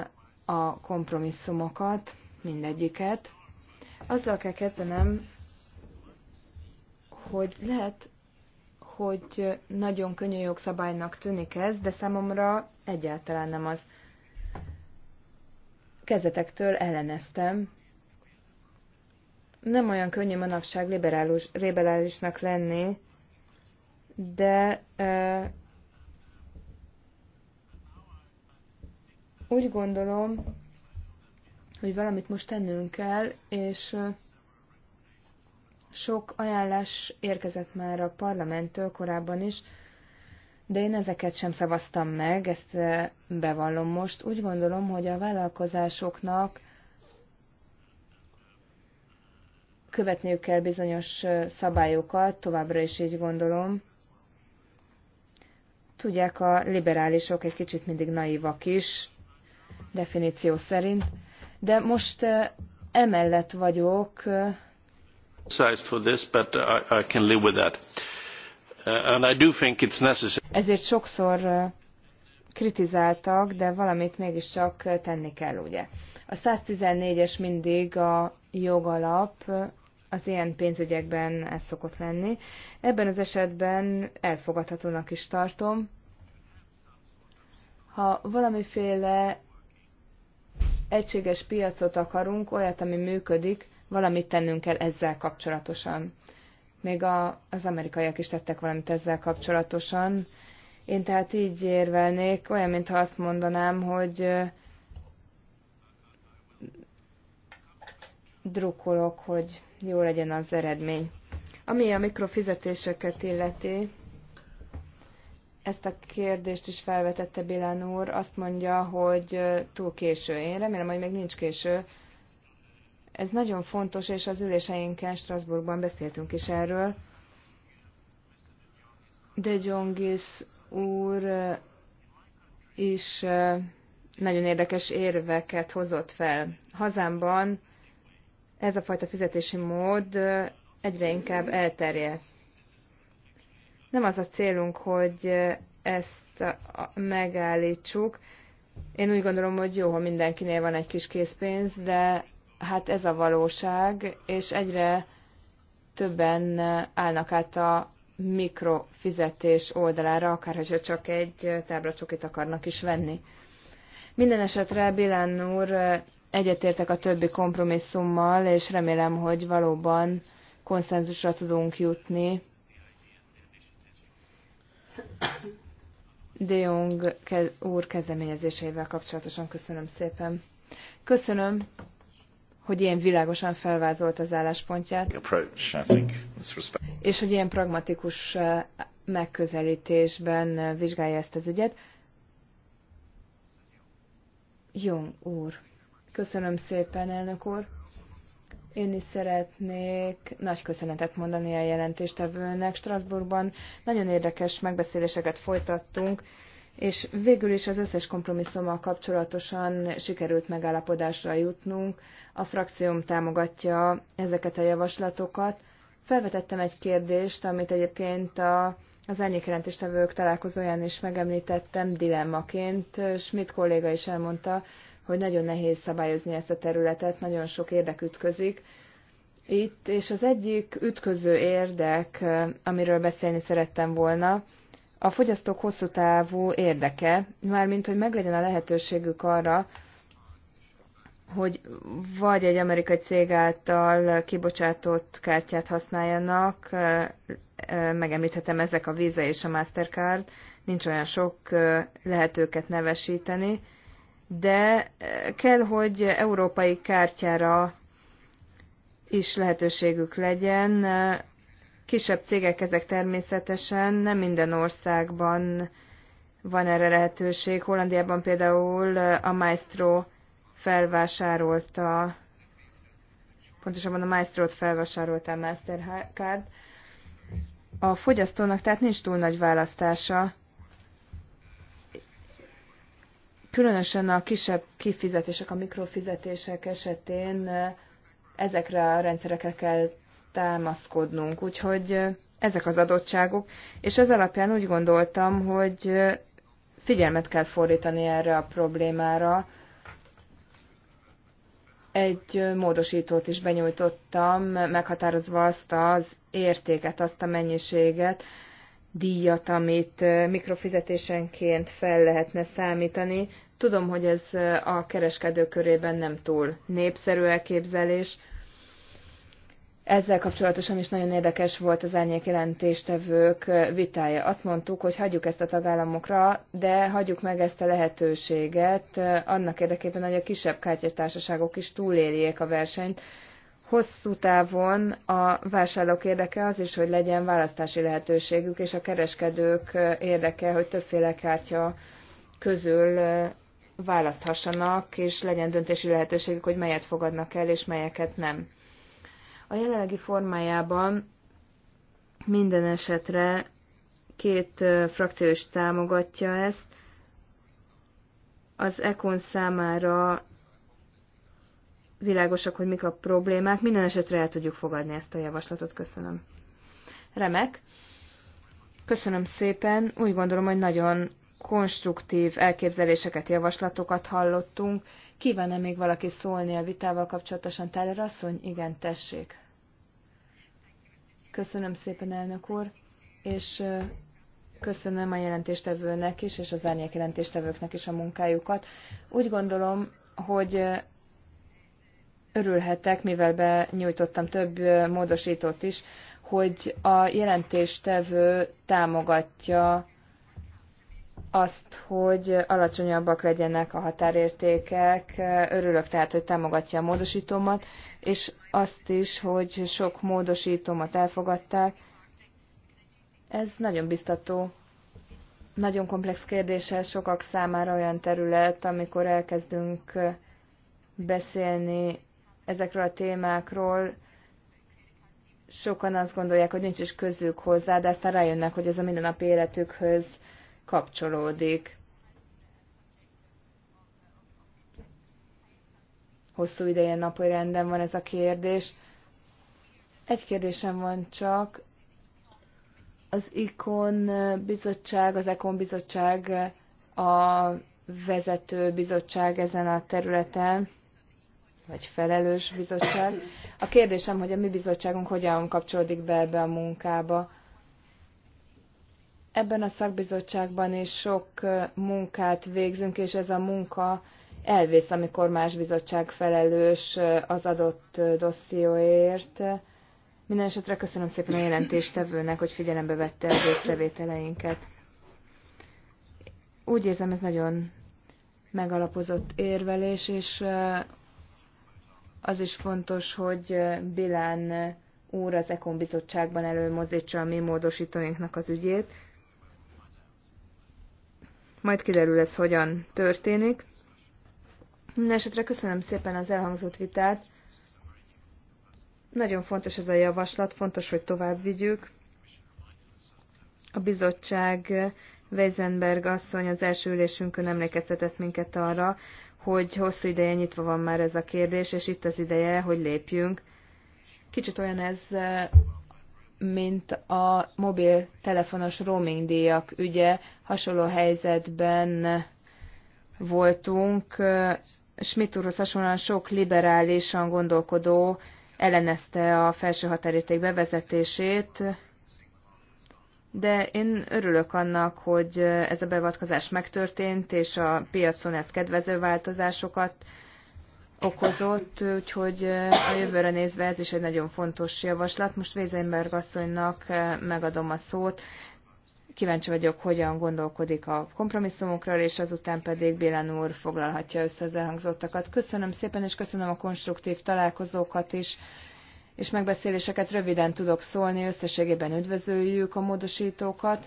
a kompromisszumokat, mindegyiket. Azzal kell kezdenem, hogy lehet, hogy nagyon könnyű jogszabálynak tűnik ez, de számomra egyáltalán nem az kezdetektől elleneztem. Nem olyan könnyű manapság liberális, liberálisnak lenni, de uh, úgy gondolom, hogy valamit most tennünk kell, és sok ajánlás érkezett már a parlamenttől korábban is, de én ezeket sem szavaztam meg, ezt eh, bevallom most. Úgy gondolom, hogy a vállalkozásoknak követniük kell bizonyos eh, szabályokat, továbbra is így gondolom. Tudják, a liberálisok egy kicsit mindig naívak is, definíció szerint, de most eh, emellett vagyok. For this, but I, I can live with that. Uh, Ezért sokszor uh, kritizáltak, de valamit mégiscsak uh, tenni kell, ugye? A 114-es mindig a jogalap, az ilyen pénzügyekben ez szokott lenni. Ebben az esetben elfogadhatónak is tartom. Ha valamiféle egységes piacot akarunk, olyat, ami működik, valamit tennünk kell ezzel kapcsolatosan még a, az amerikaiak is tettek valamit ezzel kapcsolatosan. Én tehát így érvelnék, olyan, mintha azt mondanám, hogy drukkolok, hogy jó legyen az eredmény. Ami a mikrofizetéseket illeti, ezt a kérdést is felvetette Bilán úr, azt mondja, hogy túl késő. Én remélem, hogy még nincs késő, ez nagyon fontos, és az üléseinken Strasbourgban beszéltünk is erről. De Jongis úr is nagyon érdekes érveket hozott fel. Hazámban ez a fajta fizetési mód egyre inkább elterjed. Nem az a célunk, hogy ezt megállítsuk. Én úgy gondolom, hogy jó, ha mindenkinél van egy kis készpénz, de hát ez a valóság, és egyre többen állnak át a mikrofizetés oldalára, akárhogyha csak egy táblacsokit akarnak is venni. Minden esetre Bilán úr egyetértek a többi kompromisszummal, és remélem, hogy valóban konszenzusra tudunk jutni. De Jong úr kezdeményezéseivel kapcsolatosan köszönöm szépen. Köszönöm hogy ilyen világosan felvázolt az álláspontját, és hogy ilyen pragmatikus eh, megközelítésben eh, vizsgálja ezt az ügyet. Jung úr, köszönöm szépen, elnök úr. Én is szeretnék nagy köszönetet mondani a jelentéstevőnek. Strasbourgban nagyon érdekes megbeszéléseket folytattunk, és végül is az összes kompromisszummal kapcsolatosan sikerült megállapodásra jutnunk a frakcióm támogatja ezeket a javaslatokat. Felvetettem egy kérdést, amit egyébként a, az elnyékjelentéstevők találkozóján is megemlítettem dilemmaként. Schmidt kolléga is elmondta, hogy nagyon nehéz szabályozni ezt a területet, nagyon sok érdek ütközik itt, és az egyik ütköző érdek, amiről beszélni szerettem volna, a fogyasztók hosszú távú érdeke, mármint hogy meglegyen a lehetőségük arra, hogy vagy egy amerikai cég által kibocsátott kártyát használjanak, megemlíthetem ezek a Visa és a Mastercard, nincs olyan sok, lehet őket nevesíteni, de kell, hogy európai kártyára is lehetőségük legyen. Kisebb cégek ezek természetesen, nem minden országban van erre lehetőség. Hollandiában például a Maestro felvásárolta, pontosabban a Maestro-t felvásárolta a Mastercard. A fogyasztónak tehát nincs túl nagy választása, különösen a kisebb kifizetések, a mikrofizetések esetén ezekre a rendszerekre kell támaszkodnunk. Úgyhogy ezek az adottságok, és ez alapján úgy gondoltam, hogy figyelmet kell fordítani erre a problémára, egy módosítót is benyújtottam, meghatározva azt az értéket, azt a mennyiséget, díjat, amit mikrofizetésenként fel lehetne számítani. Tudom, hogy ez a kereskedő körében nem túl népszerű elképzelés, ezzel kapcsolatosan is nagyon érdekes volt az árnyék jelentéstevők eh, vitája. Azt mondtuk, hogy hagyjuk ezt a tagállamokra, de hagyjuk meg ezt a lehetőséget eh, annak érdekében, hogy a kisebb kártyatársaságok is túléljék a versenyt. Hosszú távon a vásárlók érdeke az is, hogy legyen választási lehetőségük, és a kereskedők eh, érdeke, hogy többféle kártya közül választhassanak, és legyen döntési lehetőségük, hogy melyet fogadnak el, és melyeket nem a jelenlegi formájában minden esetre két frakció is támogatja ezt. Az ECON számára világosak, hogy mik a problémák. Minden esetre el tudjuk fogadni ezt a javaslatot. Köszönöm. Remek. Köszönöm szépen. Úgy gondolom, hogy nagyon konstruktív elképzeléseket, javaslatokat hallottunk. Kíván -e még valaki szólni a vitával kapcsolatosan? Teller asszony? Igen, tessék. Köszönöm szépen, elnök úr, és köszönöm a jelentéstevőnek is, és az árnyék jelentéstevőknek is a munkájukat. Úgy gondolom, hogy örülhetek, mivel benyújtottam több módosítót is, hogy a jelentéstevő támogatja azt, hogy alacsonyabbak legyenek a határértékek. Örülök tehát, hogy támogatja a módosítómat, és azt is, hogy sok módosítómat elfogadták. Ez nagyon biztató. Nagyon komplex kérdés ez sokak számára olyan terület, amikor elkezdünk beszélni ezekről a témákról, sokan azt gondolják, hogy nincs is közük hozzá, de aztán rájönnek, hogy ez a mindennapi életükhöz kapcsolódik. Hosszú ideje napi renden van ez a kérdés. Egy kérdésem van csak. Az ikon bizottság, az ekon bizottság a vezető bizottság ezen a területen, vagy felelős bizottság. A kérdésem, hogy a mi bizottságunk hogyan kapcsolódik be ebbe a munkába. Ebben a szakbizottságban is sok munkát végzünk, és ez a munka elvész, amikor más bizottság felelős az adott dosszióért. Minden esetre köszönöm szépen a jelentéstevőnek, hogy figyelembe vette az észrevételeinket. Úgy érzem, ez nagyon megalapozott érvelés, és az is fontos, hogy Bilán úr az Ekon bizottságban előmozdítsa a mi módosítóinknak az ügyét. Majd kiderül ez, hogyan történik. Mindenesetre köszönöm szépen az elhangzott vitát. Nagyon fontos ez a javaslat, fontos, hogy tovább vigyük. A bizottság Weisenberg asszony az első ülésünkön emlékeztetett minket arra, hogy hosszú ideje nyitva van már ez a kérdés, és itt az ideje, hogy lépjünk. Kicsit olyan ez, mint a mobiltelefonos roaming díjak ügye. Hasonló helyzetben voltunk. Schmidt úrhoz hasonlóan sok liberálisan gondolkodó ellenezte a felső határérték bevezetését, de én örülök annak, hogy ez a beavatkozás megtörtént, és a piacon ez kedvező változásokat okozott, úgyhogy eh, a jövőre nézve ez is egy nagyon fontos javaslat. Most Vézenberg asszonynak eh, megadom a szót. Kíváncsi vagyok, hogyan gondolkodik a kompromisszumokról, és azután pedig Bélen úr foglalhatja össze az elhangzottakat. Köszönöm szépen, és köszönöm a konstruktív találkozókat is és megbeszéléseket röviden tudok szólni, összességében üdvözöljük a módosítókat.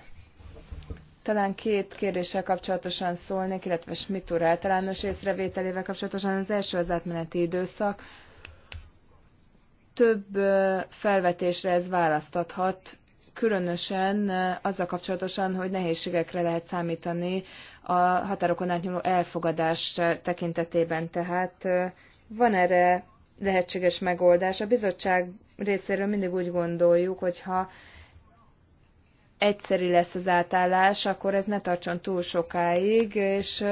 Talán két kérdéssel kapcsolatosan szólnék, illetve Schmidt úr általános észrevételével kapcsolatosan. Az első az átmeneti időszak. Több felvetésre ez választathat, különösen azzal kapcsolatosan, hogy nehézségekre lehet számítani a határokon átnyúló elfogadás tekintetében. Tehát van erre lehetséges megoldás. A bizottság részéről mindig úgy gondoljuk, hogyha egyszerű lesz az átállás, akkor ez ne tartson túl sokáig, és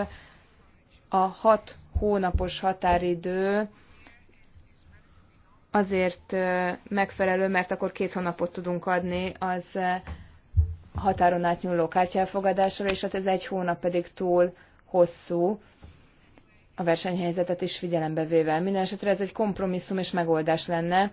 a hat hónapos határidő azért megfelelő, mert akkor két hónapot tudunk adni az határon átnyúló kártyelfogadásra, és hát ez egy hónap pedig túl hosszú a versenyhelyzetet is figyelembe véve. Mindenesetre ez egy kompromisszum és megoldás lenne,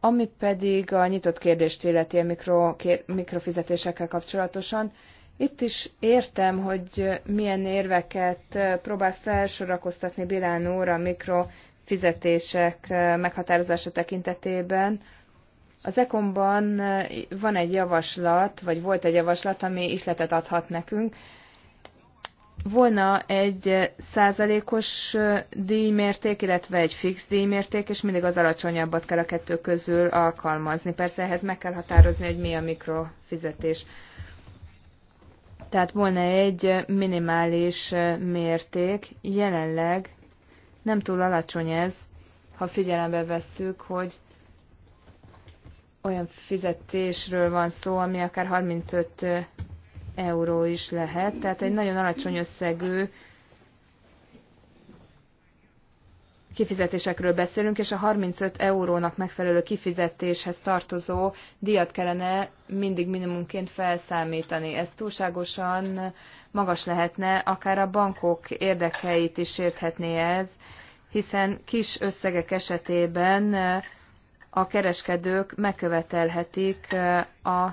ami pedig a nyitott kérdést illeti a mikro, kér, mikrofizetésekkel kapcsolatosan, itt is értem, hogy milyen érveket eh, próbál felsorakoztatni Bilán úr a mikrofizetések eh, meghatározása tekintetében. Az ECOM-ban eh, van egy javaslat, vagy volt egy javaslat, ami isletet adhat nekünk, volna egy százalékos díjmérték, illetve egy fix díjmérték, és mindig az alacsonyabbat kell a kettő közül alkalmazni. Persze ehhez meg kell határozni, hogy mi a mikrofizetés. Tehát volna egy minimális mérték, jelenleg nem túl alacsony ez, ha figyelembe vesszük, hogy olyan fizetésről van szó, ami akár 35 euró is lehet, tehát egy nagyon alacsony összegű kifizetésekről beszélünk, és a 35 eurónak megfelelő kifizetéshez tartozó díjat kellene mindig minimumként felszámítani. Ez túlságosan magas lehetne, akár a bankok érdekeit is érthetné ez, hiszen kis összegek esetében a kereskedők megkövetelhetik a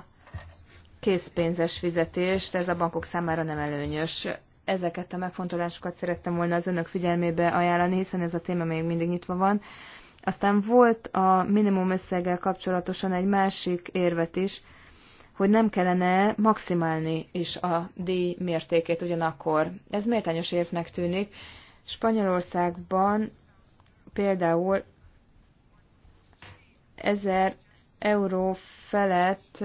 készpénzes fizetést, ez a bankok számára nem előnyös. Ezeket a megfontolásokat szerettem volna az önök figyelmébe ajánlani, hiszen ez a téma még mindig nyitva van. Aztán volt a minimum összeggel kapcsolatosan egy másik érvet is, hogy nem kellene maximálni is a díj mértékét ugyanakkor. Ez méltányos érvnek tűnik. Spanyolországban például 1000 euró felett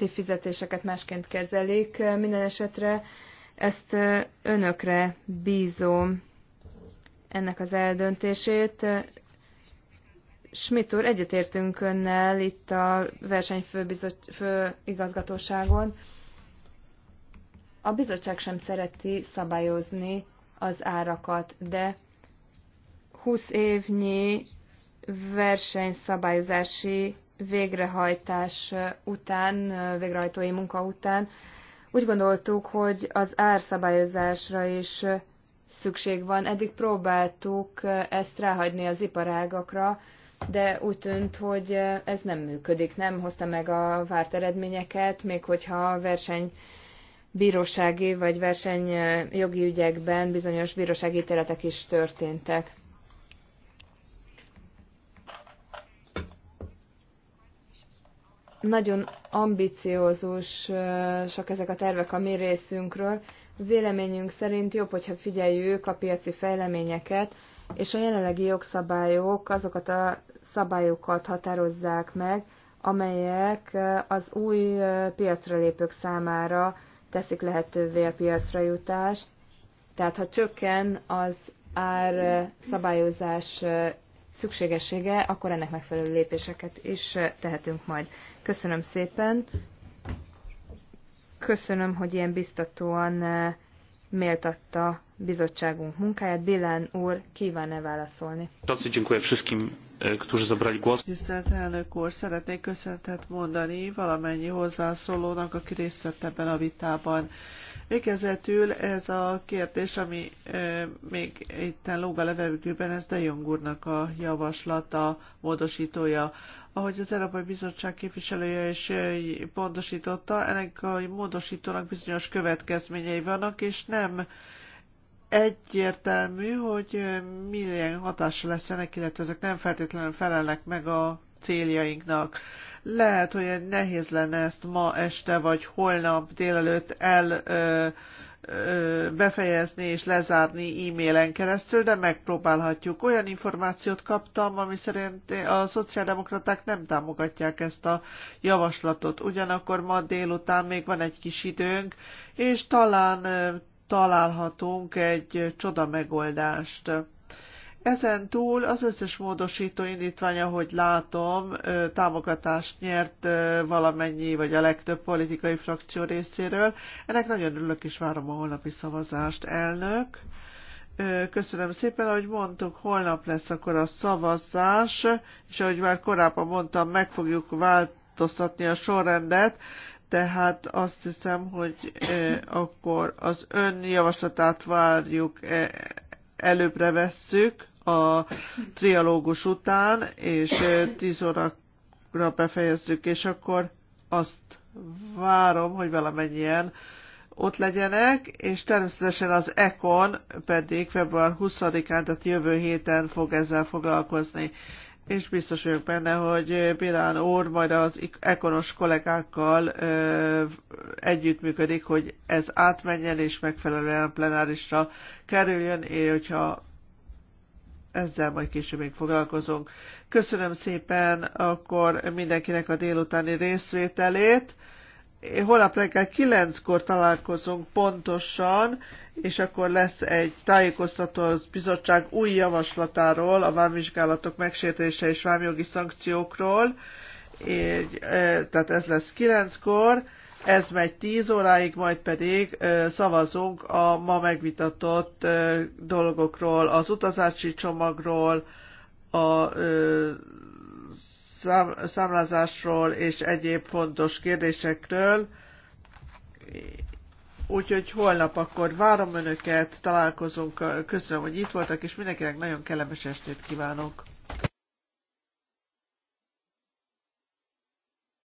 közötti fizetéseket másként kezelik. Minden esetre ezt önökre bízom ennek az eldöntését. Schmidt úr, egyetértünk önnel itt a versenyfőigazgatóságon. A bizottság sem szereti szabályozni az árakat, de 20 évnyi versenyszabályozási végrehajtás után, végrehajtói munka után úgy gondoltuk, hogy az árszabályozásra is szükség van. Eddig próbáltuk ezt ráhagyni az iparágakra, de úgy tűnt, hogy ez nem működik, nem hozta meg a várt eredményeket, még hogyha a verseny bírósági vagy versenyjogi ügyekben bizonyos bírósági ítéletek is történtek. Nagyon ambiciózusak ezek a tervek a mi részünkről. Véleményünk szerint jobb, hogyha figyeljük a piaci fejleményeket, és a jelenlegi jogszabályok azokat a szabályokat határozzák meg, amelyek az új piacra lépők számára teszik lehetővé a piacra jutást. Tehát ha csökken az ár szabályozás szükségessége, akkor ennek megfelelő lépéseket is tehetünk majd. Köszönöm szépen. Köszönöm, hogy ilyen biztatóan méltatta bizottságunk munkáját. Bilán úr kíván-e válaszolni? E, Tisztelt elnök úr, szeretnék köszöntet mondani valamennyi hozzászólónak, aki részt vett ebben a vitában. Végezetül ez a kérdés, ami még itt lóg a levegőben, ez De Jong úrnak a javaslata, módosítója. Ahogy az Európai Bizottság képviselője is pontosította, ennek a módosítónak bizonyos következményei vannak, és nem egyértelmű, hogy milyen hatása lesz ennek, illetve ezek nem feltétlenül felelnek meg a céljainknak. Lehet, hogy nehéz lenne ezt ma este vagy holnap délelőtt el ö, ö, befejezni és lezárni e-mailen keresztül, de megpróbálhatjuk. Olyan információt kaptam, ami szerint a szociáldemokraták nem támogatják ezt a javaslatot. Ugyanakkor ma délután még van egy kis időnk, és talán találhatunk egy csoda megoldást. Ezen túl az összes módosító indítvány, ahogy látom, támogatást nyert valamennyi, vagy a legtöbb politikai frakció részéről. Ennek nagyon örülök, és várom a holnapi szavazást, elnök. Köszönöm szépen, ahogy mondtuk, holnap lesz akkor a szavazás, és ahogy már korábban mondtam, meg fogjuk változtatni a sorrendet, tehát azt hiszem, hogy akkor az ön javaslatát várjuk, előbbre vesszük, a trialógus után, és 10 órakra befejezzük, és akkor azt várom, hogy valamennyien ott legyenek, és természetesen az ECON pedig február 20-án, tehát jövő héten fog ezzel foglalkozni. És biztos vagyok benne, hogy Bilán úr majd az ekonos kollégákkal ö, együttműködik, hogy ez átmenjen és megfelelően plenárisra kerüljön, és hogyha ezzel majd később még foglalkozunk. Köszönöm szépen akkor mindenkinek a délutáni részvételét. Holnap reggel kilenckor találkozunk pontosan, és akkor lesz egy tájékoztató bizottság új javaslatáról, a vámvizsgálatok megsértése és vámjogi szankciókról. Így, eh, tehát ez lesz kilenckor ez megy 10 óráig, majd pedig szavazunk a ma megvitatott dolgokról, az utazási csomagról, a számlázásról és egyéb fontos kérdésekről. Úgyhogy holnap akkor várom Önöket, találkozunk, köszönöm, hogy itt voltak, és mindenkinek nagyon kellemes estét kívánok!